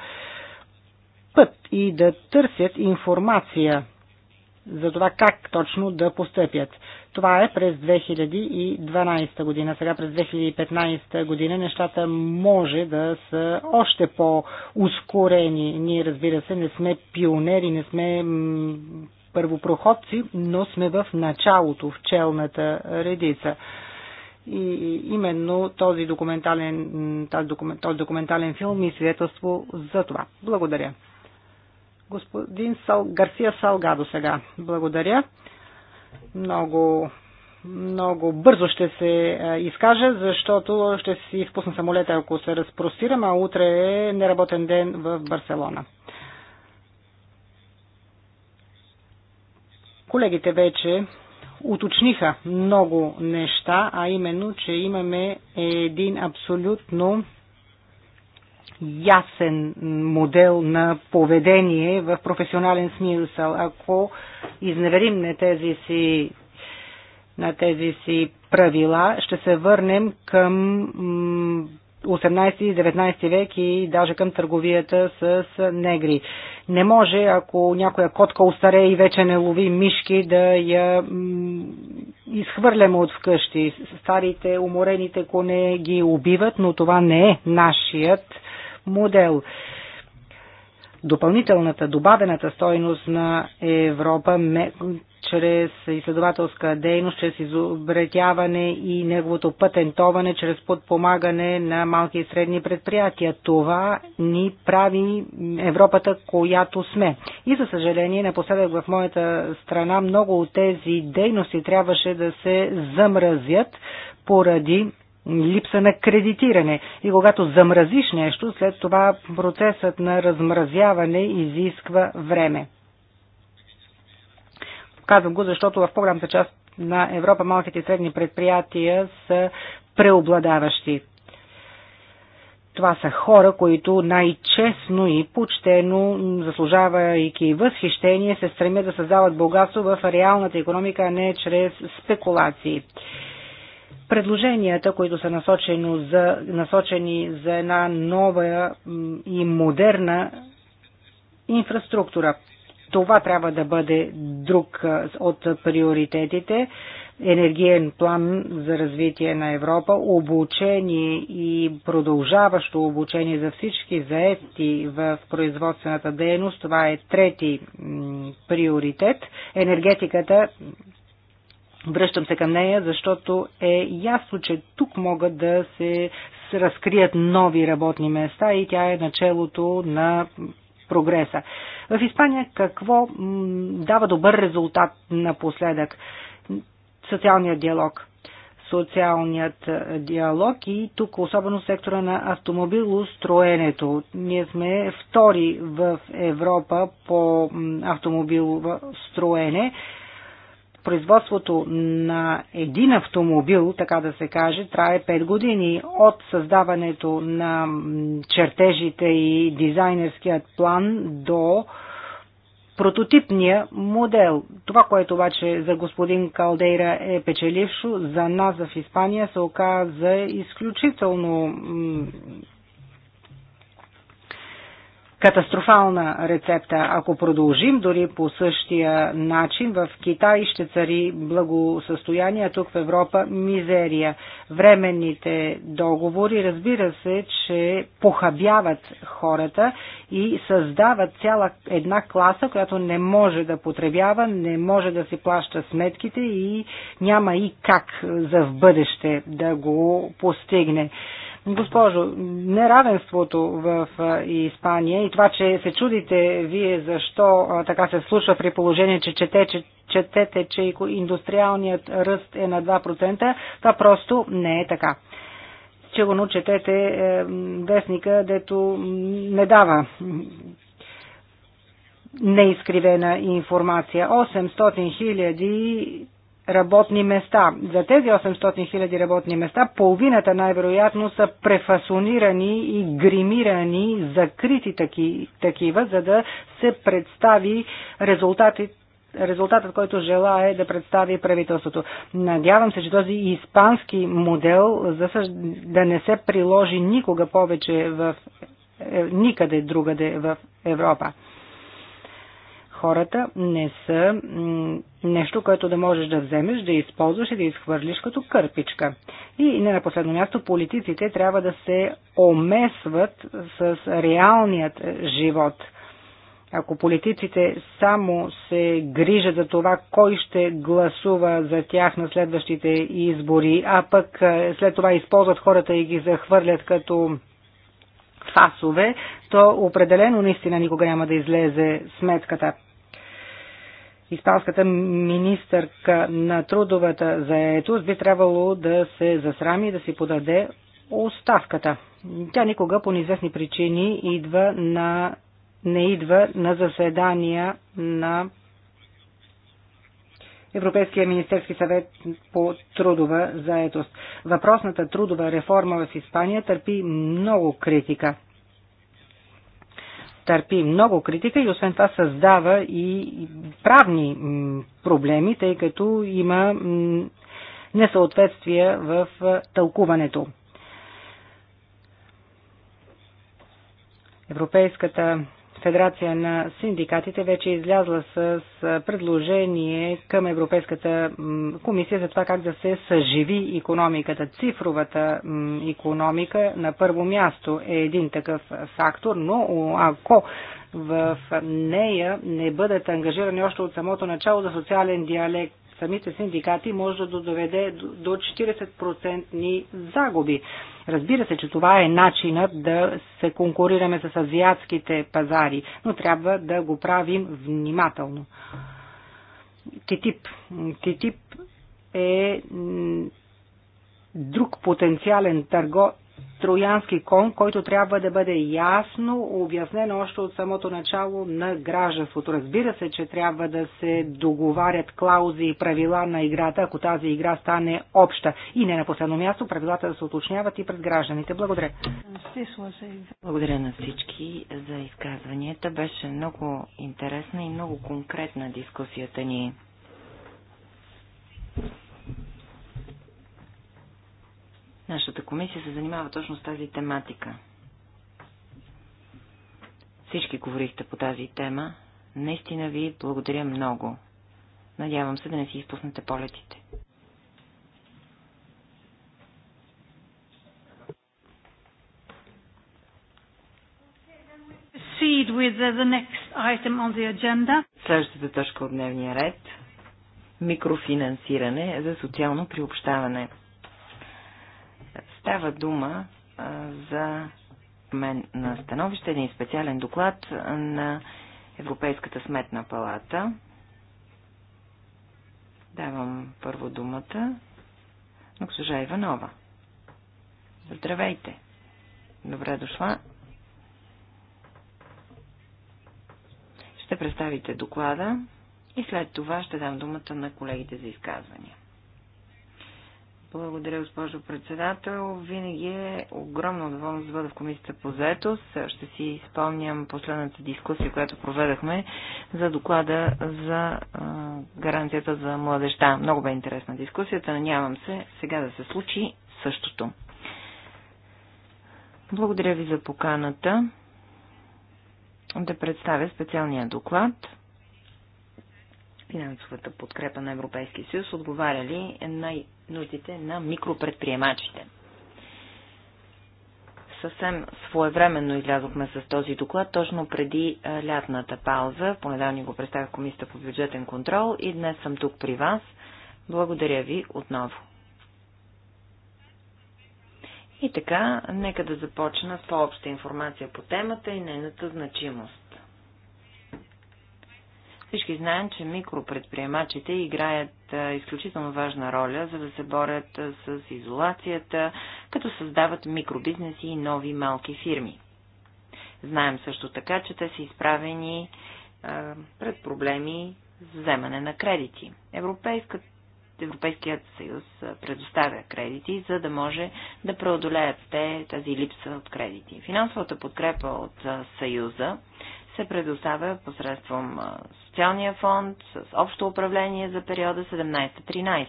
път и да търсят информация за това как точно да постъпят. Това е през 2012 година. Сега през 2015 година нещата може да са още по-ускорени. Ние, разбира се, не сме пионери, не сме първопроходци, но сме в началото, в челната редица. И именно този документален, този документален филм и е свидетелство за това. Благодаря. Господин Сал... Гарсия Салгадо сега. Благодаря. Много много бързо ще се изкажа, защото ще си изпусна самолета, ако се разпростирам, а утре е неработен ден в Барселона. Колегите вече уточниха много неща, а именно, че имаме един абсолютно ясен модел на поведение в професионален смисъл. Ако изневерим на тези си, на тези си правила, ще се върнем към 18 19 век и даже към търговията с негри. Не може, ако някоя котка устаре и вече не лови мишки, да я изхвърляме от вкъщи. Старите уморените коне ги убиват, но това не е нашият модел. Допълнителната, добавената стойност на Европа чрез изследователска дейност, чрез изобретяване и неговото патентоване, чрез подпомагане на малки и средни предприятия. Това ни прави Европата, която сме. И за съжаление, напоследък в моята страна много от тези дейности трябваше да се замразят поради липса на кредитиране. И когато замразиш нещо, след това процесът на размразяване изисква време. Казвам го, защото в по-голямата част на Европа малките и средни предприятия са преобладаващи. Това са хора, които най-честно и почтено, заслужавайки възхищение, се стремят да създават богатство в реалната економика, а не чрез спекулации предложенията, които са насочено за, насочени за една нова и модерна инфраструктура. Това трябва да бъде друг от приоритетите. Енергиен план за развитие на Европа, обучение и продължаващо обучение за всички заети в производствената дейност. Това е трети приоритет. Енергетиката Връщам се към нея, защото е ясно, че тук могат да се разкрият нови работни места и тя е началото на прогреса. В Испания какво дава добър резултат напоследък? Социалният диалог. Социалният диалог и тук особено сектора на автомобилостроенето. Ние сме втори в Европа по автомобилостроене производството на един автомобил, така да се каже, трае 5 години от създаването на чертежите и дизайнерският план до прототипния модел. Това, което обаче за господин Калдейра е печелившо, за нас в Испания се оказа изключително катастрофална рецепта. Ако продължим дори по същия начин, в Китай ще цари благосъстояние, а тук в Европа мизерия. Временните договори, разбира се, че похабяват хората и създават цяла една класа, която не може да потребява, не може да си плаща сметките и няма и как за в бъдеще да го постигне. Госпожо, неравенството в Испания и това, че се чудите вие защо така се случва при положение, че чете, че четете, че индустриалният ръст е на 2%, това просто не е така. Че го научетете е, вестника, дето не дава неизкривена информация. 800 хиляди работни места. За тези 800 000 работни места половината най-вероятно са префасонирани и гримирани, закрити таки, такива, за да се представи резултатите резултатът, който желая да представи правителството. Надявам се, че този испански модел за да не се приложи никога повече в е, никъде другаде в Европа хората не са нещо, което да можеш да вземеш, да използваш и да изхвърлиш като кърпичка. И не на последно място, политиците трябва да се омесват с реалният е, живот. Ако политиците само се грижат за това кой ще гласува за тях на следващите избори, а пък е, след това използват хората и ги захвърлят като фасове, то определено наистина никога няма да излезе сметката испанската министърка на трудовата заетост би трябвало да се засрами и да си подаде оставката. Тя никога по неизвестни причини идва на, не идва на заседания на Европейския министерски съвет по трудова заетост. Въпросната трудова реформа в Испания търпи много критика търпи много критика и освен това създава и правни проблеми, тъй като има несъответствия в тълкуването. Европейската Федерация на синдикатите вече е излязла с предложение към Европейската комисия за това как да се съживи економиката. Цифровата економика на първо място е един такъв фактор, но ако в нея не бъдат ангажирани още от самото начало за социален диалект, самите синдикати може да доведе до 40% загуби. Разбира се, че това е начинът да се конкурираме с азиатските пазари, но трябва да го правим внимателно. ТИТИП. ТИТИП е друг потенциален търго, троянски кон, който трябва да бъде ясно обяснен още от самото начало на гражданството. Разбира се, че трябва да се договарят клаузи и правила на играта, ако тази игра стане обща. И не на последно място, правилата да се уточняват и пред гражданите. Благодаря. Благодаря на всички за изказванията. Беше много интересна и много конкретна дискусията ни. Нашата комисия се занимава точно с тази тематика. Всички говорихте по тази тема. Наистина ви благодаря много. Надявам се да не си изпуснете полетите. Следващата точка от дневния ред – микрофинансиране за социално приобщаване – Става дума за мен на становище, един специален доклад на Европейската сметна палата. Давам първо думата на госпожа Иванова. Здравейте! Добре дошла! Ще представите доклада и след това ще дам думата на колегите за изказвания. Благодаря, госпожо председател. Винаги е огромно удоволствие да бъда в комисията по заетост. Ще си изпълням последната дискусия, която проведахме за доклада за гаранцията за младеща. Много бе интересна дискусията. Надявам се сега да се случи същото. Благодаря ви за поканата да представя специалния доклад финансовата подкрепа на Европейския съюз отговаря ли на нуждите на микропредприемачите. Съвсем своевременно излязохме с този доклад, точно преди лятната пауза. Понеделник го представях Комисията по бюджетен контрол и днес съм тук при вас. Благодаря ви отново. И така, нека да започна с по-обща информация по темата и нейната значимост. Всички знаем, че микропредприемачите играят изключително важна роля, за да се борят с изолацията, като създават микробизнеси и нови малки фирми. Знаем също така, че те са изправени пред проблеми за вземане на кредити. Европейската Европейският съюз предоставя кредити, за да може да преодолеят те тази липса от кредити. Финансовата подкрепа от съюза се предоставя посредством социалния фонд с общо управление за периода 17-13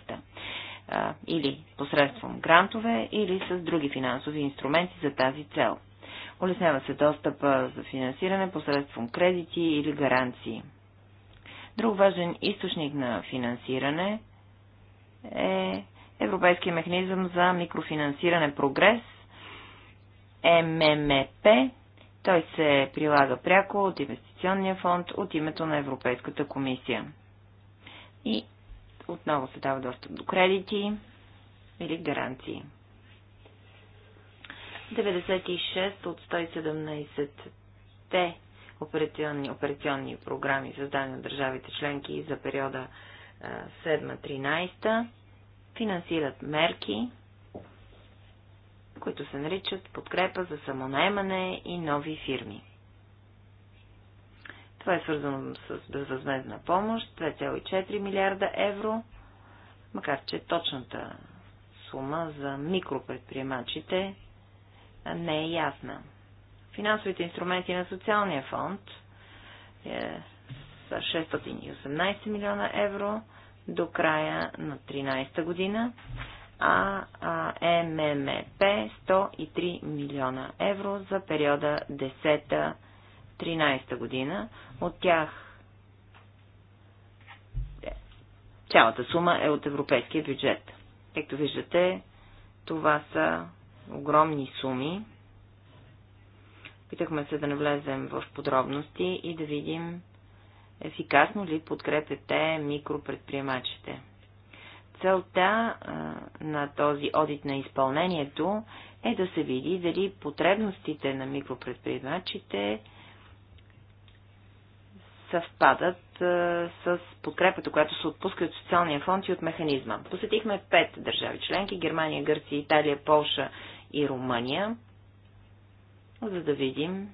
или посредством грантове или с други финансови инструменти за тази цел. Улеснява се достъпа за финансиране посредством кредити или гаранции. Друг важен източник на финансиране е Европейския механизъм за микрофинансиране прогрес, ММП, той се прилага пряко от инвестиционния фонд от името на Европейската комисия. И отново се дава достъп до кредити или гаранции. 96 от 117-те операционни, операционни програми, създадени от държавите членки за периода 7-13, финансират мерки, които се наричат подкрепа за самонаемане и нови фирми. Това е свързано с безвъзмезна помощ 2,4 милиарда евро, макар че точната сума за микропредприемачите не е ясна. Финансовите инструменти на социалния фонд е, са 618 милиона евро до края на 13 година, а, а ММП 103 милиона евро за периода 10-13 година. От тях цялата сума е от европейския бюджет. Както виждате, това са огромни суми. Питахме се да не влезем в подробности и да видим ефикасно ли подкрепяте микропредприемачите. Целта на този одит на изпълнението е да се види дали потребностите на микропредприемачите съвпадат с подкрепата, която се отпуска от социалния фонд и от механизма. Посетихме пет държави членки Германия, Гърция, Италия, Полша и Румъния, за да видим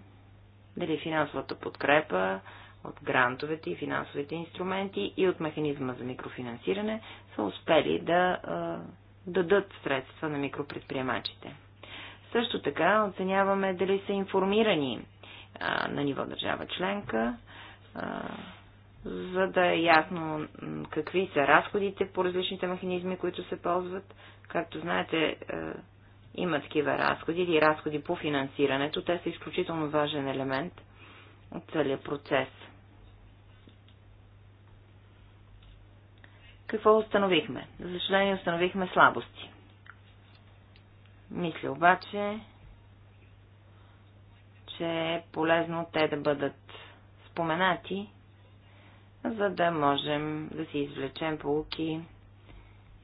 дали финансовата подкрепа от грантовете и финансовите инструменти и от механизма за микрофинансиране са успели да дадат средства на микропредприемачите. Също така оценяваме дали са информирани на ниво държава членка, за да е ясно какви са разходите по различните механизми, които се ползват. Както знаете, има такива разходи или разходи по финансирането. Те са изключително важен елемент от целият процес. Какво установихме? За съжаление установихме слабости. Мисля обаче, че е полезно те да бъдат споменати, за да можем да си извлечем полуки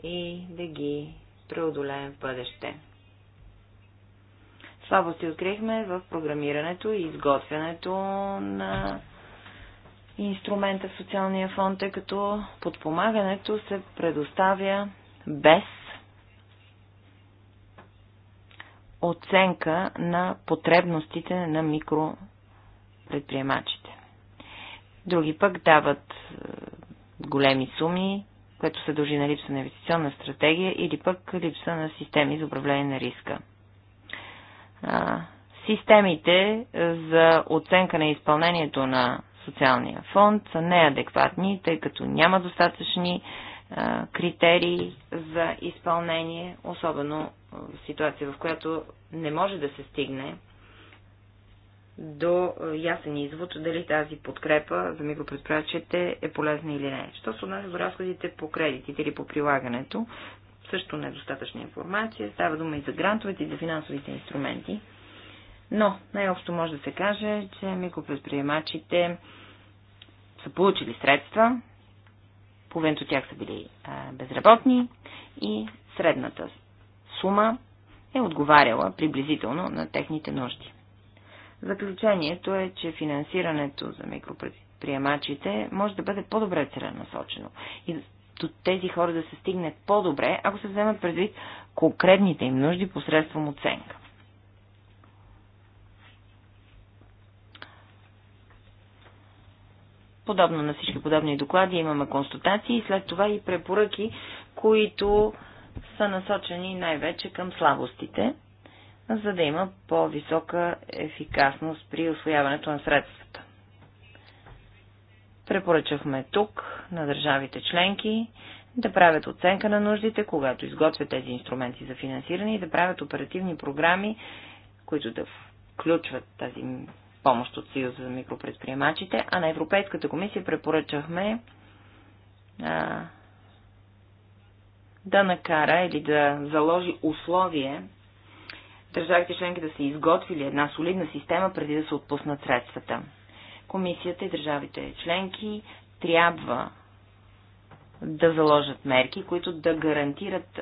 и да ги преодолеем в бъдеще. Слабости открихме в програмирането и изготвянето на инструмента в социалния фонд, тъй като подпомагането се предоставя без оценка на потребностите на микропредприемачите. Други пък дават е, големи суми, което се дължи на липса на инвестиционна стратегия или пък липса на системи за управление на риска. Системите е, за оценка на изпълнението на социалния фонд са неадекватни, тъй като няма достатъчни а, критерии за изпълнение, особено в ситуация, в която не може да се стигне до ясен извод дали тази подкрепа за микропредприятията е полезна или не. Що се отнася до разходите по кредитите или по прилагането, също недостатъчна информация. Става дума и за грантовете и за финансовите инструменти. Но най-общо може да се каже, че микропредприемачите са получили средства, половината от тях са били а, безработни и средната сума е отговаряла приблизително на техните нужди. Заключението е, че финансирането за микропредприемачите може да бъде по-добре целенасочено и до тези хора да се стигне по-добре, ако се вземат предвид конкретните им нужди посредством оценка. Подобно на всички подобни доклади имаме констатации и след това и препоръки, които са насочени най-вече към слабостите, за да има по-висока ефикасност при освояването на средствата. Препоръчахме тук на държавите членки да правят оценка на нуждите, когато изготвят тези инструменти за финансиране и да правят оперативни програми, които да включват тази помощ от Съюза за микропредприемачите, а на Европейската комисия препоръчахме а, да накара или да заложи условие държавите членки да са изготвили една солидна система преди да се отпуснат средствата. Комисията и държавите членки трябва да заложат мерки, които да гарантират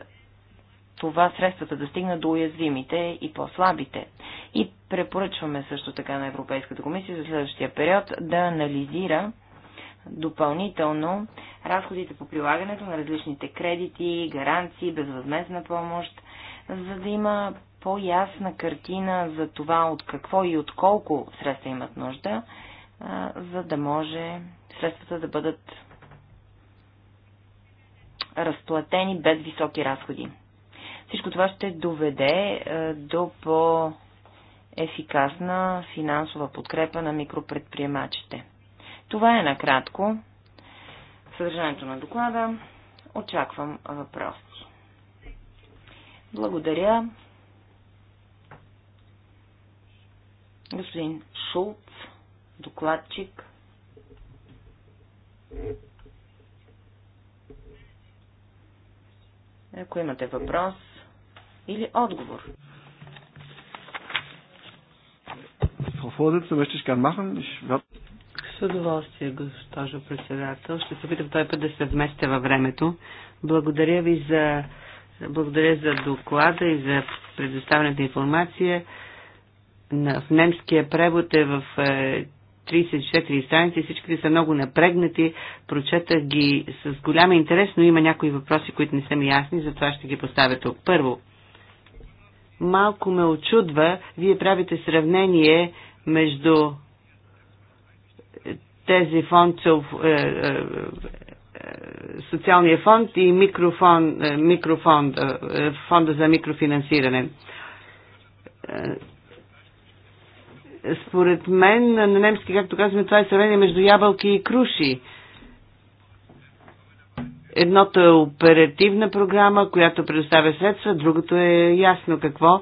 това средствата да стигнат до уязвимите и по-слабите. И препоръчваме също така на Европейската комисия за следващия период да анализира допълнително разходите по прилагането на различните кредити, гаранции, безвъзмезна помощ, за да има по-ясна картина за това от какво и от колко средства имат нужда, за да може средствата да бъдат разплатени без високи разходи. Всичко това ще доведе е, до по-ефикасна финансова подкрепа на микропредприемачите. Това е накратко съдържанието на доклада. Очаквам въпроси. Благодаря. Господин Шулц, докладчик. Ако имате въпрос, или отговор. С удоволствие, госпожо председател. Ще се опитам той път да се вместя във времето. Благодаря ви за, благодаря за доклада и за предоставената информация. В немския превод е в 34 е, страници, всичките са много напрегнати, прочетах ги с голям интерес, но има някои въпроси, които не са ми ясни, затова ще ги поставя тук. Първо, малко ме очудва. Вие правите сравнение между тези фонд, е, е, е, социалния фонд и микрофон, микрофонд, фонда за микрофинансиране. Според мен на немски, както казваме, това е сравнение между ябълки и круши. Едното е оперативна програма, която предоставя средства, другото е ясно какво. Е,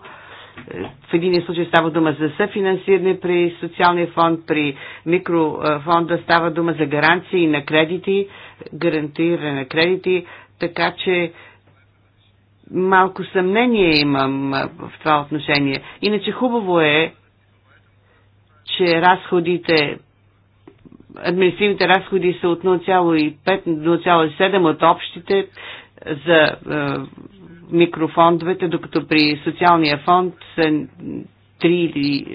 в един случай става дума за съфинансиране при социалния фонд, при микрофонда става дума за гаранции на кредити, гарантиране на кредити, така че малко съмнение имам в това отношение. Иначе хубаво е, че разходите административните разходи са от 0,5 до 0,7 от общите за е, микрофондовете, докато при социалния фонд са 3 или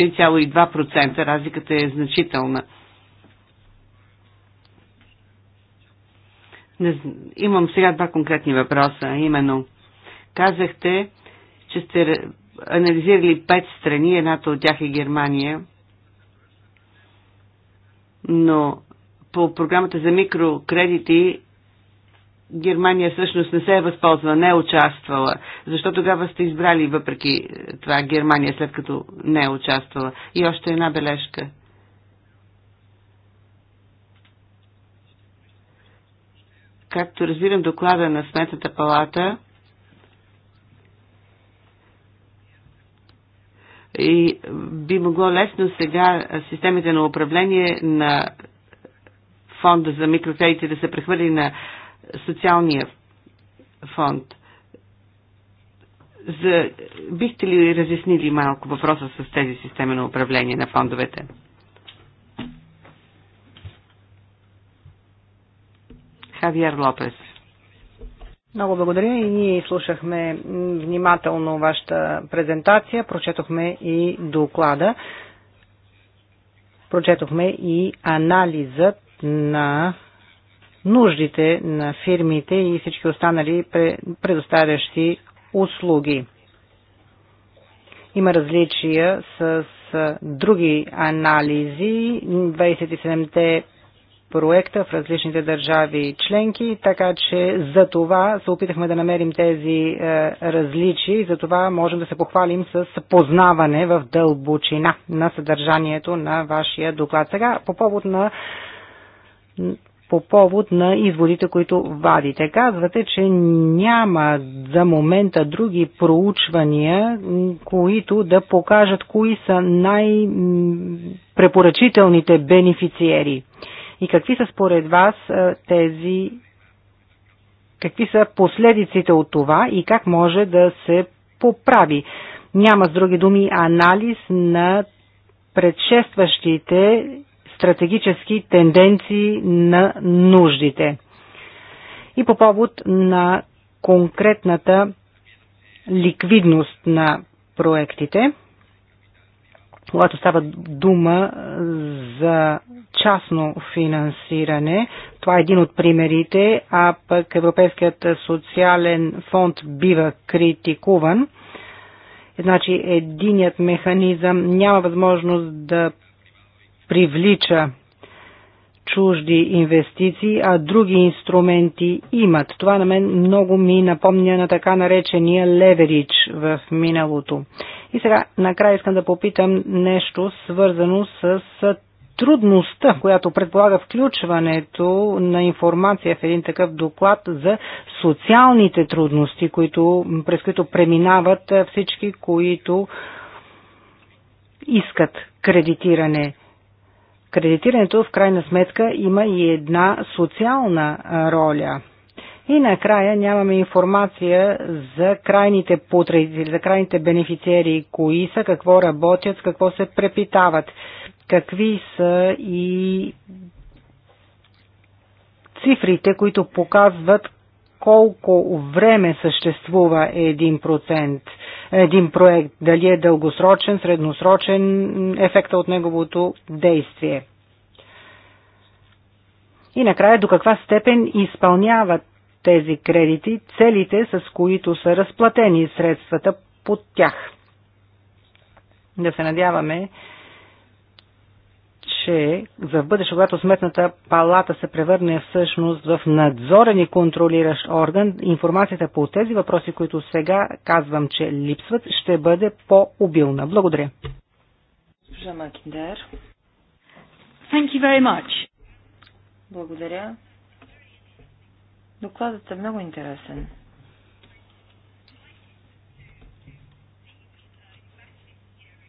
3,2%. Е, Разликата е значителна. Имам сега два конкретни въпроса. Именно, казахте, че сте анализирали пет страни, едната от тях е Германия – но по програмата за микрокредити Германия всъщност не се е възползвала, не е участвала. Защо тогава сте избрали въпреки е, това Германия, след като не е участвала? И още една бележка. Както разбирам доклада на Сметната палата, и би могло лесно сега системите на управление на фонда за микрокредити да се прехвърли на социалния фонд. За... Бихте ли разяснили малко въпроса с тези системи на управление на фондовете? Хавиер Лопес. Много благодаря и ние слушахме внимателно вашата презентация, прочетохме и доклада, прочетохме и анализът на нуждите на фирмите и всички останали предоставящи услуги. Има различия с други анализи. 27-те проекта в различните държави членки, така че за това се опитахме да намерим тези е, различия и за това можем да се похвалим с познаване в дълбочина на съдържанието на вашия доклад. Сега по повод на по повод на изводите, които вадите. Казвате, че няма за момента други проучвания, които да покажат кои са най-препоръчителните бенефициери и какви са според вас тези какви са последиците от това и как може да се поправи. Няма с други думи анализ на предшестващите стратегически тенденции на нуждите. И по повод на конкретната ликвидност на проектите – когато става дума за частно финансиране. Това е един от примерите, а пък Европейският социален фонд бива критикуван. Е, значи единият механизъм няма възможност да привлича чужди инвестиции, а други инструменти имат. Това на мен много ми напомня на така наречения леверидж в миналото. И сега накрая искам да попитам нещо свързано с трудността, която предполага включването на информация в един такъв доклад за социалните трудности, които, през които преминават всички, които искат кредитиране. Кредитирането в крайна сметка има и една социална роля – и накрая нямаме информация за крайните потребители, за крайните бенефициери, кои са, какво работят, какво се препитават, какви са и цифрите, които показват колко време съществува един процент, един проект, дали е дългосрочен, средносрочен, ефекта от неговото действие. И накрая до каква степен изпълняват тези кредити, целите с които са разплатени средствата под тях. Да се надяваме, че за в бъдеще, когато сметната палата се превърне всъщност в надзорен и контролиращ орган, информацията по тези въпроси, които сега казвам, че липсват, ще бъде по-обилна. Благодаря. Thank you very much. Благодаря. Докладът е много интересен.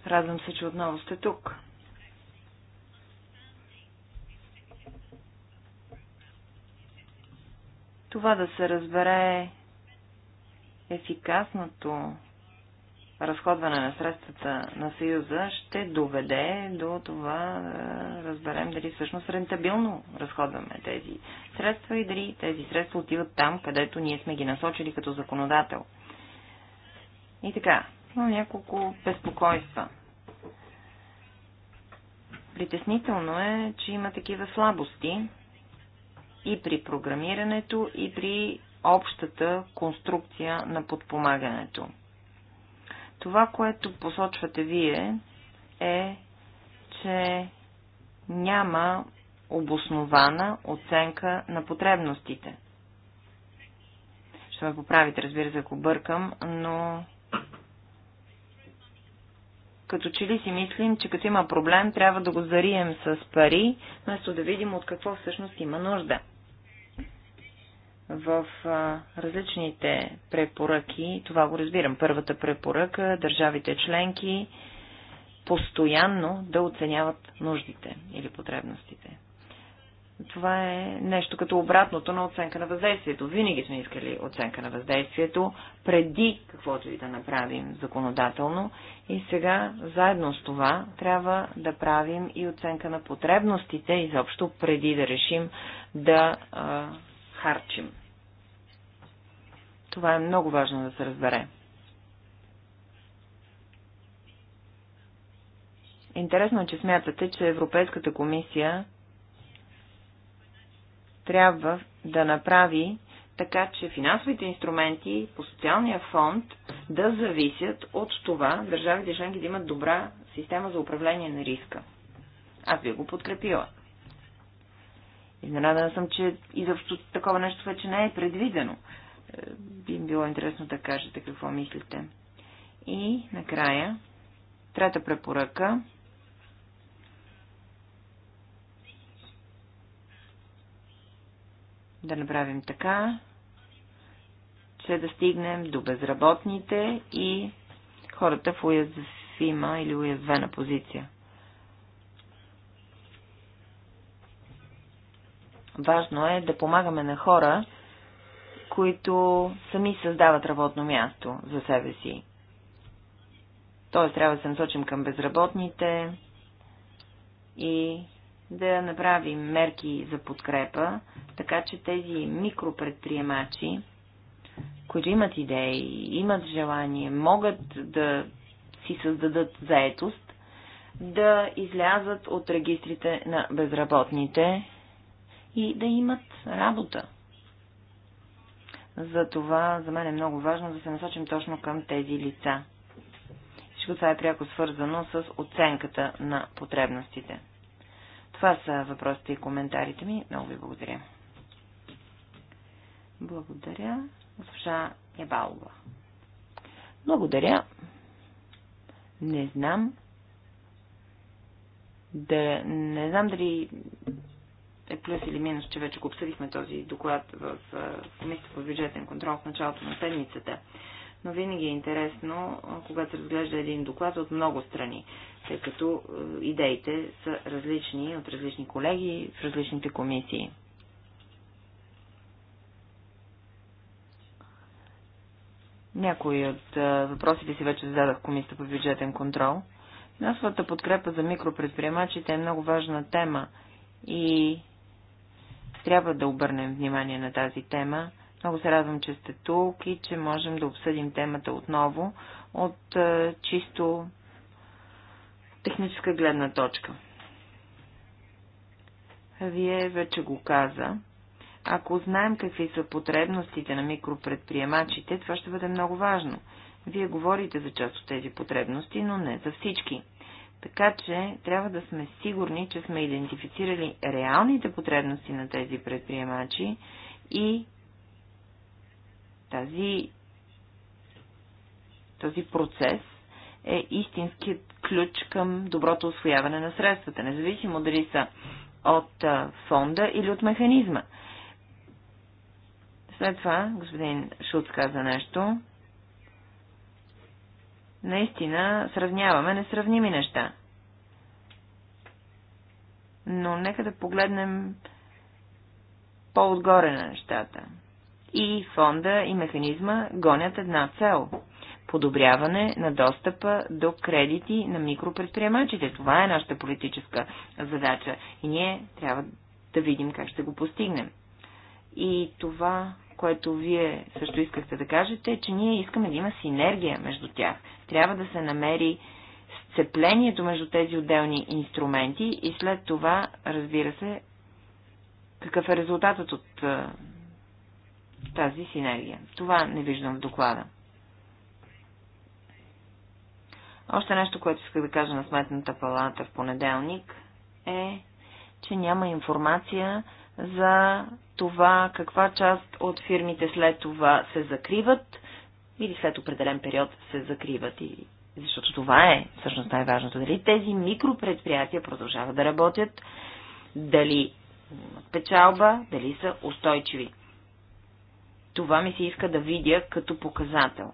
Радвам се, че отново сте тук. Това да се разбере ефикасното разходване на средствата на Съюза ще доведе до това да е, разберем дали всъщност рентабилно разходваме тези средства и дали тези средства отиват там, където ние сме ги насочили като законодател. И така, но няколко безпокойства. Притеснително е, че има такива слабости и при програмирането, и при общата конструкция на подпомагането. Това, което посочвате вие, е, че няма обоснована оценка на потребностите. Ще ме поправите, разбира се, ако бъркам, но като че ли си мислим, че като има проблем, трябва да го зарием с пари, вместо да видим от какво всъщност има нужда в а, различните препоръки, това го разбирам, първата препоръка, държавите членки постоянно да оценяват нуждите или потребностите. Това е нещо като обратното на оценка на въздействието. Винаги сме искали оценка на въздействието преди каквото и да направим законодателно и сега заедно с това трябва да правим и оценка на потребностите изобщо преди да решим да харчим. Това е много важно да се разбере. Интересно е, че смятате, че Европейската комисия трябва да направи така, че финансовите инструменти по социалния фонд да зависят от това държавите членки да имат добра система за управление на риска. Аз би го подкрепила. Изненадана съм, че изобщо такова нещо вече не е предвидено. Е, би им било интересно да кажете какво мислите. И накрая, трета препоръка. Да направим така, че да стигнем до безработните и хората в уязвима или уязвена позиция. Важно е да помагаме на хора, които сами създават работно място за себе си. Тоест трябва да се насочим към безработните и да направим мерки за подкрепа, така че тези микропредприемачи, които имат идеи, имат желание, могат да си създадат заетост, да излязат от регистрите на безработните и да имат работа. Затова за мен е много важно да се насочим точно към тези лица. Всичко това е пряко свързано с оценката на потребностите. Това са въпросите и коментарите ми. Много ви благодаря. Благодаря. Госпожа Ебалова. Благодаря. Не знам. Да, не знам дали е плюс или минус, че вече го обсъдихме този доклад в Комисията по бюджетен контрол в началото на седмицата. Но винаги е интересно, когато се разглежда един доклад от много страни, тъй като идеите са различни от различни колеги в различните комисии. Някои от въпросите си вече зададах Комисията по бюджетен контрол. Финансовата подкрепа за микропредприемачите е много важна тема и трябва да обърнем внимание на тази тема. Много се радвам, че сте тук и че можем да обсъдим темата отново от е, чисто техническа гледна точка. Вие вече го каза. Ако знаем какви са потребностите на микропредприемачите, това ще бъде много важно. Вие говорите за част от тези потребности, но не за всички. Така че трябва да сме сигурни, че сме идентифицирали реалните потребности на тези предприемачи и тази, този процес е истинският ключ към доброто освояване на средствата, независимо дали са от фонда или от механизма. След това господин Шут каза нещо наистина сравняваме несравними неща. Но нека да погледнем по-отгоре на нещата. И фонда и механизма гонят една цел подобряване на достъпа до кредити на микропредприемачите. Това е нашата политическа задача и ние трябва да видим как ще го постигнем. И това, което вие също искахте да кажете, е, че ние искаме да има синергия между тях. Трябва да се намери сцеплението между тези отделни инструменти и след това, разбира се, какъв е резултатът от тази синергия. Това не виждам в доклада. Още нещо, което исках да кажа на Сметната палата в понеделник е, че няма информация за това каква част от фирмите след това се закриват или след определен период се закриват. И... Защото това е всъщност най-важното. Дали тези микропредприятия продължават да работят, дали имат печалба, дали са устойчиви. Това ми се иска да видя като показател.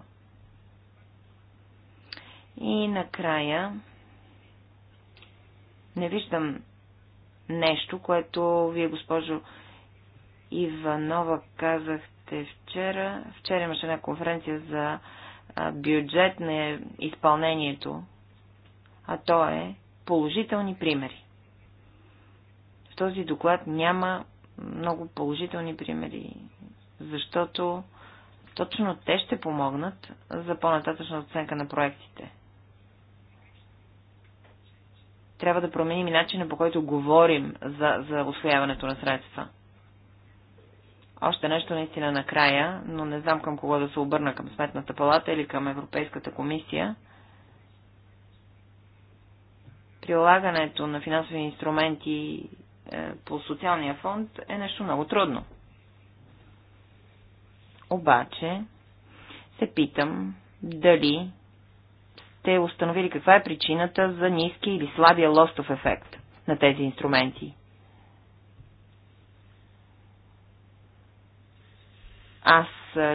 И накрая не виждам нещо, което вие, госпожо Иванова, казахте още вчера. Вчера имаше една конференция за бюджет на изпълнението, а то е положителни примери. В този доклад няма много положителни примери, защото точно те ще помогнат за по-нататъчна оценка на проектите. Трябва да променим и начина по който говорим за, за освояването на средства. Още нещо наистина накрая, но не знам към кого да се обърна, към Сметната палата или към Европейската комисия. Прилагането на финансови инструменти е, по социалния фонд е нещо много трудно. Обаче се питам дали сте установили каква е причината за ниски или слабия лостов ефект на тези инструменти. Аз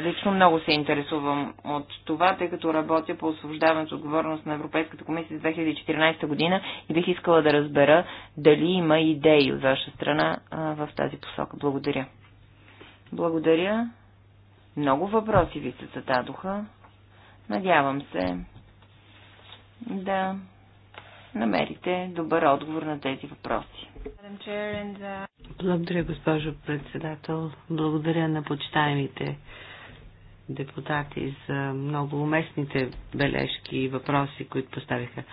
лично много се интересувам от това, тъй като работя по освобождаването отговорност на Европейската комисия за 2014 година и бих искала да разбера дали има идеи от ваша страна в тази посока. Благодаря. Благодаря. Много въпроси ви се зададоха. Надявам се да намерите добър отговор на тези въпроси. Благодаря, госпожо председател. Благодаря на почитаемите депутати за много уместните бележки и въпроси, които поставиха.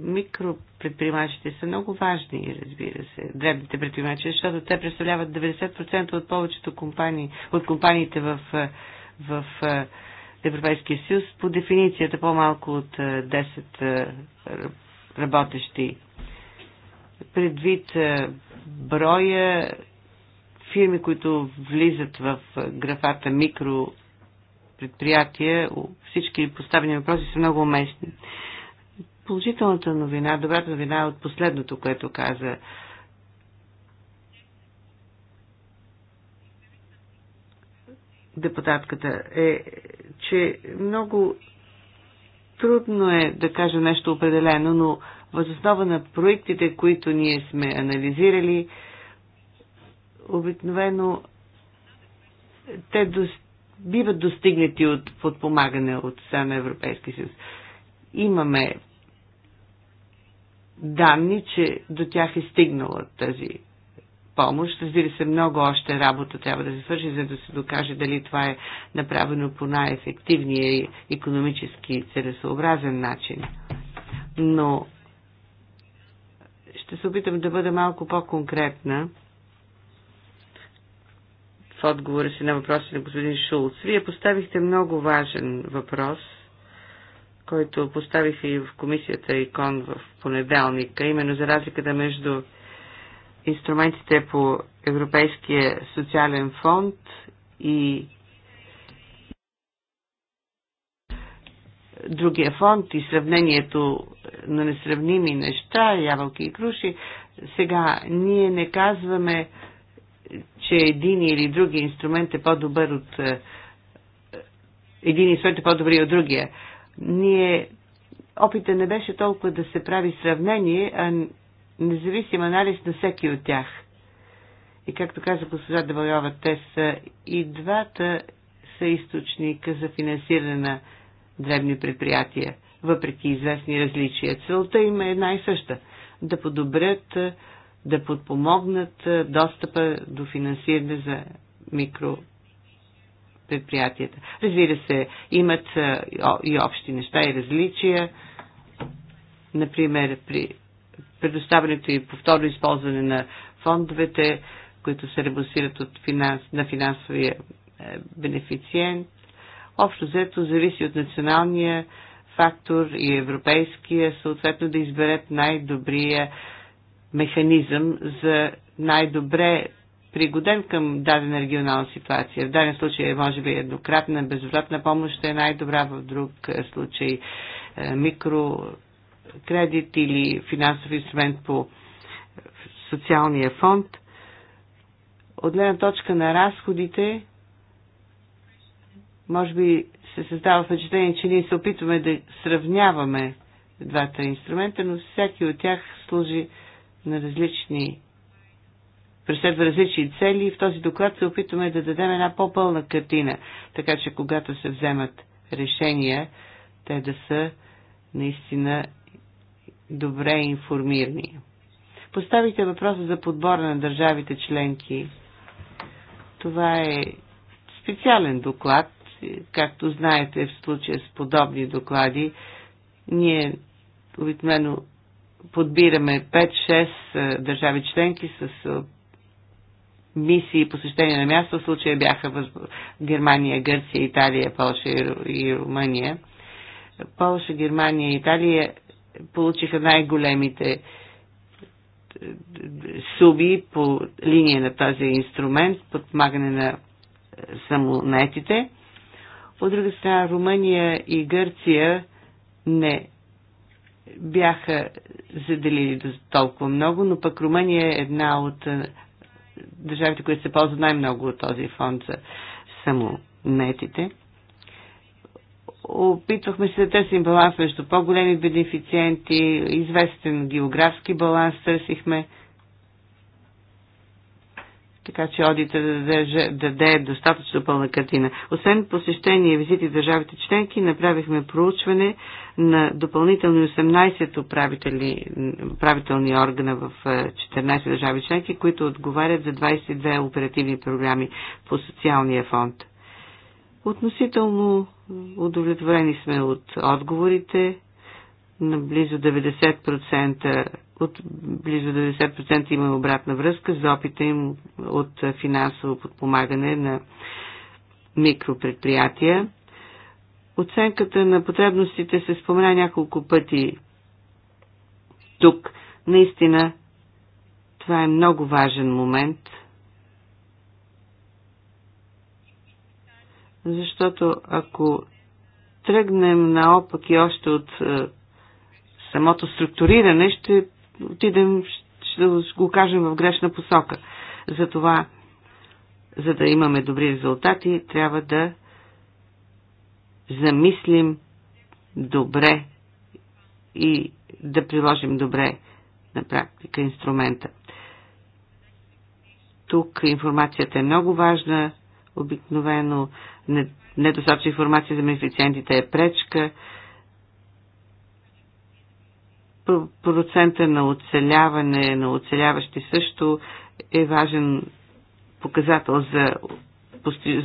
Микропредприемачите са много важни, разбира се, дребните предприемачи, защото те представляват 90% от повечето компании, от компаниите в, в Европейския съюз по дефиницията по-малко от 10 е, е, работещи. Предвид е, броя фирми, които влизат в графата микро предприятия, всички поставени въпроси са много уместни. Положителната новина, добрата новина е от последното, което каза депутатката е че много трудно е да кажа нещо определено, но възоснова на проектите, които ние сме анализирали, обикновено те до, биват достигнати от подпомагане от страна Европейски съюз. Имаме данни, че до тях е стигнала тази помощ. Разбира се, много още работа трябва да се свърши, за да се докаже дали това е направено по най-ефективния и економически целесообразен начин. Но ще се опитам да бъда малко по-конкретна в отговора си на въпроса на господин Шулц. Вие поставихте много важен въпрос, който поставих и в комисията ИКОН в понеделника, именно за разликата между инструментите по Европейския социален фонд и другия фонд и сравнението на несравними неща, ябълки и круши, сега ние не казваме, че един или други инструмент е по-добър от е, един инструмент е по-добри от другия. Ние опита не беше толкова да се прави сравнение, а независим анализ на всеки от тях. И както каза госпожа Дебалова, те са и двата са източника за финансиране на древни предприятия, въпреки известни различия. Целта им е една и съща – да подобрят, да подпомогнат достъпа до финансиране за микро предприятията. Разбира се, имат и общи неща и различия. Например, при предоставянето и повторно използване на фондовете, които се ребусират от финанс, на финансовия е, бенефициент. Общо взето зависи от националния фактор и европейския, съответно да изберат най-добрия механизъм за най-добре пригоден към дадена регионална ситуация. В даден случай може би еднократна, безвратна помощ е най-добра, в друг е, случай е, микро кредит или финансов инструмент по социалния фонд. От гледна точка на разходите, може би се създава впечатление, че ние се опитваме да сравняваме двата инструмента, но всеки от тях служи на различни преследва различни цели и в този доклад се опитваме да дадем една по-пълна картина, така че когато се вземат решения, те да са наистина добре информирани. Поставихте въпроса за подбора на държавите членки. Това е специален доклад. Както знаете, в случая с подобни доклади, ние обикновено подбираме 5-6 държави членки с мисии и посещения на място. В случая бяха в Германия, Гърция, Италия, Польша и Румъния. Полша, Германия и Италия получиха най-големите е, суби по линия на този инструмент, подпомагане на е, самонетите. От друга страна, Румъния и Гърция не бяха заделили до толкова много, но пък Румъния е една от е, държавите, които се ползват най-много от този фонд за самонетите. Опитвахме се да търсим баланс между по-големи бенефициенти, известен географски баланс търсихме, така че одита да даде, даде достатъчно пълна картина. Освен посещение и визити в държавите членки, направихме проучване на допълнителни 18 управители, управителни органа в 14 е, държави членки, които отговарят за 22 оперативни програми по социалния фонд. Относително удовлетворени сме от отговорите на близо 90% от близо 90% имаме обратна връзка за опита им от финансово подпомагане на микропредприятия. Оценката на потребностите се спомена няколко пъти тук. Наистина, това е много важен момент – защото ако тръгнем наопаки още от е, самото структуриране, ще отидем, ще го кажем в грешна посока. Затова, за да имаме добри резултати, трябва да замислим добре и да приложим добре на практика инструмента. Тук информацията е много важна. Обикновено недостатъчна информация за бенефициентите е пречка, процента на оцеляване, на оцеляващи също е важен показател за,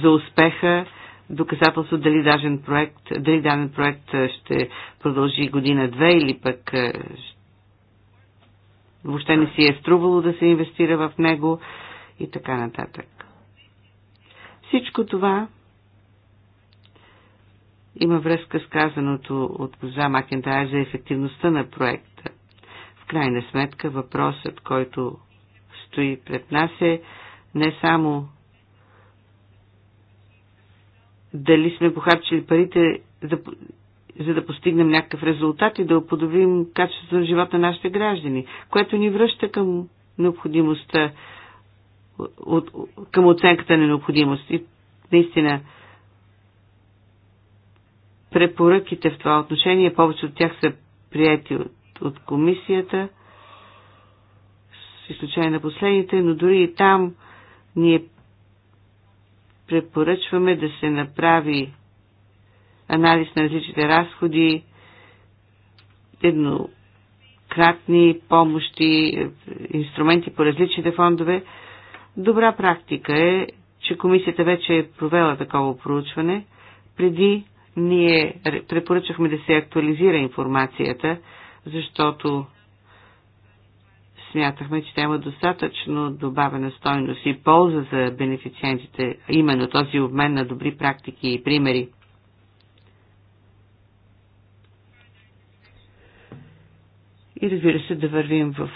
за успеха, доказателство дали даден проект, дали даден проект ще продължи година-две или пък въобще не си е струвало да се инвестира в него и така нататък. Всичко това има връзка с казаното от Коза Макентайр за ефективността на проекта. В крайна сметка въпросът, който стои пред нас е не само дали сме похарчили парите за, за да постигнем някакъв резултат и да оподобим качеството на живота на нашите граждани, което ни връща към необходимостта, от, към оценката на необходимост. И наистина препоръките в това отношение, повече от тях са прияти от, от комисията, с изключение на последните, но дори и там ние препоръчваме да се направи анализ на различните разходи, еднократни помощи, инструменти по различните фондове. Добра практика е, че комисията вече е провела такова проучване преди ние препоръчахме да се актуализира информацията, защото смятахме, че има достатъчно добавена стойност и полза за бенефициентите, именно този обмен на добри практики и примери. И разбира се, да вървим в,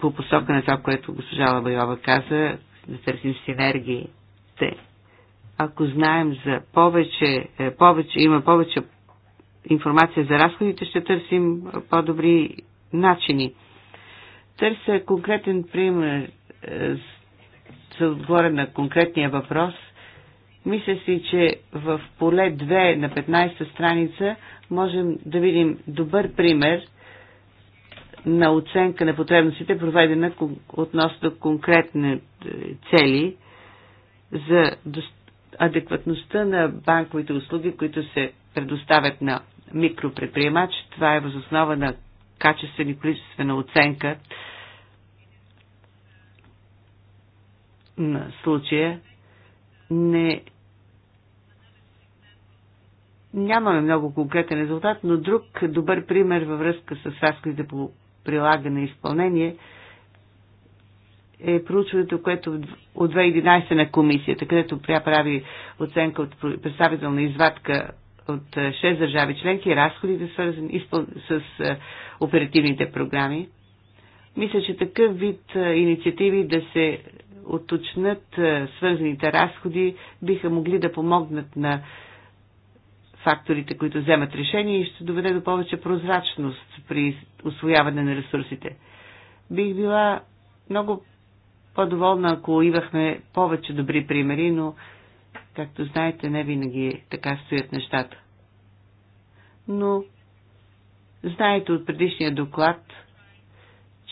по посока на това, което госпожа Лабайова каза, да търсим синергиите ако знаем за повече, е, повече има повече информация за разходите, ще търсим е, по-добри начини. Търся конкретен пример за е, отговоря на конкретния въпрос. Мисля си, че в поле 2 на 15 страница можем да видим добър пример на оценка на потребностите, проведена относно конкретни цели за достатъчно адекватността на банковите услуги, които се предоставят на микропредприемач. Това е възоснова на качествена и количествена оценка на случая. Не Нямаме много конкретен резултат, но друг добър пример във връзка с разходите по прилагане и изпълнение – е проучването, което от 2011 на комисията, където тя прави оценка от представителна извадка от 6 е, държави членки, разходите свързани с е, оперативните програми. Мисля, че такъв вид е, инициативи да се оточнат свързаните разходи биха могли да помогнат на факторите, които вземат решение и ще доведе до повече прозрачност при освояване на ресурсите. Бих била много по-доволна, ако имахме повече добри примери, но, както знаете, не винаги е така стоят нещата. Но, знаете от предишния доклад,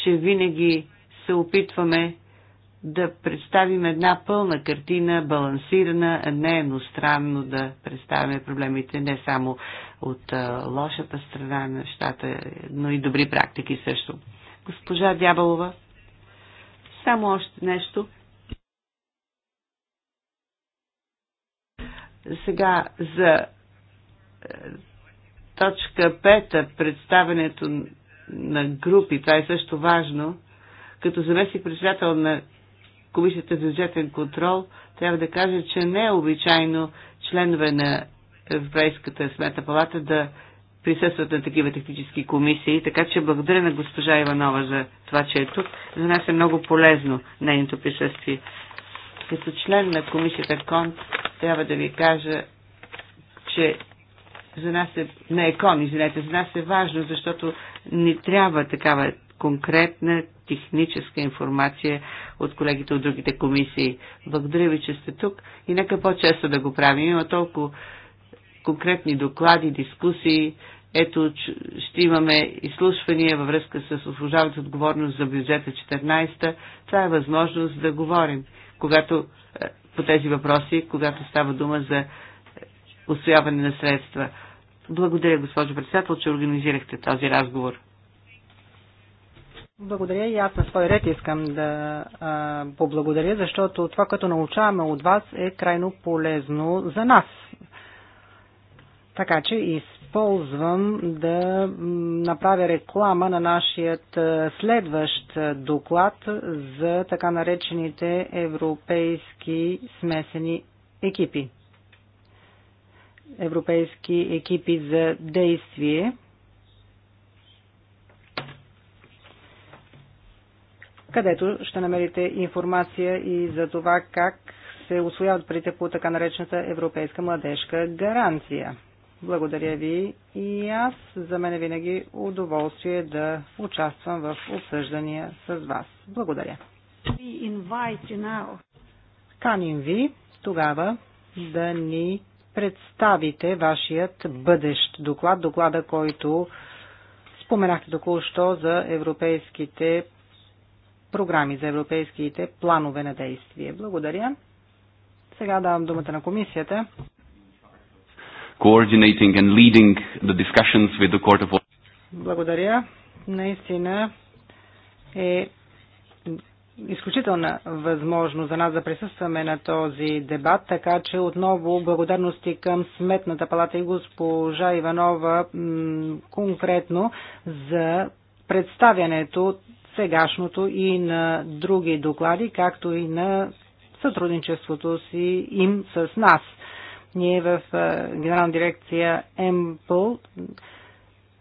че винаги се опитваме да представим една пълна картина, балансирана, а не едностранно да представяме проблемите не само от а, лошата страна на нещата, но и добри практики също. Госпожа Дяволова, само още нещо. Сега за е, точка 5, представенето на групи, това е също важно. Като заместник председател на Комисията за бюджетен контрол, трябва да кажа, че не е обичайно членове на Европейската смета палата да присъстват на такива технически комисии, така че благодаря на госпожа Иванова за това, че е тук. За нас е много полезно нейното присъствие. Като член на комисията КОН трябва да ви кажа, че за нас е, на ЕКОН, извинете, за нас е важно, защото ни трябва такава конкретна техническа информация от колегите от другите комисии. Благодаря ви, че сте тук и нека по-често да го правим. Има толкова конкретни доклади, дискусии. Ето, ще имаме изслушвания във връзка с освобождаването отговорност за бюджета 14. Това е възможност да говорим когато, е, по тези въпроси, когато става дума за освояване е, на средства. Благодаря, госпожо председател, че организирахте този разговор. Благодаря и аз на свой ред искам да а, поблагодаря, защото това, което научаваме от вас е крайно полезно за нас така че използвам да направя реклама на нашият е, следващ е, доклад за така наречените европейски смесени екипи. Европейски екипи за действие. където ще намерите информация и за това как се освояват парите по така наречената Европейска младежка гаранция. Благодаря ви и аз. За мен е винаги удоволствие да участвам в обсъждания с вас. Благодаря. Каним ви тогава да ни представите вашият бъдещ доклад, доклада, който споменахте току-що за европейските програми, за европейските планове на действие. Благодаря. Сега давам думата на комисията coordinating and leading the discussions with the Court of Благодаря. Наистина е изключителна възможност за нас да присъстваме на този дебат, така че отново благодарности към Сметната палата и госпожа Иванова конкретно за представянето сегашното и на други доклади, както и на сътрудничеството си им с нас. Ние в Генерална дирекция МПЛ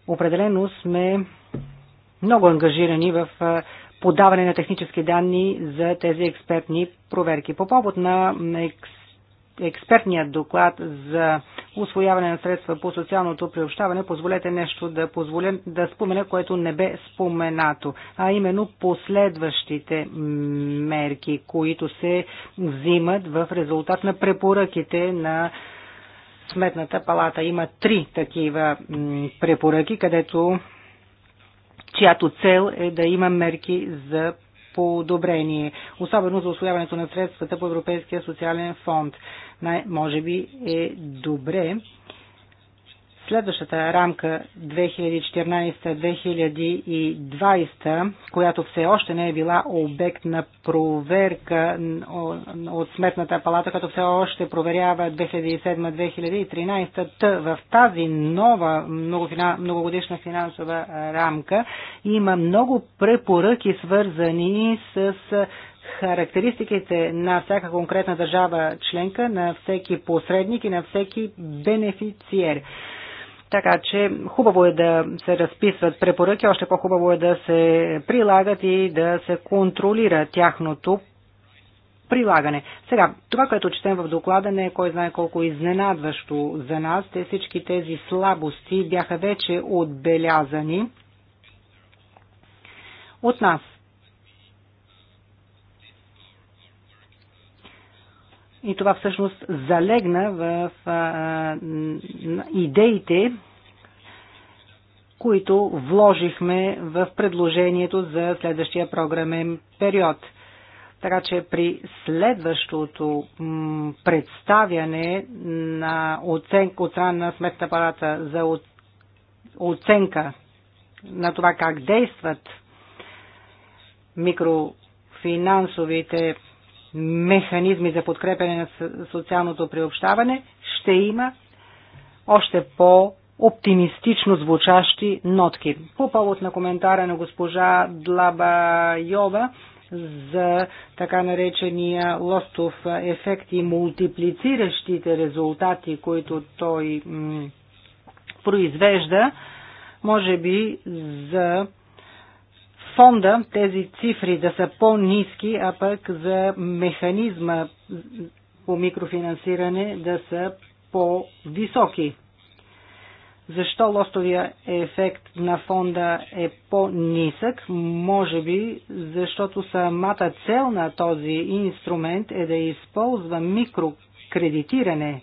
определено сме много ангажирани в подаване на технически данни за тези експертни проверки. По повод на екс експертният доклад за освояване на средства по социалното приобщаване, позволете нещо да, позволя, да спомена, което не бе споменато, а именно последващите мерки, които се взимат в резултат на препоръките на Сметната палата. Има три такива препоръки, където чиято цел е да има мерки за подобрение, особено за освояването на средствата по Европейския социален фонд. Най- може би е добре Следващата рамка 2014-2020, която все още не е била обект на проверка от Сметната палата, като все още проверява 2007-2013, в тази нова многогодишна финансова рамка има много препоръки, свързани с характеристиките на всяка конкретна държава членка, на всеки посредник и на всеки бенефициер. Така че хубаво е да се разписват препоръки, още по-хубаво е да се прилагат и да се контролира тяхното прилагане. Сега, това, което четем в доклада не е кой знае колко изненадващо за нас. Те всички тези слабости бяха вече отбелязани от нас. И това всъщност залегна в а, идеите, които вложихме в предложението за следващия програмен период. Така че при следващото представяне на оценка от страна на сметна палата за оценка на това как действат микрофинансовите механизми за подкрепене на социалното приобщаване, ще има още по- оптимистично звучащи нотки. По повод на коментара на госпожа Длаба Йова за така наречения лостов ефект и мултиплициращите резултати, които той произвежда, може би за фонда тези цифри да са по-низки, а пък за механизма по микрофинансиране да са по-високи. Защо лостовия ефект на фонда е по-нисък? Може би, защото самата цел на този инструмент е да използва микрокредитиране,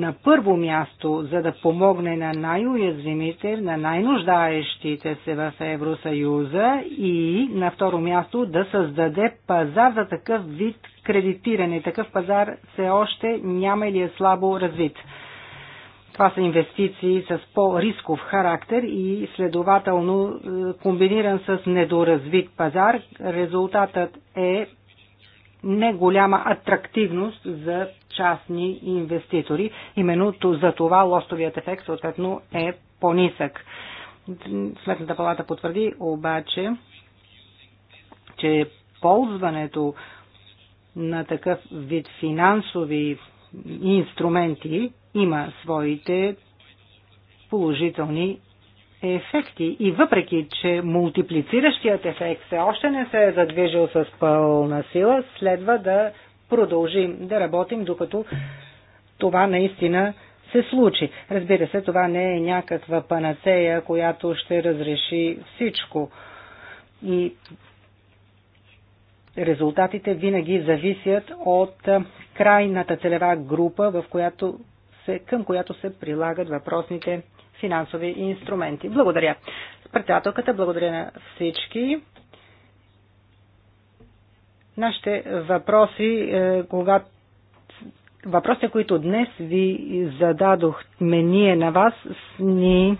на първо място, за да помогне на най-уязвимите, на най-нуждаещите се в Евросъюза и на второ място да създаде пазар за такъв вид кредитиране. Такъв пазар все още няма или е слабо развит. Това са инвестиции с по-рисков характер и следователно е, комбиниран с недоразвит пазар. Резултатът е неголяма атрактивност за частни инвеститори. Именно за това лостовият ефект съответно е по-нисък. Сметната палата потвърди обаче, че ползването на такъв вид финансови инструменти има своите положителни ефекти. И въпреки, че мултиплициращият ефект все още не се е задвижил с пълна сила, следва да продължим да работим, докато това наистина се случи. Разбира се, това не е някаква панацея, която ще разреши всичко. И резултатите винаги зависят от крайната целева група, в която се, към която се прилагат въпросните финансови инструменти. Благодаря. Председателката, благодаря на всички. Нашите въпроси, е, когато въпросите, които днес ви зададохме ние на вас, ни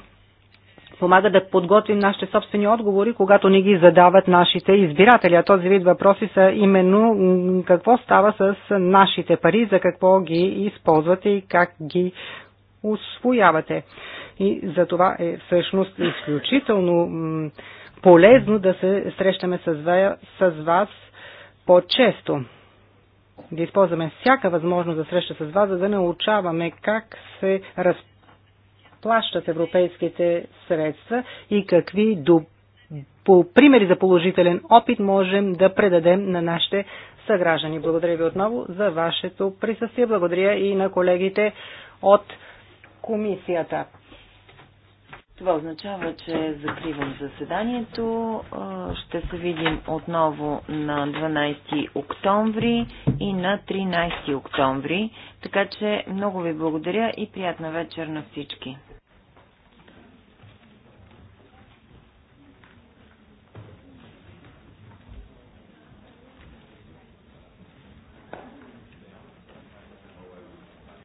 помага да подготвим нашите собствени отговори, когато ни ги задават нашите избиратели. А този вид въпроси са именно какво става с нашите пари, за какво ги използвате и как ги освоявате и за това е всъщност изключително полезно да се срещаме с вас по-често да използваме всяка възможност да среща с вас, за да научаваме как се разплащат европейските средства и какви до, по примери за положителен опит можем да предадем на нашите съграждани. Благодаря ви отново за вашето присъствие. Благодаря и на колегите от комисията. Това означава, че закривам заседанието. Ще се видим отново на 12 октомври и на 13 октомври. Така че много ви благодаря и приятна вечер на всички.